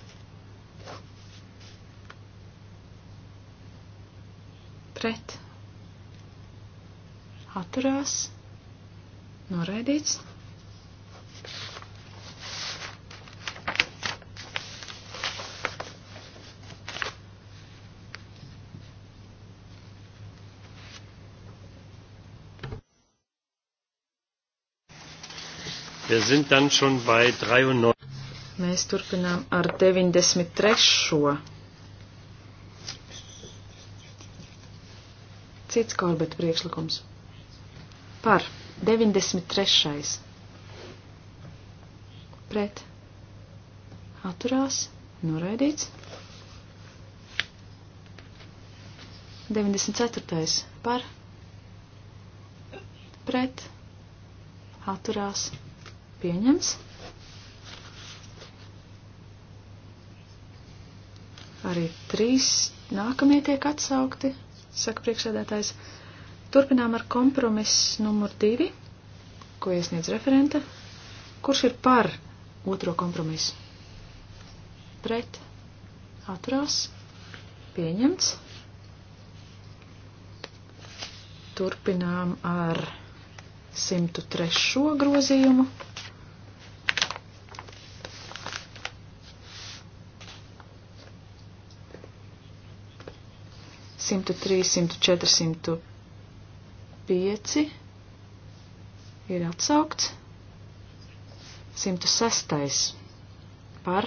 atturās, noraidīts. Wir sind dann schon bei 93. Mēs turpinām ar 93. Cits korbet priekšlikums par 93. pret atturās noraidīts. 94. par pret atturās pieņems. Arī trīs nākamie tiek atsaukti, saka priekšsēdētājs. Turpinām ar kompromisu numur divi, ko iesniedz referente. Kurš ir par otro kompromisu? Pret, atrās, pieņemts. Turpinām ar 103. grozījumu. Simtu trīs, simtu četri, simtu 105 ir atsaukts. 106 par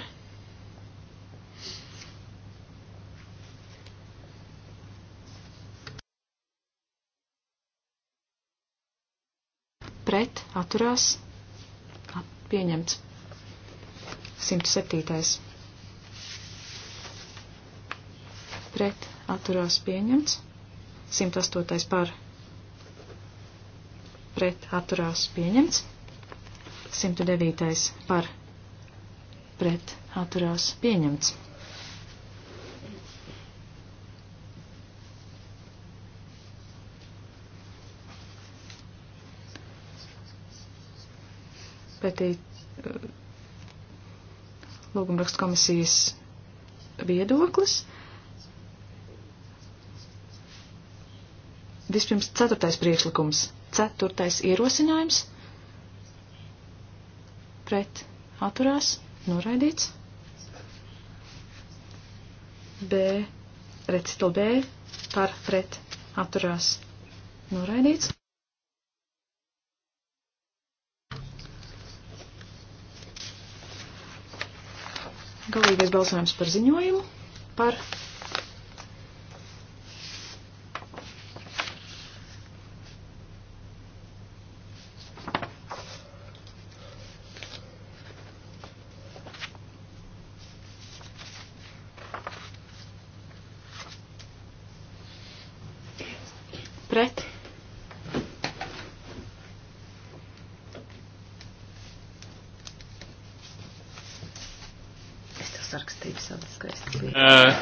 pret atturās at, pieņemts 107. Pret atturās pieņemts 108. par pret atturās pieņemts. 109. par pret atturās pieņemts. Pētīt lūgumrakstu komisijas viedoklis. Vispirms ceturtais priekšlikums Ceturtais ierosinājums pret atturās noraidīts. B, recital B par pret atturās noraidīts. Galīgais balsojums par ziņojumu par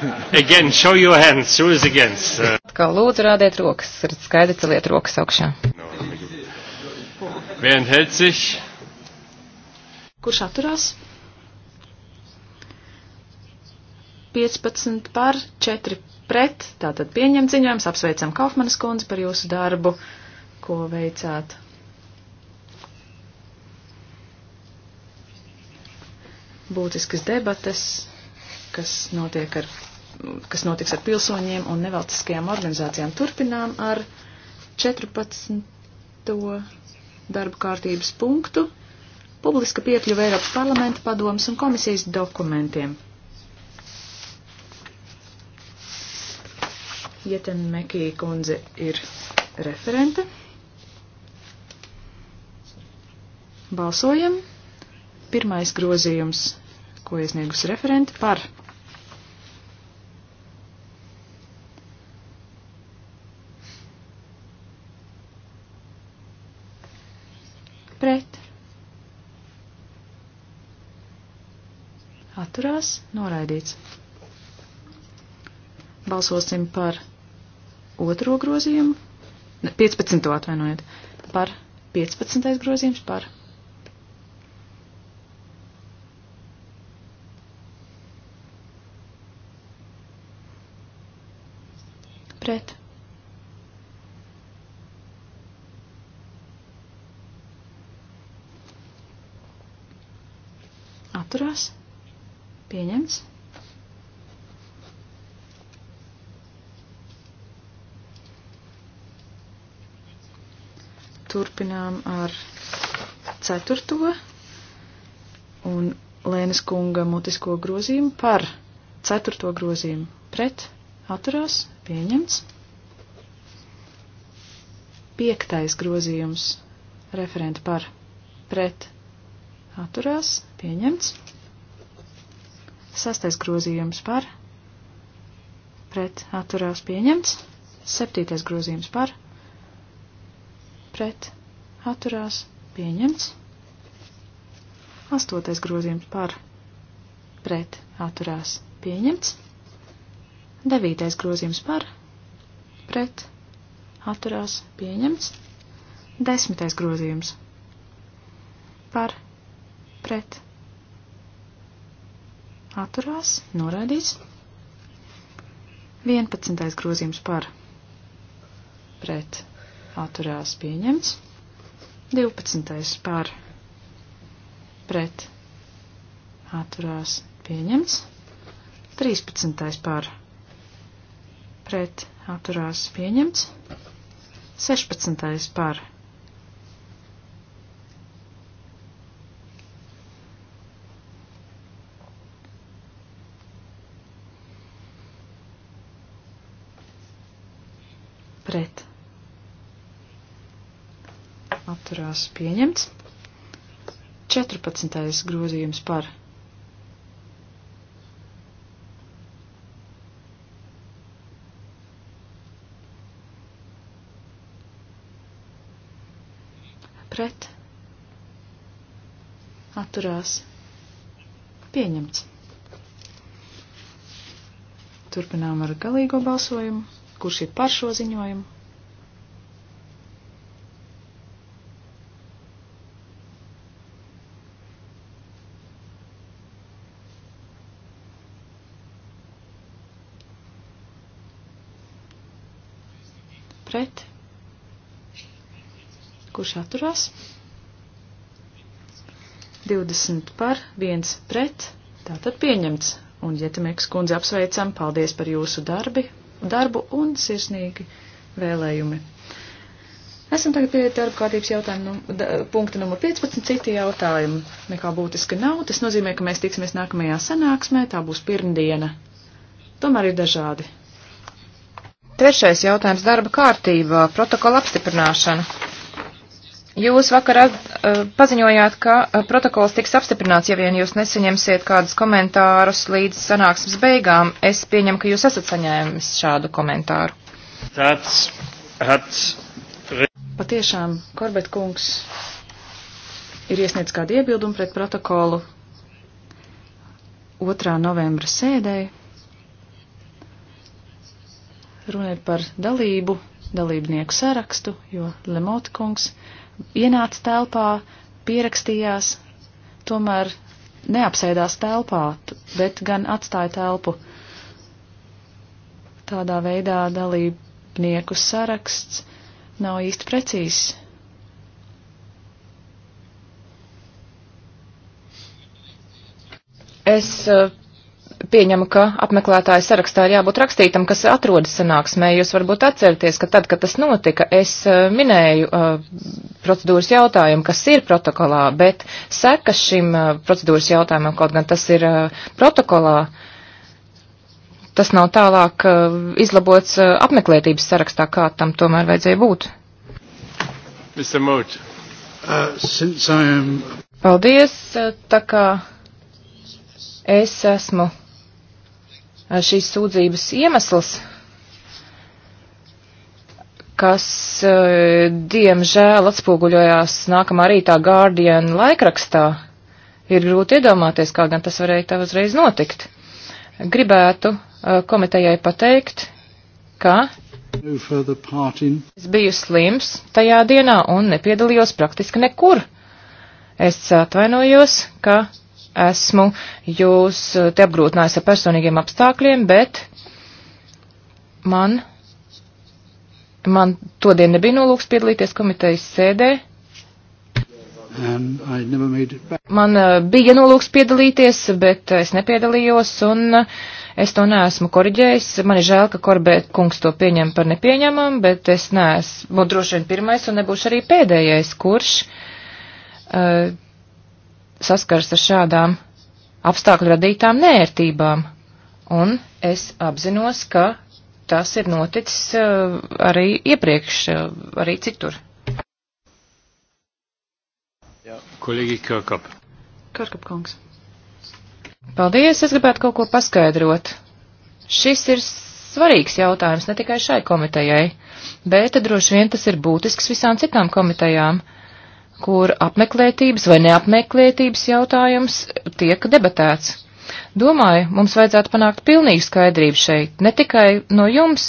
Again, show your hands. Who is against? Uh... Atkal lūdzu rādiet rokas. Ir skaidri celiet rokas augšā. No. Wer enthält sich? Kurš atturās? 15 par 4 pret, tātad pieņem ziņojums, apsveicam Kaufmanas kundzi par jūsu darbu, ko veicāt. Būtiskas debates, kas notiek ar kas notiks ar pilsoņiem un nevalstiskajām organizācijām. Turpinām ar 14. darba kārtības punktu - publiska piekļuva Eiropas parlamenta padomas un komisijas dokumentiem. Jeten Mekī kundze ir referente. Balsojam. Pirmais grozījums, ko iesniegus referenti par Atturas noraidīts. Balsosim par otro grozījumu. 15. atvainojiet. Par 15. grozījums par. Pret. Atturās. Pieņemts. Turpinām ar ceturto un Lēnas kunga mutisko grozījumu par ceturto grozījumu. Pret atturās pieņemts. Piektais grozījums referenta par pret atturās pieņemts. Sastais grozījums par, pret atturās pieņemts. Septītais grozījums par, pret atturās pieņemts. Astotais grozījums par, pret atturās pieņemts. Devītais grozījums par, pret atturās pieņemts. Desmitais grozījums par, pret atturās, noraidīts. 11. grozījums par pret atturās pieņemts. 12. par pret atturās pieņemts. 13. par pret atturās pieņemts. 16. par atturās pieņemts. 14. grozījums par pret atturās pieņemts. Turpinām ar galīgo balsojumu, kurš ir par šo ziņojumu. kurš atturās. 20 par, 1 pret, tātad pieņemts. Un, Jetemeks kundze, apsveicam, paldies par jūsu darbi, darbu un sirsnīgi vēlējumi. Esam tagad pie darba kārtības jautājuma num, da, punkta numur 15, citi jautājumi. Nekā būtiski nav, tas nozīmē, ka mēs tiksimies nākamajā sanāksmē, tā būs pirmdiena. Tomēr ir dažādi. Trešais jautājums darba kārtībā - protokola apstiprināšana. Jūs vakar at, uh, paziņojāt, ka uh, protokols tiks apstiprināts, ja vien jūs nesaņemsiet kādus komentārus līdz sanāksmes beigām. Es pieņemu, ka jūs esat saņēmis šādu komentāru. Tāds, tāds. Patiešām, Korbet kungs ir iesniedz kādu iebildumu pret protokolu 2. novembra sēdē. Runa ir par dalību, dalībnieku sarakstu, jo Lemotkungs kungs ienāca telpā, pierakstījās, tomēr neapsēdās telpā, bet gan atstāja telpu. Tādā veidā dalībnieku saraksts nav īsti precīzs. Es uh, pieņemu, ka apmeklētāju sarakstā ir jābūt rakstītam, kas atrodas sanāksmē. Jūs varbūt atcerieties, ka tad, kad tas notika, es eh, minēju eh, procedūras jautājumu, kas ir protokolā, bet sekas šim eh, procedūras jautājumam, kaut gan tas ir protokolā, tas nav tālāk izlabots apmeklētības sarakstā, kā tam tomēr vajadzēja būt. Mot, uh, am... Paldies, tā kā es esmu Eh, šīs sūdzības iemesls, kas, eh, diemžēl, atspoguļojās nākamā rītā Guardian laikrakstā. Ir grūti iedomāties, kā gan tas varēja tā uzreiz notikt. Gribētu eh, komitejai pateikt, ka es biju slims tajā dienā un nepiedalījos praktiski nekur. Es atvainojos, ka esmu jūs eh, te apgrūtinājusi ar personīgiem apstākļiem, bet man, man todien nebija nolūks piedalīties komitejas sēdē. Man eh, bija nolūks piedalīties, bet es nepiedalījos un eh, es to neesmu koriģējis. Man ir žēl, ka Korbēt kungs to pieņem par nepieņemam, bet es neesmu nu, droši vien pirmais un nebūšu arī pēdējais, kurš uh, saskars ar šādām apstākļu radītām nērtībām. Un es apzinos, ka tas ir noticis eh, arī iepriekš, eh, arī citur. Jā, kolēģi Kirkap. Kirkap kungs. Paldies, es gribētu kaut ko paskaidrot. Šis ir svarīgs jautājums ne tikai šai komitejai, bet droši vien tas ir būtisks visām citām komitejām. Uh, kur apmeklētības vai neapmeklētības jautājums tiek debatēts. Domāju, mums vajadzētu panākt pilnīgu skaidrību šeit, ne tikai no jums,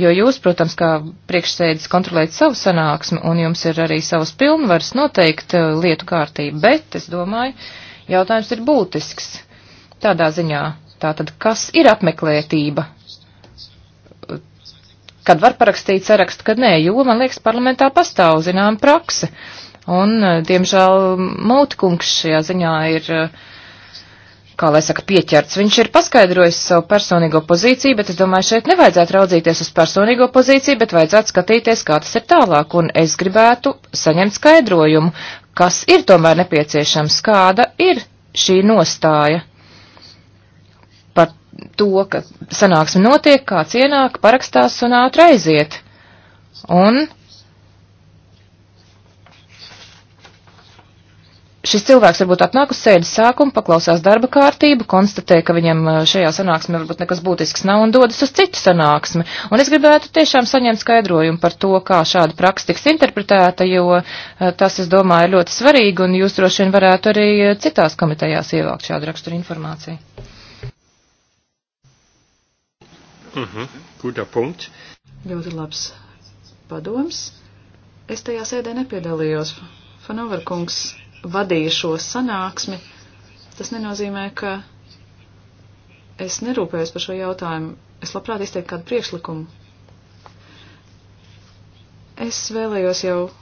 jo jūs, protams, kā priekšsēdis kontrolējat savu sanāksmi un jums ir arī savas pilnvaras noteikt uh, lietu kārtību, bet es domāju, jautājums ir būtisks. Tādā ziņā, tātad, kas ir apmeklētība? Kad var parakstīt sarakstu, kad nē, jo, man liekas, parlamentā pastāv zinām prakse. Uh, Un, eh, diemžēl, Mautkungs šajā ziņā ir, eh, kā lai saka, pieķerts. Viņš ir paskaidrojis savu personīgo pozīciju, bet es domāju, šeit nevajadzētu raudzīties uz personīgo pozīciju, bet vajadzētu skatīties, kā tas ir tālāk. Un es gribētu saņemt skaidrojumu, kas ir tomēr nepieciešams, kāda ir šī nostāja par to, ka sanāksme notiek, kāds ienāk, parakstās un ātri aiziet. Un šis cilvēks varbūt atnāk uz sēdes sākumu, paklausās darba kārtību, konstatē, ka viņam eh, šajā sanāksmē varbūt nekas būtisks nav un dodas uz citu sanāksmi. Un es gribētu tiešām saņemt skaidrojumu par to, kā šāda praksa tiks interpretēta, jo eh, tas, es domāju, ir ļoti svarīgi un jūs droši vien varētu arī eh, citās komitejās ievākt šādu raksturu informāciju. Mhm, uh -huh. guter punkt. Ļoti labs padoms. Es tajā sēdē nepiedalījos. Fanovar kungs vadīja šo sanāksmi, tas nenozīmē, ka es nerūpējos par šo jautājumu. Es labprāt izteiktu kādu priekšlikumu. Es vēlējos jau uh,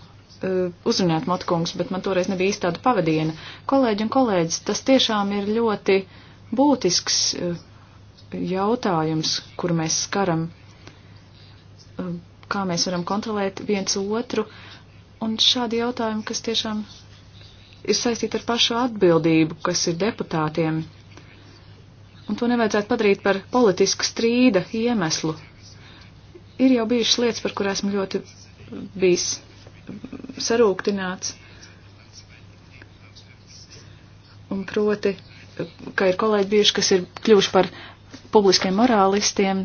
uzrunāt Motkungs, bet man toreiz nebija īsti tāda pavadiena. Kolēģi un kolēģis, tas tiešām ir ļoti būtisks uh, jautājums, kur mēs skaram, uh, kā mēs varam kontrolēt viens otru, un šādi jautājumi, kas tiešām ir saistīta ar pašu atbildību, kas ir deputātiem. Un to nevajadzētu padarīt par politisku strīda iemeslu. Ir jau bijušas lietas, par kurām esmu ļoti bijis sarūktināts. Un proti, ka ir kolēģi bijuši, kas ir kļuvuši par publiskiem morālistiem.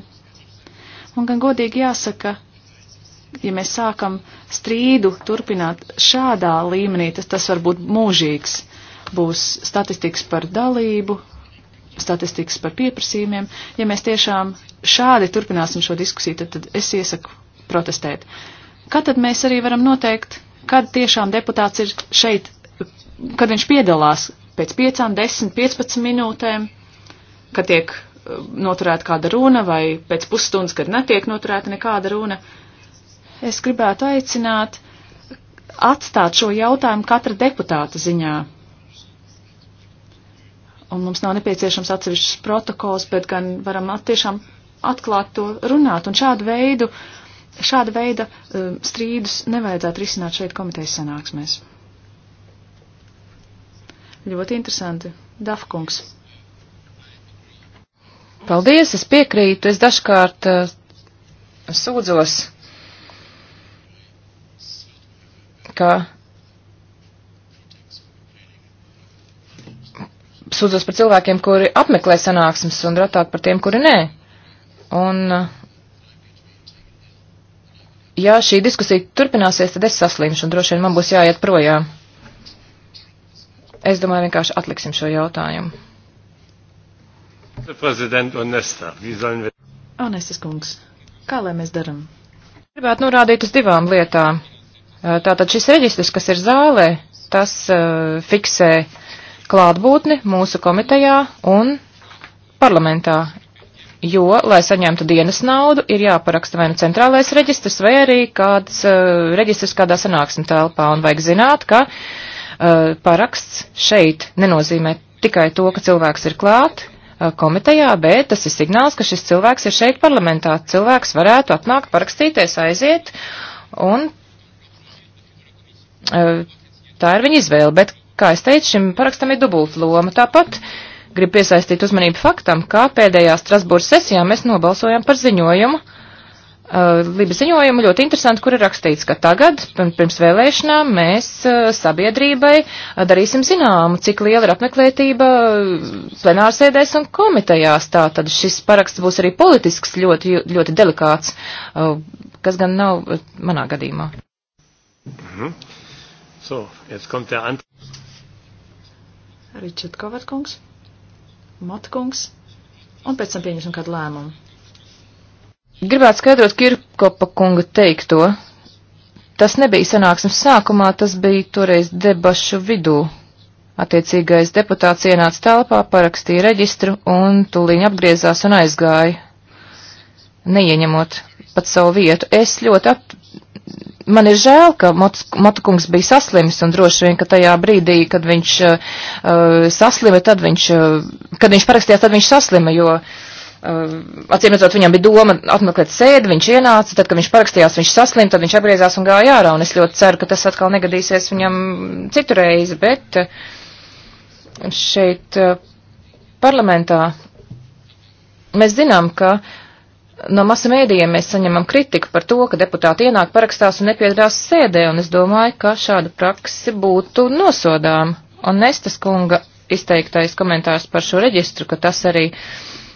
Un gan godīgi jāsaka, ja mēs sākam strīdu turpināt šādā līmenī, tas, tas var būt mūžīgs. Būs statistikas par dalību, statistikas par pieprasījumiem. Ja mēs tiešām šādi turpināsim šo diskusiju, tad, tad es iesaku protestēt. Kad tad mēs arī varam noteikt, kad tiešām deputāts ir šeit, kad viņš piedalās pēc 5, 10, 15 minūtēm, kad tiek eh, noturēta kāda runa vai pēc pusstundas, kad netiek noturēta nekāda runa. Uh, es gribētu aicināt atstāt šo jautājumu katra deputāta ziņā. Un mums nav nepieciešams atsevišķs protokols, bet gan varam tiešām atklāt to runāt. Un šādu veidu, šāda veida um, strīdus nevajadzētu risināt šeit komitejas sanāksmēs. Ļoti interesanti. Dafkungs. Paldies, es piekrītu. Es dažkārt uh, sūdzos ka sūdzos par cilvēkiem, kuri apmeklē sanāksmes un ratāk par tiem, kuri nē. Un, ja šī diskusija turpināsies, tad es saslimšu un droši vien man būs jāiet projām. Es domāju, vienkārši atliksim šo jautājumu. Onestas kungs, kā lai mēs daram? Gribētu norādīt uz divām lietām. Tātad šis reģistrs, kas ir zālē, tas fiksē klātbūtni mūsu komitejā un parlamentā, jo, lai saņemtu dienas naudu, ir jāparaksta vai nu centrālais reģistrs, vai arī kāds uh, reģistrs kādā sanāksmē telpā, un vajag zināt, ka uh, paraksts šeit nenozīmē tikai to, ka cilvēks ir klāt uh, komitejā, bet tas ir signāls, ka šis cilvēks ir šeit parlamentā. Cilvēks varētu atnākt, parakstīties, aiziet, un Eh, tā ir viņa izvēle, bet, kā es teicu, šim parakstam ir dubulta loma. Tāpat gribu piesaistīt uzmanību faktam, kā pēdējā Strasbūras sesijā mēs nobalsojām par ziņojumu. Uh, eh, Liba ziņojumu ļoti interesanti, kur ir rakstīts, ka tagad, pirms vēlēšanām, mēs uh, sabiedrībai uh, darīsim zināmu, cik liela ir apmeklētība plenārsēdēs un komitejās. Tā tad šis paraksts būs arī politisks, ļoti, ļoti delikāts, kas gan nav manā gadījumā. Mhm. So, jetzt kommt der Ant. Richard Kovart kungs, Mata kungs, un pēc tam pieņemsim kādu lēmumu. Gribētu skaidrot Kirkopa kunga teikto. Tas nebija sanāksmes sākumā, tas bija toreiz debašu vidū. Attiecīgais deputāts ienāca telpā, parakstīja reģistru un tuliņ apgriezās un aizgāja, neieņemot pat savu vietu. Es ļoti ap, man ir žēl, ka Matukungs bija saslims un droši vien, ka tajā brīdī, kad viņš uh, uh, saslima, tad viņš, uh, kad viņš parakstījās, tad viņš saslima, jo. Uh, Acīm redzot, viņam bija doma atmeklēt sēdi, viņš ienāca, tad, kad viņš parakstījās, viņš saslim, tad viņš apgriezās un gāja ārā, un es ļoti ceru, ka tas atkal negadīsies viņam citurreiz, bet uh, šeit uh, parlamentā mēs zinām, ka uh, no masu mēdījiem mēs saņemam kritiku par to, ka deputāti ienāk parakstās un nepiedrās sēdē, un es domāju, ka šāda praksi būtu nosodām. Un Nestas kunga izteiktais komentārs par šo reģistru, ka tas arī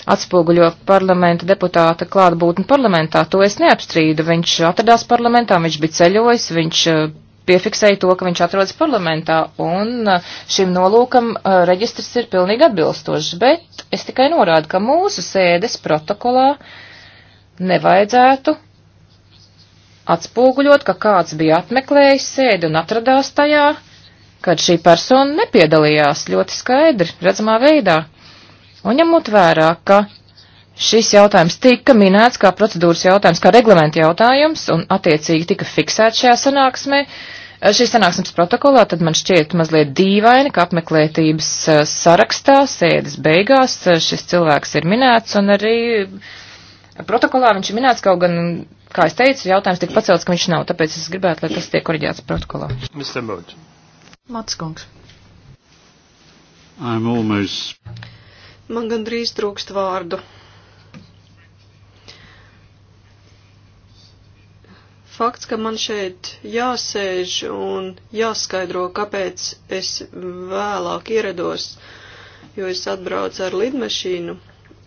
atspoguļo parlamenta deputāta klātbūtni parlamentā, to es neapstrīdu. Viņš atradās parlamentā, viņš bija ceļojis, viņš uh, piefiksēja to, ka viņš atrodas parlamentā, un uh, šim nolūkam uh, reģistrs ir pilnīgi atbilstošs, bet es tikai norādu, ka mūsu sēdes protokolā uh, nevajadzētu atspoguļot, ka kāds bija apmeklējis sēdi un atradās tajā, kad šī persona nepiedalījās ļoti skaidri, redzamā veidā. Un ņemot vērā, ka šis jautājums tika minēts kā procedūras jautājums, kā reglamenta jautājums, un attiecīgi tika fiksēts šajā sanāksmē, šīs sanāksmes protokolā, tad man šķiet mazliet dīvaini, ka apmeklētības eh, sarakstā sēdes beigās eh, šis cilvēks ir minēts un arī protokolā viņš ir minēts kaut gan, kā es teicu, jautājums tika pacelts, ka viņš nav, tāpēc es gribētu, lai tas tiek koriģēts protokolā. Mr. Mode. Mats kungs. I'm almost. Man gandrīz trūkst vārdu. Fakts, ka man šeit jāsēž un jāskaidro, kāpēc es vēlāk ierados, jo es atbraucu ar lidmašīnu,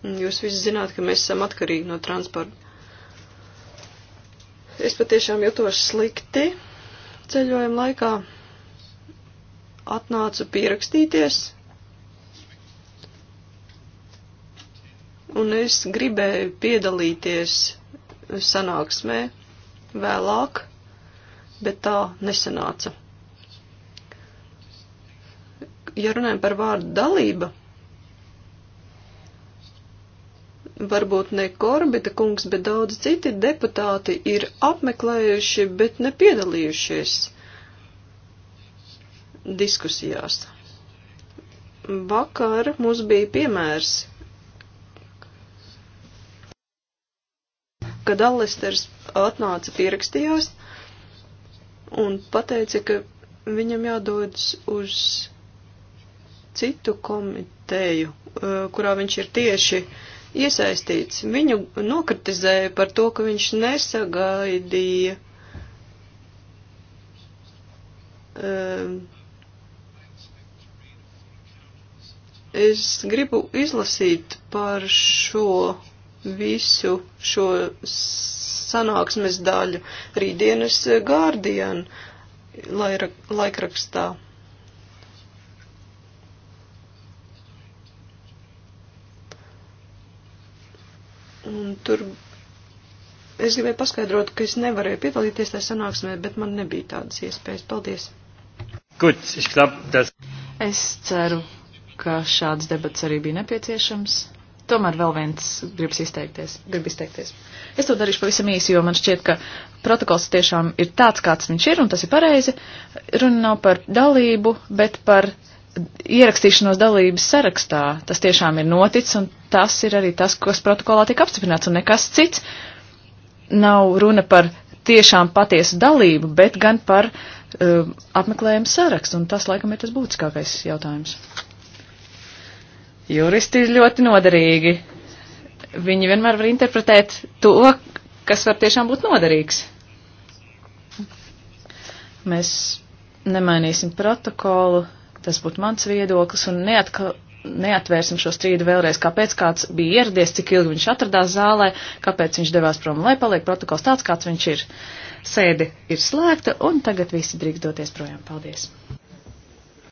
Jūs visi zināt, ka mēs esam atkarīgi no transporta. Es patiešām jutos slikti ceļojuma laikā. Atnācu pierakstīties. Un es gribēju piedalīties sanāksmē vēlāk, bet tā nesanāca. Ja runājam par vārdu dalība, varbūt ne Korbita kungs, bet daudz citi deputāti ir apmeklējuši, bet nepiedalījušies diskusijās. Vakar mums bija piemērs, kad Alisters atnāca pierakstījās un pateica, ka viņam jādodas uz citu komiteju, eh, kurā viņš ir tieši uh, iesaistīts. Viņu nokritizēja par to, ka viņš nesagaidīja ehm, Es gribu izlasīt par šo visu šo sanāksmes daļu rītdienas Guardian laikrakstā. Un tur es gribēju paskaidrot, ka es nevarēju piedalīties tajā sanāksmē, bet man nebija tādas iespējas. Paldies! Gut, ich glaub, das... Es ceru, ka šāds debats arī bija nepieciešams. Tomēr vēl viens gribas izteikties. Grib izteikties. Es to darīšu pavisam īsi, jo man šķiet, ka protokols tiešām ir tāds, kāds viņš ir, un tas ir pareizi. Runa nav par dalību, bet par uh, ierakstīšanos dalības sarakstā. Tas tiešām ir noticis, un tas ir arī tas, kas protokolā tiek apstiprināts, un nekas cits. Nav runa par tiešām patiesu dalību, bet gan par uh, apmeklējumu sarakstu, un tas laikam ir tas būtiskākais jautājums. Juristi ir ļoti noderīgi. Viņi vienmēr var interpretēt to, kas var tiešām būt noderīgs. Mēs nemainīsim protokolu, Tas būtu mans viedoklis un neatkal neatvērsim šo strīdu vēlreiz, kāpēc kāds bija ieradies, cik ilgi viņš atradās zālē, kāpēc viņš devās prom, lai paliek protokols tāds, kāds viņš ir. Sēde ir slēgta, un tagad visi drīkst doties projām. Paldies!